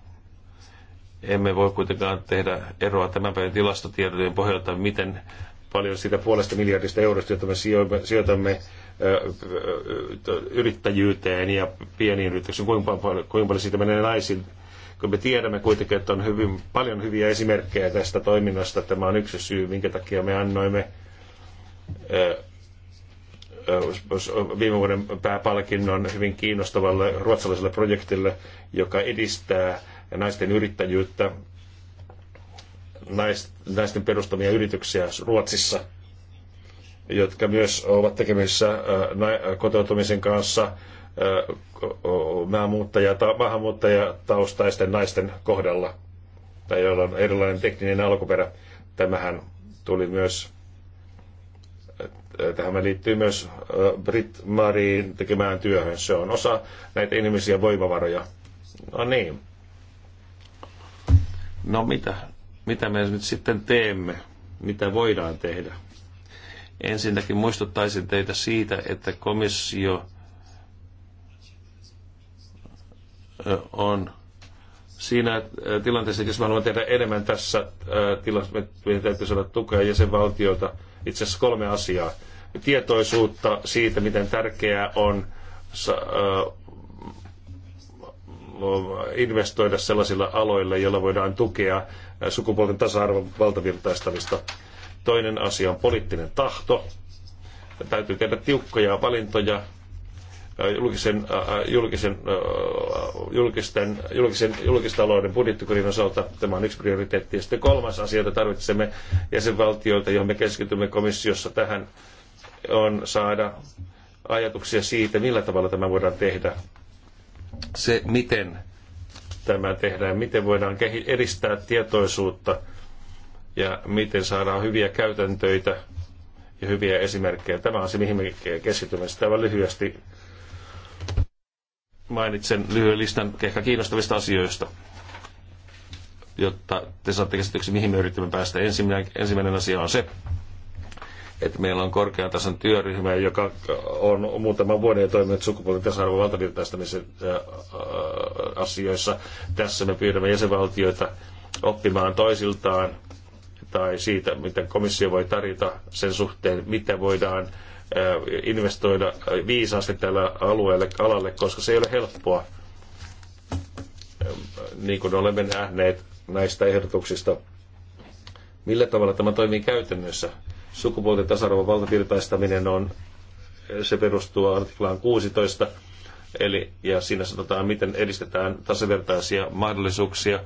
Emme voi kuitenkaan tehdä eroa tämän päivän tilastotiedojen pohjalta, miten paljon sitä puolesta miljardista eurosta, jota me sijoitamme yrittäjyyteen ja pieniin yrityksiin, kuinka paljon, kuinka paljon siitä menee naisiin kun me tiedämme kuitenkin, että on hyvin paljon hyviä esimerkkejä tästä toiminnasta. Tämä on yksi syy, minkä takia me annoimme äh, äh, viime vuoden pääpalkinnon hyvin kiinnostavalle ruotsalaiselle projektille, joka edistää naisten yrittäjyyttä, naisten perustamia yrityksiä Ruotsissa, jotka myös ovat tekemisissä äh, kotoutumisen kanssa, maahanmuuttaja, maahanmuuttajataustaisten naisten kohdalla, tai joilla on erilainen tekninen alkuperä. Tämähän tuli myös, tähän liittyy myös Brit Mariin tekemään työhön. Se on osa näitä ihmisiä voimavaroja. No niin. No mitä, mitä me nyt sitten teemme? Mitä voidaan tehdä? Ensinnäkin muistuttaisin teitä siitä, että komissio on siinä äh, tilanteessa, jos me haluamme tehdä enemmän tässä äh, tilassa, meidän täytyy saada tukea jäsenvaltiota, itse asiassa kolme asiaa. Tietoisuutta siitä, miten tärkeää on äh, investoida sellaisilla aloilla, joilla voidaan tukea sukupuolten tasa-arvon valtavirtaistamista. Toinen asia on poliittinen tahto. Täytyy tehdä tiukkoja valintoja julkisen, julkisen, julkisten, julkisen, julkistalouden budjettikurin osalta. Tämä on yksi prioriteetti. Ja sitten kolmas asia, jota tarvitsemme jäsenvaltioita, johon me keskitymme komissiossa tähän, on saada ajatuksia siitä, millä tavalla tämä voidaan tehdä. Se, miten tämä tehdään, miten voidaan edistää tietoisuutta ja miten saadaan hyviä käytäntöitä ja hyviä esimerkkejä. Tämä on se, mihin me keskitymme. Sitä lyhyesti mainitsen lyhyen listan ehkä kiinnostavista asioista, jotta te saatte käsityksen, mihin me yritämme päästä. Ensimmäinen, ensimmäinen asia on se, että meillä on korkean tason työryhmä, joka on muutaman vuoden toiminut sukupuolten tasa-arvon valtavirtaistamisen äh, asioissa. Tässä me pyydämme jäsenvaltioita oppimaan toisiltaan tai siitä, mitä komissio voi tarjota sen suhteen, mitä voidaan investoida viisaasti tällä alueelle, alalle, koska se ei ole helppoa, niin kuin olemme nähneet näistä ehdotuksista. Millä tavalla tämä toimii käytännössä? Sukupuolten tasa-arvon valtavirtaistaminen on, se perustuu artiklaan 16, eli, ja siinä sanotaan, miten edistetään tasavertaisia mahdollisuuksia,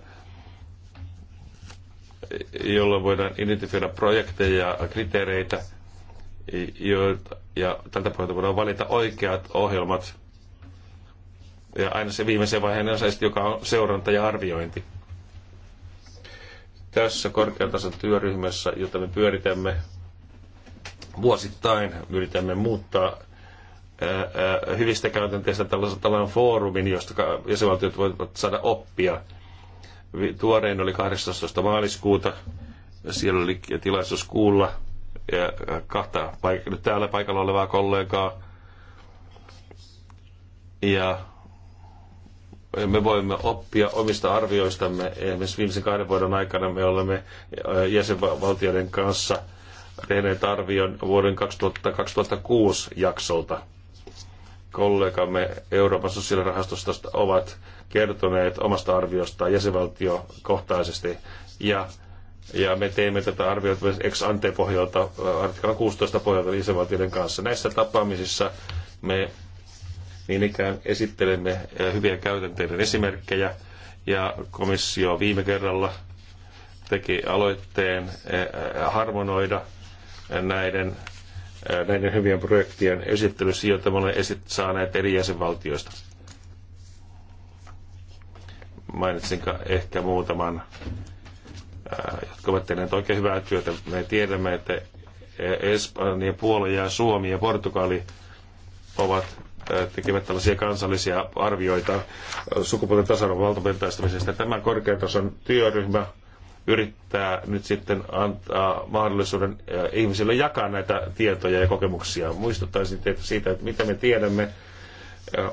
jolloin voidaan identifioida projekteja ja kriteereitä – ja tältä pohjalta voidaan valita oikeat ohjelmat. Ja aina se viimeisen vaiheen osa, joka on seuranta ja arviointi. Tässä korkeatason työryhmässä, jota me pyöritämme vuosittain, yritämme muuttaa hyvistä käytänteistä tällaisen talon foorumin, josta jäsenvaltiot voivat saada oppia. Tuorein oli 18. maaliskuuta. Siellä oli tilaisuus kuulla ja äh, kahta paik- nyt täällä paikalla olevaa kollegaa. Ja me voimme oppia omista arvioistamme. Esimerkiksi viimeisen kahden vuoden aikana me olemme äh, jäsenvaltioiden kanssa tehneet arvion vuoden 2000, 2006 jaksolta. Kollegamme Euroopan sosiaalirahastosta ovat kertoneet omasta arviostaan jäsenvaltiokohtaisesti ja ja me teemme tätä arviota myös ex ante pohjalta, äh, artiklan 16 pohjalta lisävaltioiden kanssa. Näissä tapaamisissa me niin ikään esittelemme äh, hyviä käytänteiden esimerkkejä, ja komissio viime kerralla teki aloitteen äh, harmonoida näiden, näiden hyvien projektien esittelyssä, joita me olemme saaneet eri jäsenvaltioista. Mainitsinko ehkä muutaman Äh, jotka ovat tehneet oikein hyvää työtä. Me tiedämme, että Espanja, Puola ja Suomi ja Portugali ovat äh, tekevät tällaisia kansallisia arvioita sukupuolten tasa-arvon valtavirtaistamisesta. Tämä korkeatason työryhmä yrittää nyt sitten antaa mahdollisuuden äh, ihmisille jakaa näitä tietoja ja kokemuksia. Muistuttaisin teitä siitä, että mitä me tiedämme,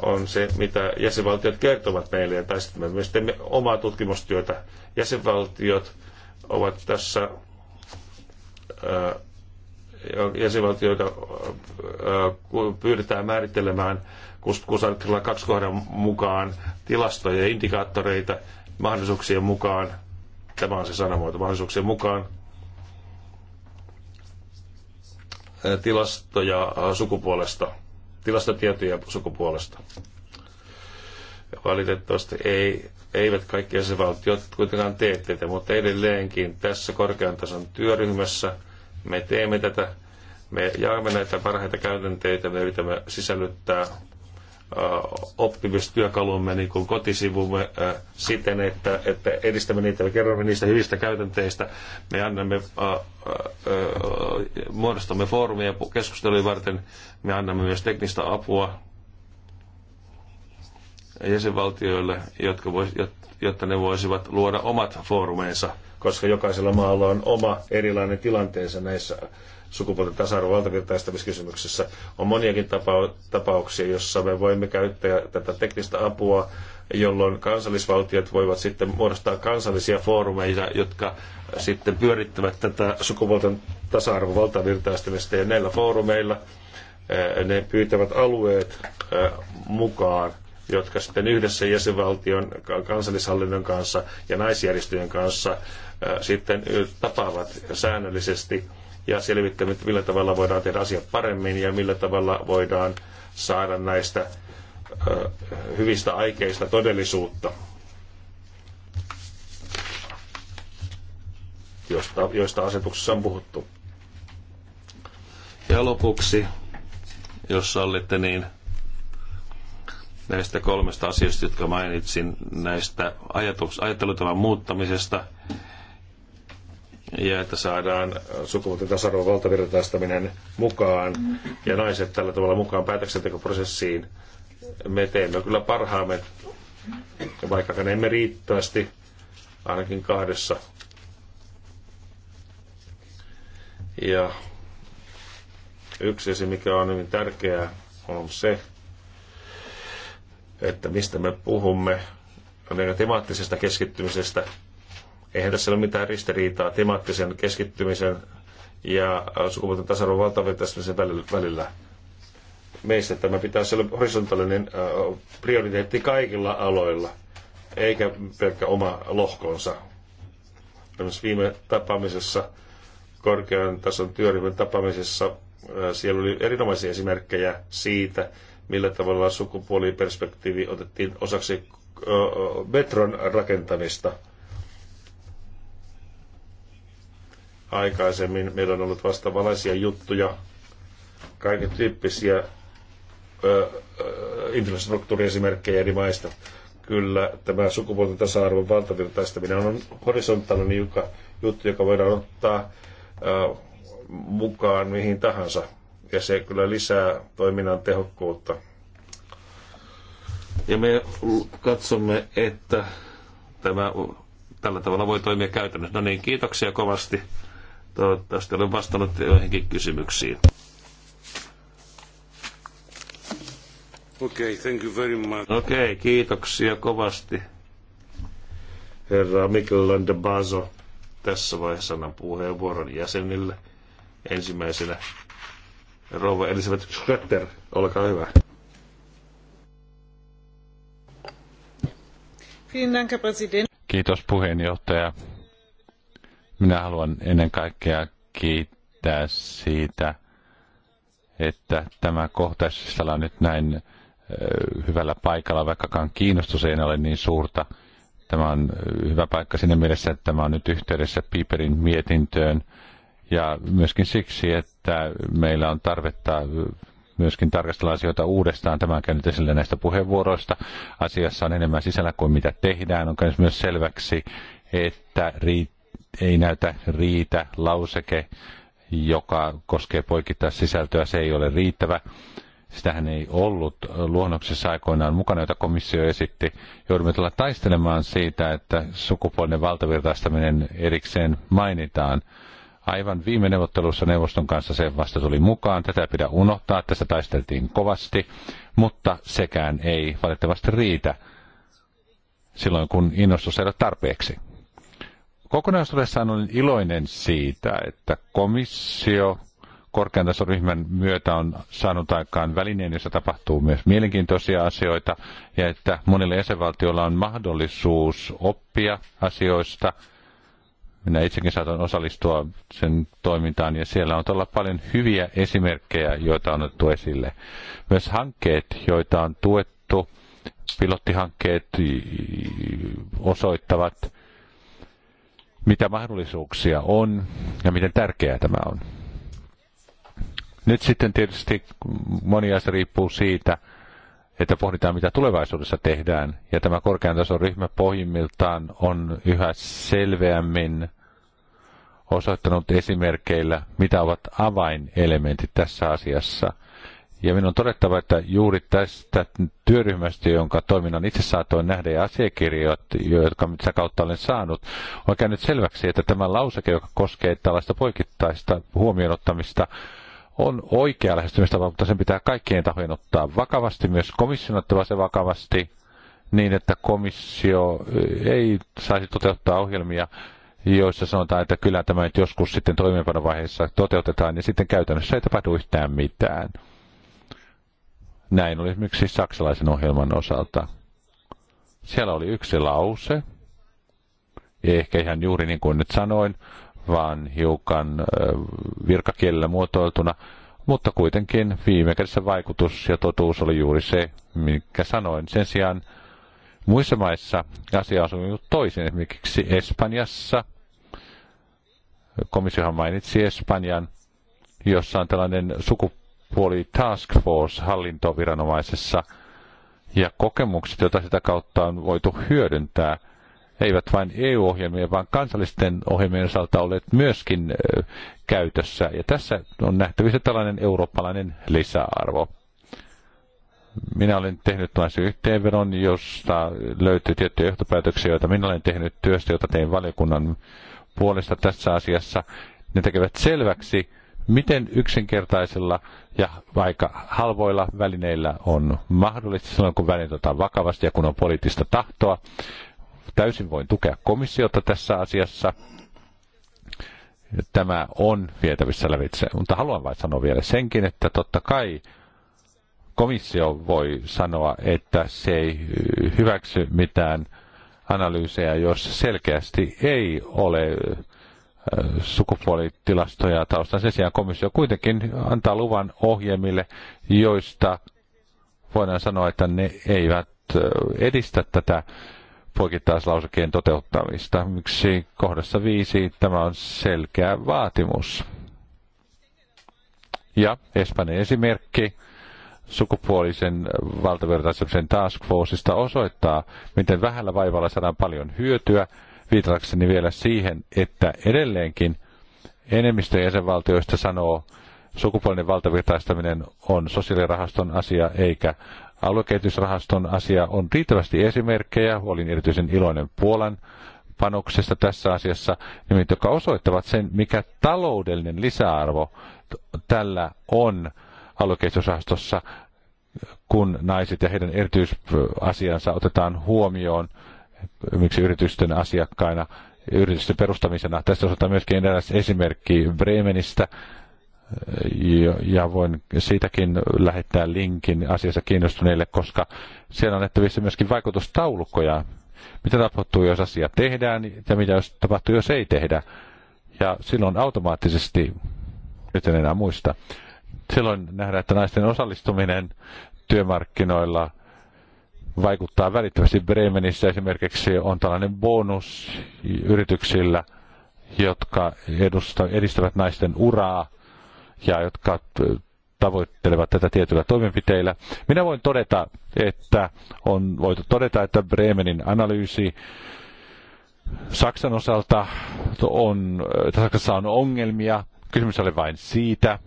on se, mitä jäsenvaltiot kertovat meille, ja tai sitten me myös teemme omaa tutkimustyötä. Jäsenvaltiot ovat tässä jäsenvaltioita pyydetään määrittelemään kusartikla kaksi kohdan mukaan tilastoja ja indikaattoreita mahdollisuuksien mukaan, tämä on se sanamuoto, mahdollisuuksien mukaan tilastoja sukupuolesta, tilastotietoja sukupuolesta. Valitettavasti ei eivät kaikki jäsenvaltiot kuitenkaan tee tätä, mutta edelleenkin tässä korkean tason työryhmässä me teemme tätä, me jaamme näitä parhaita käytänteitä, me yritämme sisällyttää oppimistyökalumme niin kuin kotisivumme siten, että, että edistämme niitä, me kerromme niistä hyvistä käytänteistä, me annamme, ää, ää, muodostamme foorumia keskusteluja varten, me annamme myös teknistä apua jäsenvaltioille, jotka vois, jotta ne voisivat luoda omat foorumeensa, koska jokaisella maalla on oma erilainen tilanteensa näissä sukupuolten tasa-arvon valtavirtaistamiskysymyksissä. On moniakin tapa- tapauksia, joissa me voimme käyttää tätä teknistä apua, jolloin kansallisvaltiot voivat sitten muodostaa kansallisia foorumeita, jotka sitten pyörittävät tätä sukupuolten tasa-arvon valtavirtaistamista. Ja näillä foorumeilla eh, ne pyytävät alueet eh, mukaan jotka sitten yhdessä jäsenvaltion kansallishallinnon kanssa ja naisjärjestöjen kanssa sitten tapaavat säännöllisesti ja selvittävät, millä tavalla voidaan tehdä asiat paremmin ja millä tavalla voidaan saada näistä hyvistä aikeista todellisuutta. Josta, joista asetuksessa on puhuttu. Ja lopuksi, jos sallitte, niin näistä kolmesta asiasta, jotka mainitsin, näistä ajatus, ajattelutavan muuttamisesta ja että saadaan sukupuolten tasa-arvon valtavirtaistaminen mukaan ja naiset tällä tavalla mukaan päätöksentekoprosessiin. Me teemme kyllä parhaamme, vaikka emme riittävästi, ainakin kahdessa. Ja yksi asia, mikä on hyvin tärkeää, on se, että mistä me puhumme, temaattisesta keskittymisestä. Eihän tässä ole mitään ristiriitaa temaattisen keskittymisen ja sukupuolten tasa-arvon valtavirtaistamisen välillä. Meistä tämä pitää olla horisontaalinen prioriteetti kaikilla aloilla, eikä pelkkä oma lohkonsa. Myös viime tapaamisessa, korkean tason työryhmän tapaamisessa, siellä oli erinomaisia esimerkkejä siitä, millä tavalla sukupuoliperspektiivi otettiin osaksi metron rakentamista. Aikaisemmin meillä on ollut vastaavanlaisia juttuja, kaiken tyyppisiä infrastruktuuriesimerkkejä eri maista. Kyllä tämä sukupuolten tasa-arvon valtavirtaistaminen on horisontaalinen juttu, joka voidaan ottaa ö, mukaan mihin tahansa ja se kyllä lisää toiminnan tehokkuutta. Ja me katsomme, että tämä tällä tavalla voi toimia käytännössä. No niin, kiitoksia kovasti. Toivottavasti olen vastannut joihinkin kysymyksiin. Okei, okay, thank you very much. Okei, okay, kiitoksia kovasti. Herra Mikkel Bazo tässä vaiheessa annan puheenvuoron jäsenille ensimmäisenä rouva Elisabeth Schröter, olkaa hyvä. Kiitos puheenjohtaja. Minä haluan ennen kaikkea kiittää siitä, että tämä kohtaisistalla on nyt näin hyvällä paikalla, vaikkakaan kiinnostus ei ole niin suurta. Tämä on hyvä paikka siinä mielessä, että tämä on nyt yhteydessä Piperin mietintöön, ja myöskin siksi, että meillä on tarvetta myöskin tarkastella asioita uudestaan. Tämä on käynyt esille näistä puheenvuoroista. Asiassa on enemmän sisällä kuin mitä tehdään. On käynyt myös selväksi, että ei näytä riitä lauseke, joka koskee poikittaa sisältöä. Se ei ole riittävä. Sitähän ei ollut luonnoksessa aikoinaan mukana, jota komissio esitti. Joudumme tulla taistelemaan siitä, että sukupuolinen valtavirtaistaminen erikseen mainitaan Aivan viime neuvottelussa neuvoston kanssa se vasta tuli mukaan. Tätä pidä unohtaa, tässä taisteltiin kovasti, mutta sekään ei valitettavasti riitä silloin, kun innostus ei ole tarpeeksi. Kokonaisuudessaan olen iloinen siitä, että komissio korkean tasoryhmän myötä on saanut aikaan välineen, jossa tapahtuu myös mielenkiintoisia asioita, ja että monille jäsenvaltioilla on mahdollisuus oppia asioista – minä itsekin saatan osallistua sen toimintaan ja siellä on todella paljon hyviä esimerkkejä, joita on otettu esille. Myös hankkeet, joita on tuettu, pilottihankkeet osoittavat, mitä mahdollisuuksia on ja miten tärkeää tämä on. Nyt sitten tietysti moni asia riippuu siitä, että pohditaan, mitä tulevaisuudessa tehdään. Ja tämä korkean tason ryhmä pohjimmiltaan on yhä selveämmin osoittanut esimerkkeillä, mitä ovat avainelementit tässä asiassa. Ja minun on todettava, että juuri tästä työryhmästä, jonka toiminnan itse saatoin nähdä ja asiakirjat, jotka mitä kautta olen saanut, on käynyt selväksi, että tämä lauseke, joka koskee tällaista poikittaista huomioonottamista, ottamista, on oikea lähestymistapa, mutta sen pitää kaikkien tahojen ottaa vakavasti, myös komission ottava se vakavasti, niin että komissio eh, ei saisi toteuttaa ohjelmia, joissa sanotaan, että kyllä tämä nyt joskus sitten toimeenpanovaiheessa toteutetaan, niin sitten käytännössä ei tapahdu yhtään mitään. Näin oli esimerkiksi saksalaisen ohjelman osalta. Siellä oli yksi lause, ehkä ihan juuri niin kuin nyt sanoin, vaan hiukan virkakielellä muotoiltuna, mutta kuitenkin viime kädessä vaikutus ja totuus oli juuri se, mikä sanoin. Sen sijaan muissa maissa asia on sujunut toisin, esimerkiksi Espanjassa, komissiohan mainitsi Espanjan, jossa on tällainen sukupuoli task force hallintoviranomaisessa, ja kokemukset, joita sitä kautta on voitu hyödyntää – eivät vain EU-ohjelmien, vaan kansallisten ohjelmien osalta olleet myöskin käytössä. Ja tässä on nähtävissä tällainen eurooppalainen lisäarvo. Minä olen tehnyt tällaisen yhteenvedon, josta löytyy tiettyjä johtopäätöksiä, joita minä olen tehnyt työstä, jota tein valiokunnan puolesta tässä asiassa. Ne tekevät selväksi, miten yksinkertaisilla ja vaikka halvoilla välineillä on mahdollista silloin, kun välineet otetaan vakavasti ja kun on poliittista tahtoa, täysin voin tukea komissiota tässä asiassa. Tämä on vietävissä lävitse, mutta haluan vain sanoa vielä senkin, että totta kai komissio voi sanoa, että se ei hyväksy mitään analyysejä, jos selkeästi ei ole sukupuolitilastoja taustan. Sen sijaan komissio kuitenkin antaa luvan ohjelmille, joista voidaan sanoa, että ne eivät edistä tätä poikittaislausekkeen toteuttamista. Miksi kohdassa viisi tämä on selkeä vaatimus? Ja Espanjan esimerkki sukupuolisen valtavirtaisemisen task forceista osoittaa, miten vähällä vaivalla saadaan paljon hyötyä, viitatakseni vielä siihen, että edelleenkin enemmistö jäsenvaltioista sanoo, sukupuolinen valtavirtaistaminen on sosiaalirahaston asia eikä aluekehitysrahaston asia on riittävästi esimerkkejä. Olin erityisen iloinen Puolan panoksesta tässä asiassa, nimittäin jotka osoittavat sen, mikä taloudellinen lisäarvo tällä on aluekehitysrahastossa, kun naiset ja heidän erityisasiansa otetaan huomioon, miksi yritysten asiakkaina, yritysten perustamisena. Tästä osoittaa myöskin eräs esimerkki Bremenistä, ja voin siitäkin lähettää linkin asiassa kiinnostuneille, koska siellä on nähtävissä myöskin vaikutustaulukkoja, mitä tapahtuu, jos asia tehdään ja mitä jos tapahtuu, jos ei tehdä. Ja silloin automaattisesti, nyt en enää muista, silloin nähdään, että naisten osallistuminen työmarkkinoilla vaikuttaa välittömästi. Bremenissä esimerkiksi on tällainen bonus yrityksillä, jotka edustavat, edistävät naisten uraa – ja jotka tavoittelevat tätä tietyllä toimenpiteillä. Minä voin todeta, että on voitu todeta, että Bremenin analyysi Saksan osalta on, Saksassa on ongelmia. Kysymys oli vain siitä,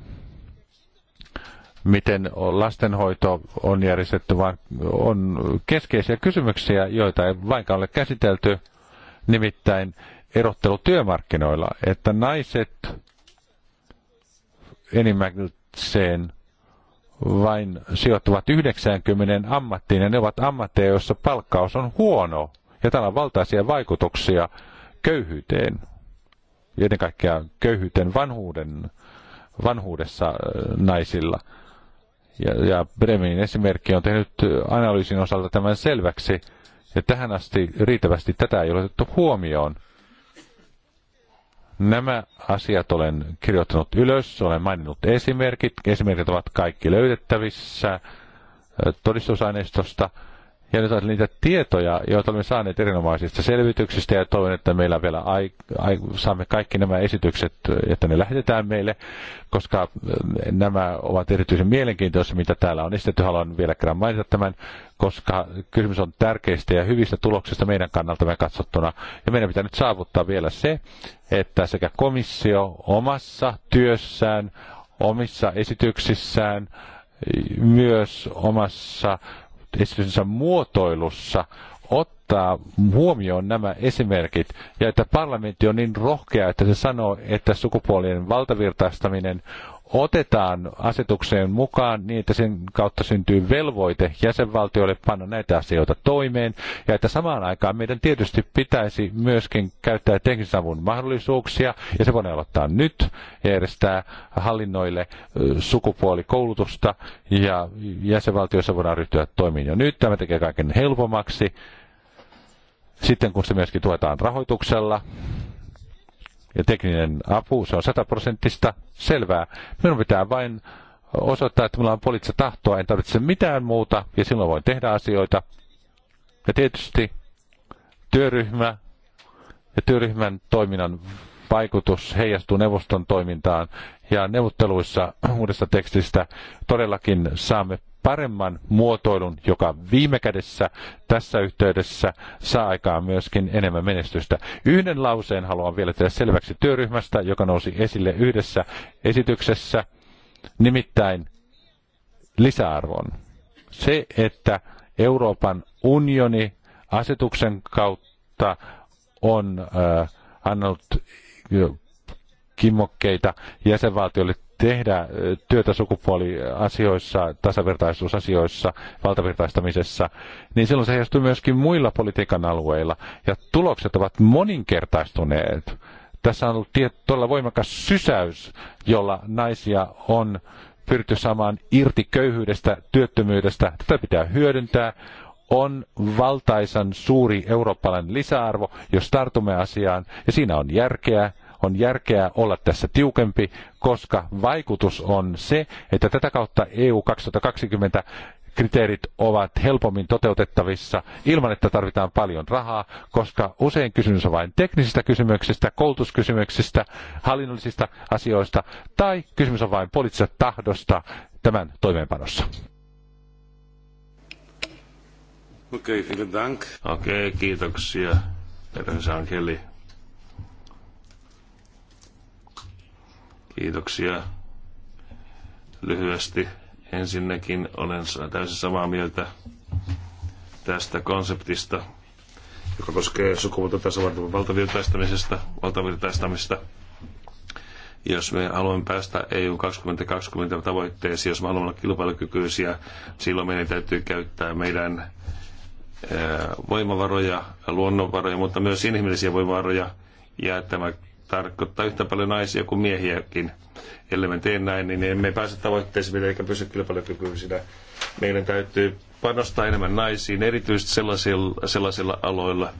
miten lastenhoito on järjestetty, vaan on keskeisiä kysymyksiä, joita ei vainkaan ole käsitelty, nimittäin erottelu työmarkkinoilla, että naiset enimmäkseen vain sijoittuvat 90 ammattiin, ja ne ovat ammatteja, joissa palkkaus on huono. Ja tällä on valtaisia vaikutuksia köyhyyteen, ja ennen kaikkea köyhyyteen vanhuuden, vanhuudessa äh, naisilla. Ja, ja Bremenin esimerkki on tehnyt analyysin osalta tämän selväksi, ja tähän asti riittävästi tätä ei ole otettu huomioon. Nämä asiat olen kirjoittanut ylös, olen maininnut esimerkit. Esimerkit ovat kaikki löydettävissä todistusaineistosta. Ja nyt on niitä tietoja, joita olemme saaneet erinomaisista selvityksistä ja toivon, että meillä vielä ai, ai, saamme kaikki nämä esitykset, että ne lähetetään meille, koska eh, nämä ovat erityisen mielenkiintoisia, mitä täällä on esitetty. Haluan vielä kerran mainita tämän, koska kysymys on tärkeistä ja hyvistä tuloksista meidän kannaltamme katsottuna. Ja meidän pitää nyt saavuttaa vielä se, että sekä komissio omassa työssään, omissa esityksissään, myös omassa esityksensä muotoilussa ottaa huomioon nämä esimerkit ja että parlamentti on niin rohkea, että se sanoo, että sukupuolien valtavirtaistaminen otetaan asetukseen mukaan niin, että sen kautta syntyy velvoite jäsenvaltioille panna näitä asioita toimeen. Ja että samaan aikaan meidän tietysti pitäisi myöskin käyttää teknisen avun mahdollisuuksia, ja se voidaan aloittaa nyt, ja järjestää hallinnoille sukupuolikoulutusta, ja jäsenvaltioissa voidaan ryhtyä toimiin jo nyt. Tämä tekee kaiken helpommaksi. Sitten kun se myöskin tuetaan rahoituksella, ja tekninen apu, se on sataprosenttista, selvää. Minun pitää vain osoittaa, että minulla on poliittista tahtoa, en tarvitse mitään muuta, ja silloin voin tehdä asioita. Ja tietysti työryhmä ja työryhmän toiminnan vaikutus heijastuu neuvoston toimintaan, ja neuvotteluissa uudesta tekstistä todellakin saamme paremman muotoilun, joka viime kädessä tässä yhteydessä saa aikaan myöskin enemmän menestystä. Yhden lauseen haluan vielä tehdä selväksi työryhmästä, joka nousi esille yhdessä esityksessä, nimittäin lisäarvon. Se, että Euroopan unioni asetuksen kautta on äh, annanut kimmokkeita jäsenvaltioille tehdä työtä sukupuoliasioissa, tasavertaisuusasioissa, valtavirtaistamisessa, niin silloin se heijastuu myöskin muilla politiikan alueilla. Ja tulokset ovat moninkertaistuneet. Tässä on ollut todella voimakas sysäys, jolla naisia on pyritty saamaan irti köyhyydestä, työttömyydestä. Tätä pitää hyödyntää. On valtaisan suuri eurooppalainen lisäarvo, jos tartumme asiaan, ja siinä on järkeä on järkeä olla tässä tiukempi, koska vaikutus on se, että tätä kautta EU 2020 kriteerit ovat helpommin toteutettavissa ilman, että tarvitaan paljon rahaa, koska usein kysymys on vain teknisistä kysymyksistä, koulutuskysymyksistä, hallinnollisista asioista tai kysymys on vain poliittisesta tahdosta tämän toimeenpanossa. Okei, okay, Okei, okay, kiitoksia. Terveys Angeli. Kiitoksia. Lyhyesti ensinnäkin olen täysin samaa mieltä tästä konseptista, joka koskee sukupuolten tasavartuvan valtavirtaistamisesta, valtavirtaistamista. Jos me haluamme päästä EU 2020 tavoitteisiin, jos me haluamme olla kilpailukykyisiä, silloin meidän täytyy käyttää meidän voimavaroja, luonnonvaroja, mutta myös inhimillisiä voimavaroja. Ja tämä tarkoittaa yhtä paljon naisia kuin miehiäkin. Ellei me tee näin, niin emme pääse tavoitteisiin eikä pysy kilpailukykyisinä. Meidän täytyy panostaa enemmän naisiin, erityisesti sellaisilla, sellaisilla aloilla.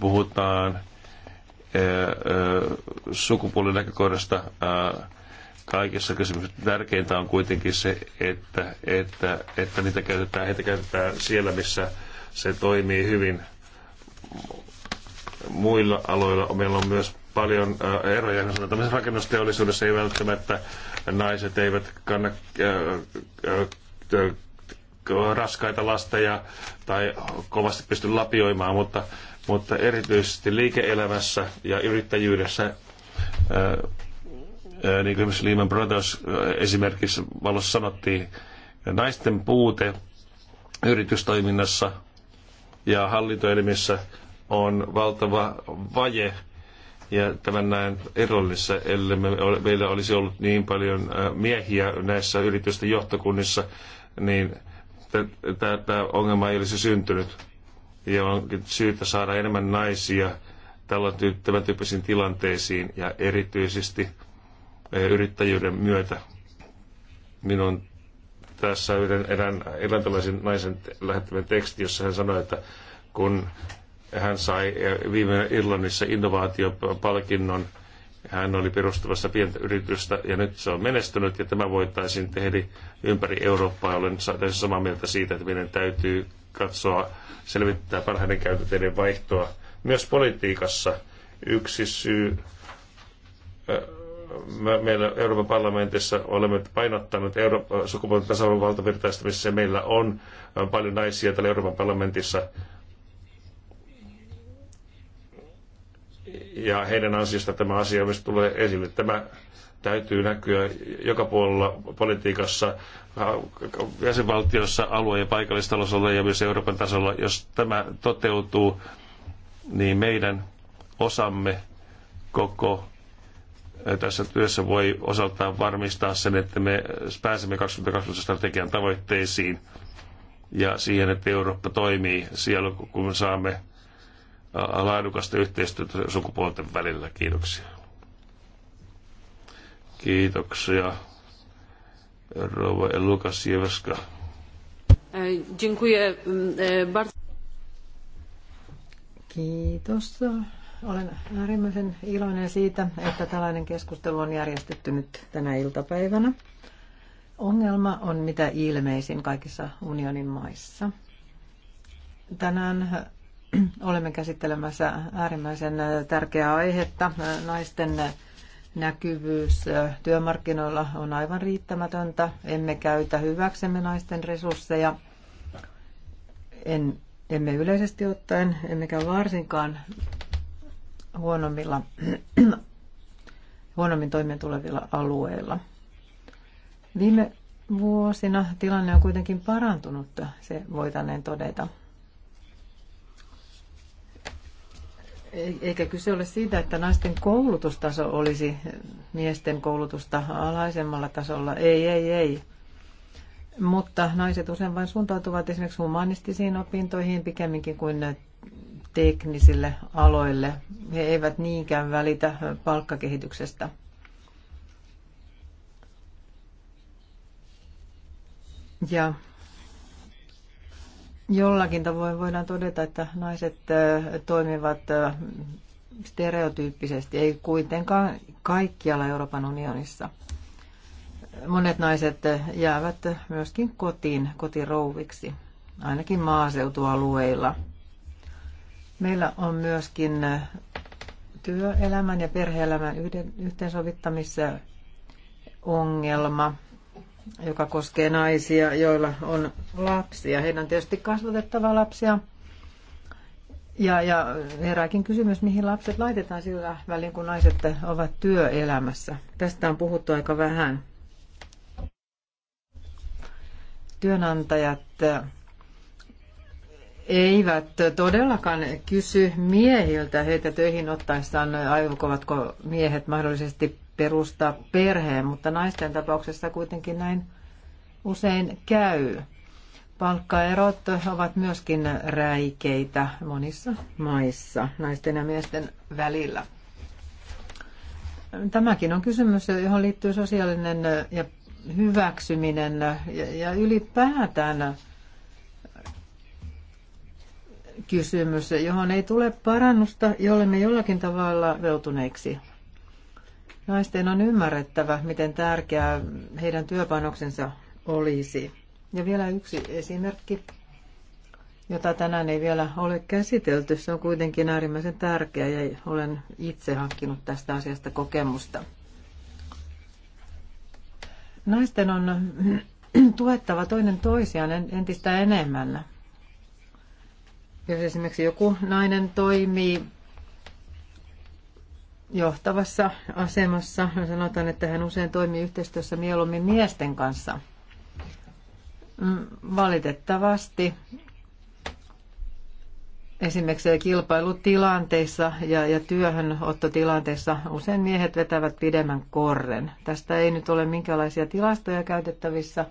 Puhutaan sukupuolinäkökohdasta kaikissa kysymyksissä. Tärkeintä on kuitenkin se, että, että, että niitä käytetään, heitä käytetään siellä, missä se toimii hyvin – muilla aloilla meillä on myös paljon äh, eroja. Niin Tällaisessa rakennusteollisuudessa ei välttämättä naiset eivät kanna äh, äh, raskaita lasteja tai kovasti pysty lapioimaan, mutta, mutta erityisesti liike-elämässä ja yrittäjyydessä niin kuin Lehman Brothers esimerkiksi valossa sanottiin, naisten puute yritystoiminnassa ja hallintoelimissä – on valtava vaje ja tämän näen erollisessa, ellei me, meillä olisi ollut niin paljon miehiä näissä yritysten johtokunnissa, niin tämä ongelma ei olisi syntynyt. Ja onkin syytä saada enemmän naisia tämän tyyppisiin tilanteisiin ja erityisesti yrittäjyyden myötä. Minun tässä yhden erään, naisen lähettämän teksti, jossa hän sanoi, että kun hän sai eh, viime Irlannissa innovaatiopalkinnon. Hän oli perustavassa pientä yritystä ja nyt se on menestynyt ja tämä voitaisiin tehdä ympäri Eurooppaa. Olen täysin samaa mieltä siitä, että meidän täytyy katsoa, selvittää parhaiden käytänteiden vaihtoa myös politiikassa. Yksi syy eh, meillä Euroopan parlamentissa olemme painottaneet Euroopan sukupuolten tasa-arvon valtavirtaistamista. Meillä on eh, paljon naisia täällä Euroopan parlamentissa ja heidän ansiosta tämä asia myös tulee esille. Tämä täytyy näkyä joka puolella politiikassa, jäsenvaltiossa, alue- ja paikallistalousalueella ja myös Euroopan tasolla. Jos tämä toteutuu, niin meidän osamme koko tässä työssä voi osaltaan varmistaa sen, että me pääsemme 2020 strategian tavoitteisiin ja siihen, että Eurooppa toimii siellä, kun saamme laadukasta yhteistyötä sukupuolten välillä. Kiitoksia. Kiitoksia. Rouva Lukas Jeveska. Mm, e, Kiitos. Olen äärimmäisen iloinen siitä, että tällainen keskustelu on järjestetty nyt tänä iltapäivänä. Ongelma on mitä ilmeisin kaikissa unionin maissa. Tänään *clears throat* Olemme käsittelemässä äärimmäisen äh, tärkeää aihetta. Äh, naisten äh, näkyvyys työmarkkinoilla on aivan riittämätöntä. Emme käytä hyväksemme naisten resursseja. En, emme yleisesti ottaen, emmekä varsinkaan huonommilla, *clears throat* huonommin toimeen tulevilla alueilla. Viime vuosina tilanne on kuitenkin parantunut, se voitaneen todeta. Eikä kyse ole siitä, että naisten koulutustaso olisi miesten koulutusta alhaisemmalla tasolla. Ei, ei, ei. Mutta naiset usein vain suuntautuvat esimerkiksi humanistisiin opintoihin pikemminkin kuin teknisille aloille. He eivät niinkään välitä palkkakehityksestä. Ja Jollakin tavoin voidaan todeta, että naiset toimivat stereotyyppisesti, ei kuitenkaan kaikkialla Euroopan unionissa. Monet naiset jäävät myöskin kotiin, kotirouviksi, ainakin maaseutualueilla. Meillä on myöskin työelämän ja perheelämän yhteensovittamisen ongelma joka koskee naisia, joilla on lapsia. Heidän on tietysti kasvatettava lapsia. Ja, ja herääkin kysymys, mihin lapset laitetaan sillä välin, kun naiset ovat työelämässä. Tästä on puhuttu aika vähän. Työnantajat eivät todellakaan kysy miehiltä heitä töihin ottaessaan, aivokovatko miehet mahdollisesti perustaa perheen, mutta naisten tapauksessa kuitenkin näin usein käy. Palkkaerot ovat myöskin räikeitä monissa maissa naisten ja miesten välillä. Tämäkin on kysymys, johon liittyy sosiaalinen ja hyväksyminen ja ylipäätään kysymys, johon ei tule parannusta, jolle me jollakin tavalla veltuneiksi Naisten on ymmärrettävä, miten tärkeää heidän työpanoksensa olisi. Ja vielä yksi esimerkki, jota tänään ei vielä ole käsitelty. Se on kuitenkin äärimmäisen tärkeä ja olen itse hankkinut tästä asiasta kokemusta. Naisten on *clears throat* tuettava toinen toisiaan entistä enemmän. Jos esimerkiksi joku nainen toimii johtavassa asemassa. Sanotaan, että hän usein toimii yhteistyössä mieluummin miesten kanssa. Mm, valitettavasti esimerkiksi kilpailutilanteissa ja, ja työhönottotilanteissa usein miehet vetävät pidemmän korren. Tästä ei nyt ole minkälaisia tilastoja käytettävissä,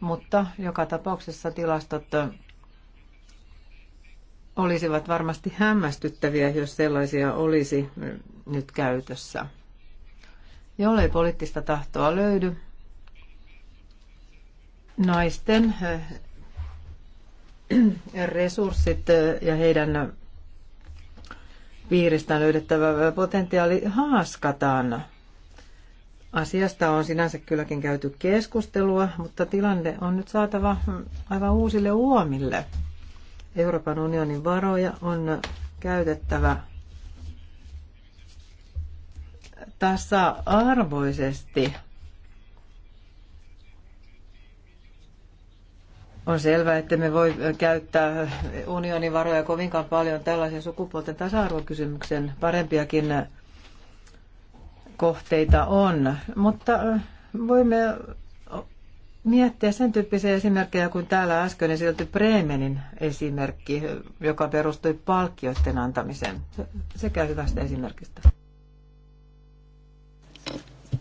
mutta joka tapauksessa tilastot olisivat varmasti hämmästyttäviä, jos sellaisia olisi nyt käytössä. Jollei poliittista tahtoa löydy, naisten äh, resurssit äh, ja heidän piiristään löydettävä potentiaali haaskataan. Asiasta on sinänsä kylläkin käyty keskustelua, mutta tilanne on nyt saatava aivan uusille uomille. Euroopan unionin varoja on käytettävä tasa-arvoisesti. On selvää, että me voi käyttää unionin varoja kovinkaan paljon tällaisen sukupuolten tasa-arvokysymyksen. Parempiakin kohteita on, mutta äh, voimme miettiä sen tyyppisiä esimerkkejä kuin täällä äsken esitelty Bremenin esimerkki, joka perustui palkkioiden antamiseen. Se käy hyvästä esimerkistä.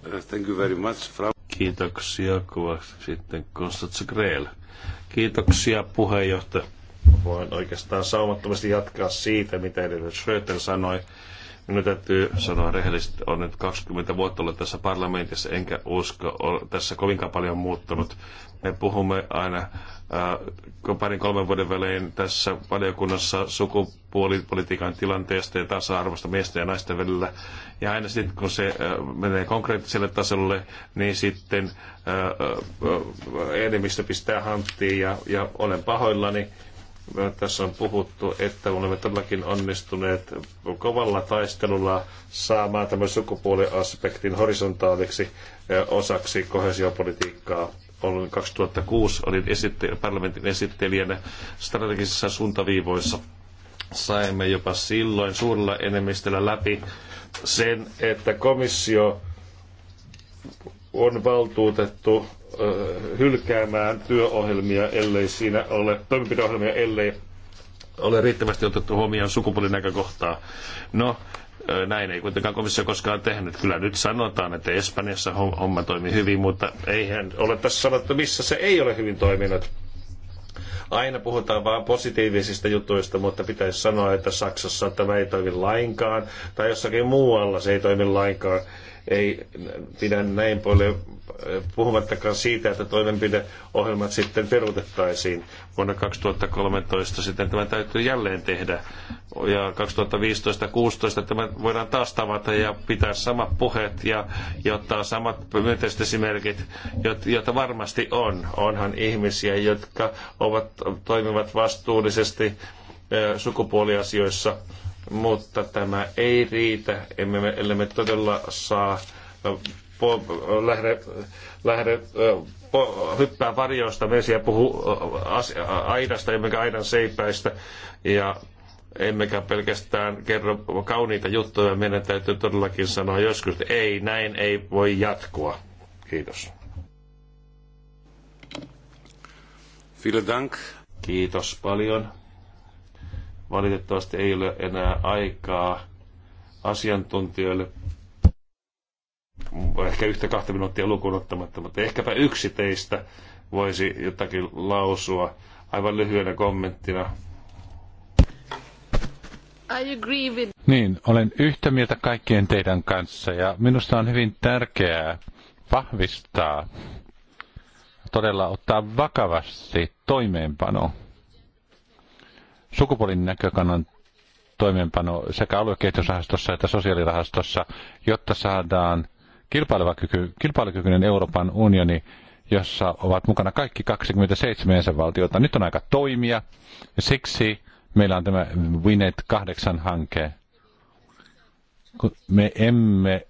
Thank you very much, Frau. Kiitoksia kovasti sitten Konstantin Greel. Kiitoksia puheenjohtaja. Voin oikeastaan saumattomasti jatkaa siitä, mitä edellinen Schröter sanoi. Minun täytyy sanoa rehellisesti, on nyt 20 vuotta ollut tässä parlamentissa, enkä usko, on tässä kovinkaan paljon muuttunut. Me puhumme aina Äh, parin kolmen vuoden välein tässä valiokunnassa sukupuolipolitiikan tilanteesta ja tasa-arvosta miesten ja naisten välillä. Ja aina sitten kun se äh, menee konkreettiselle tasolle, niin sitten äh, enemmistö pistää hanttiin ja, ja olen pahoillani. Tässä on puhuttu, että olemme todellakin onnistuneet kovalla taistelulla saamaan tämän sukupuoliaspektin horisontaaliksi osaksi kohesiopolitiikkaa olin 2006, olin esitte- parlamentin esittelijänä strategisissa suuntaviivoissa. Saimme jopa silloin suurella enemmistöllä läpi sen, että komissio on valtuutettu hylkäämään työohjelmia, ellei siinä ole toimenpideohjelmia, ellei ole riittävästi otettu huomioon sukupuolinäkökohtaa. No, näin ei kuitenkaan komissio koskaan tehnyt. Kyllä nyt sanotaan, että Espanjassa homma toimii hyvin, mutta eihän ole tässä sanottu, missä se ei ole hyvin toiminut aina puhutaan vain positiivisista jutuista, mutta pitäisi sanoa, että Saksassa tämä ei toimi lainkaan, tai jossakin muualla se ei toimi lainkaan ei pidä näin paljon, eh, puhumattakaan siitä, että toimenpideohjelmat sitten peruutettaisiin vuonna 2013. Sitten tämä täytyy jälleen tehdä. Ja 2015-2016 tämä voidaan taas tavata ja pitää samat puheet ja, ja ottaa samat myönteiset esimerkit, joita varmasti on. Onhan ihmisiä, jotka ovat, toimivat vastuullisesti eh, sukupuoliasioissa mutta tämä ei riitä, emme me, ellei me todella saa po, lähde, lähde po, hyppää varjoista vesiä, puhu asia, aidasta emmekä aidan seipäistä ja emmekä pelkästään kerro kauniita juttuja. Meidän täytyy todellakin sanoa joskus, että ei, näin ei voi jatkua. Kiitos. Vielen Dank. Kiitos paljon. Valitettavasti ei ole enää aikaa asiantuntijoille ehkä yhtä kahta minuuttia lukuun ottamatta, mutta ehkäpä yksi teistä voisi jotakin lausua aivan lyhyenä kommenttina. I agree with... Niin, olen yhtä mieltä kaikkien teidän kanssa ja minusta on hyvin tärkeää vahvistaa, todella ottaa vakavasti toimeenpano sukupuolin näkökannan toimeenpano sekä aluekehitysrahastossa että sosiaalirahastossa, jotta saadaan kilpailukyky, kilpailukykyinen Euroopan unioni, jossa ovat mukana kaikki 27 jäsenvaltiota. Nyt on aika toimia ja siksi meillä on tämä Winet 8-hanke. Me emme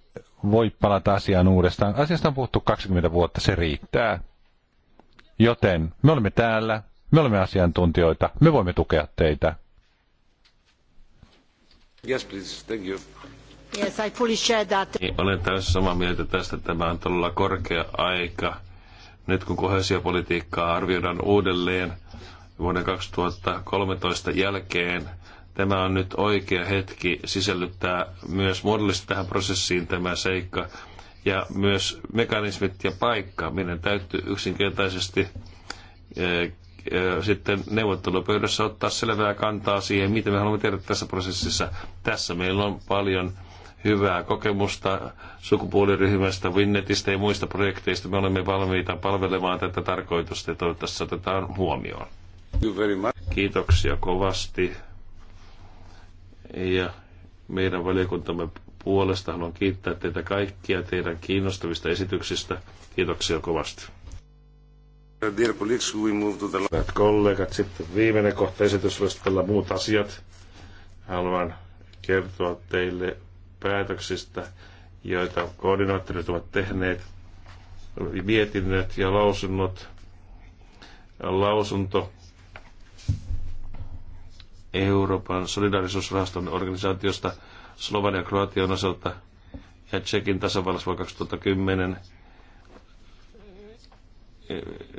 voi palata asiaan uudestaan. Asiasta on puhuttu 20 vuotta, se riittää. Joten me olemme täällä, me olemme asiantuntijoita. Me voimme tukea teitä. Yes, please. Thank you. Yes, I fully share that. Niin, olen täysin samaa mieltä tästä. Tämä on todella korkea aika. Nyt kun kohesiopolitiikkaa arvioidaan uudelleen vuoden 2013 jälkeen, tämä on nyt oikea hetki sisällyttää myös muodollisesti tähän prosessiin tämä seikka ja myös mekanismit ja paikka. minne täytyy yksinkertaisesti eh, sitten neuvottelupöydässä ottaa selvää kantaa siihen, mitä me haluamme tehdä tässä prosessissa. Tässä meillä on paljon hyvää kokemusta sukupuoliryhmästä, Winnetistä ja muista projekteista. Me olemme valmiita palvelemaan tätä tarkoitusta ja toivottavasti otetaan huomioon. Kiitoksia kovasti. Ja meidän valiokuntamme puolesta haluan kiittää teitä kaikkia teidän kiinnostavista esityksistä. Kiitoksia kovasti. Hyvät kollegat, sitten viimeinen kohta esityslistalla muut asiat. Haluan kertoa teille päätöksistä, joita koordinaattorit ovat tehneet, mietinnöt ja lausunnot. Lausunto Euroopan solidarisuusrahaston organisaatiosta Slovenian ja Kroatian osalta ja Tsekin tasavallassa 2010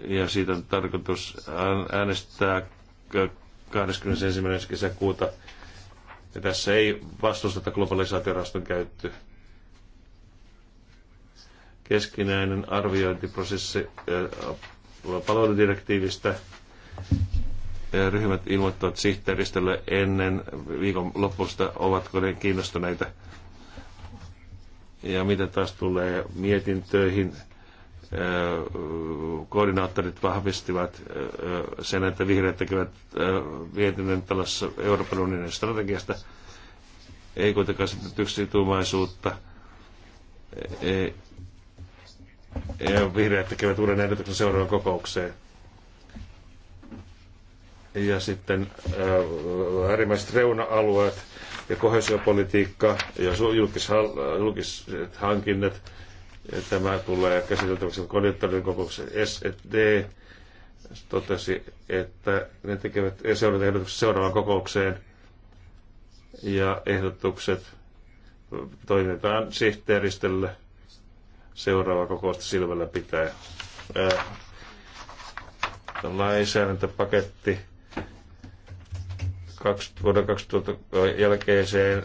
ja siitä on tarkoitus äänestää 21. kesäkuuta. Ja tässä ei vastusteta globalisaatioraston käyttöä. Keskinäinen arviointiprosessi äh, palveludirektiivistä ryhmät ilmoittavat sihteeristölle ennen viikon lopusta, ovatko ne kiinnostuneita. Ja mitä taas tulee mietintöihin, koordinaattorit vahvistivat sen, että vihreät tekevät mietinnön tällaisessa Euroopan unionin strategiasta. Ei kuitenkaan sitten yksituumaisuutta. Ja e, e, e, vihreät tekevät uuden ehdotuksen seuraavan kokoukseen. Ja sitten äärimmäiset reuna-alueet ja kohesiopolitiikka ja julkiset hankinnat Tämä tulee käsiteltäväksi koordinaattorin kokouksessa e SED totesi, että ne tekevät seurantaehdotukset seuraavaan kokoukseen ja ehdotukset toimitetaan sihteeristölle seuraava kokousta silmällä pitää. Lainsäädäntöpaketti vuoden 2000 jälkeiseen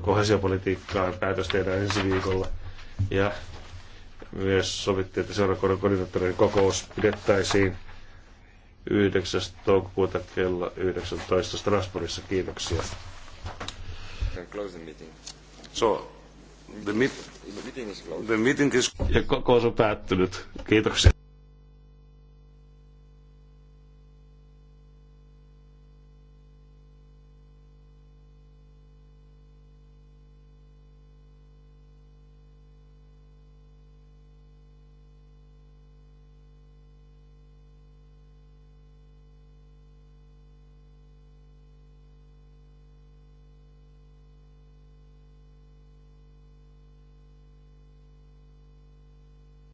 kohesiopolitiikkaan päätös tehdään ensi viikolla. Ja myös sovittiin, että seuraakunnan koordinaattorin kokous pidettäisiin 9. toukokuuta kello 19 Strasbourgissa. Kiitoksia. So, the, meet, the meeting is closed. The meeting is... Ja kokous on päättynyt. Kiitoksia.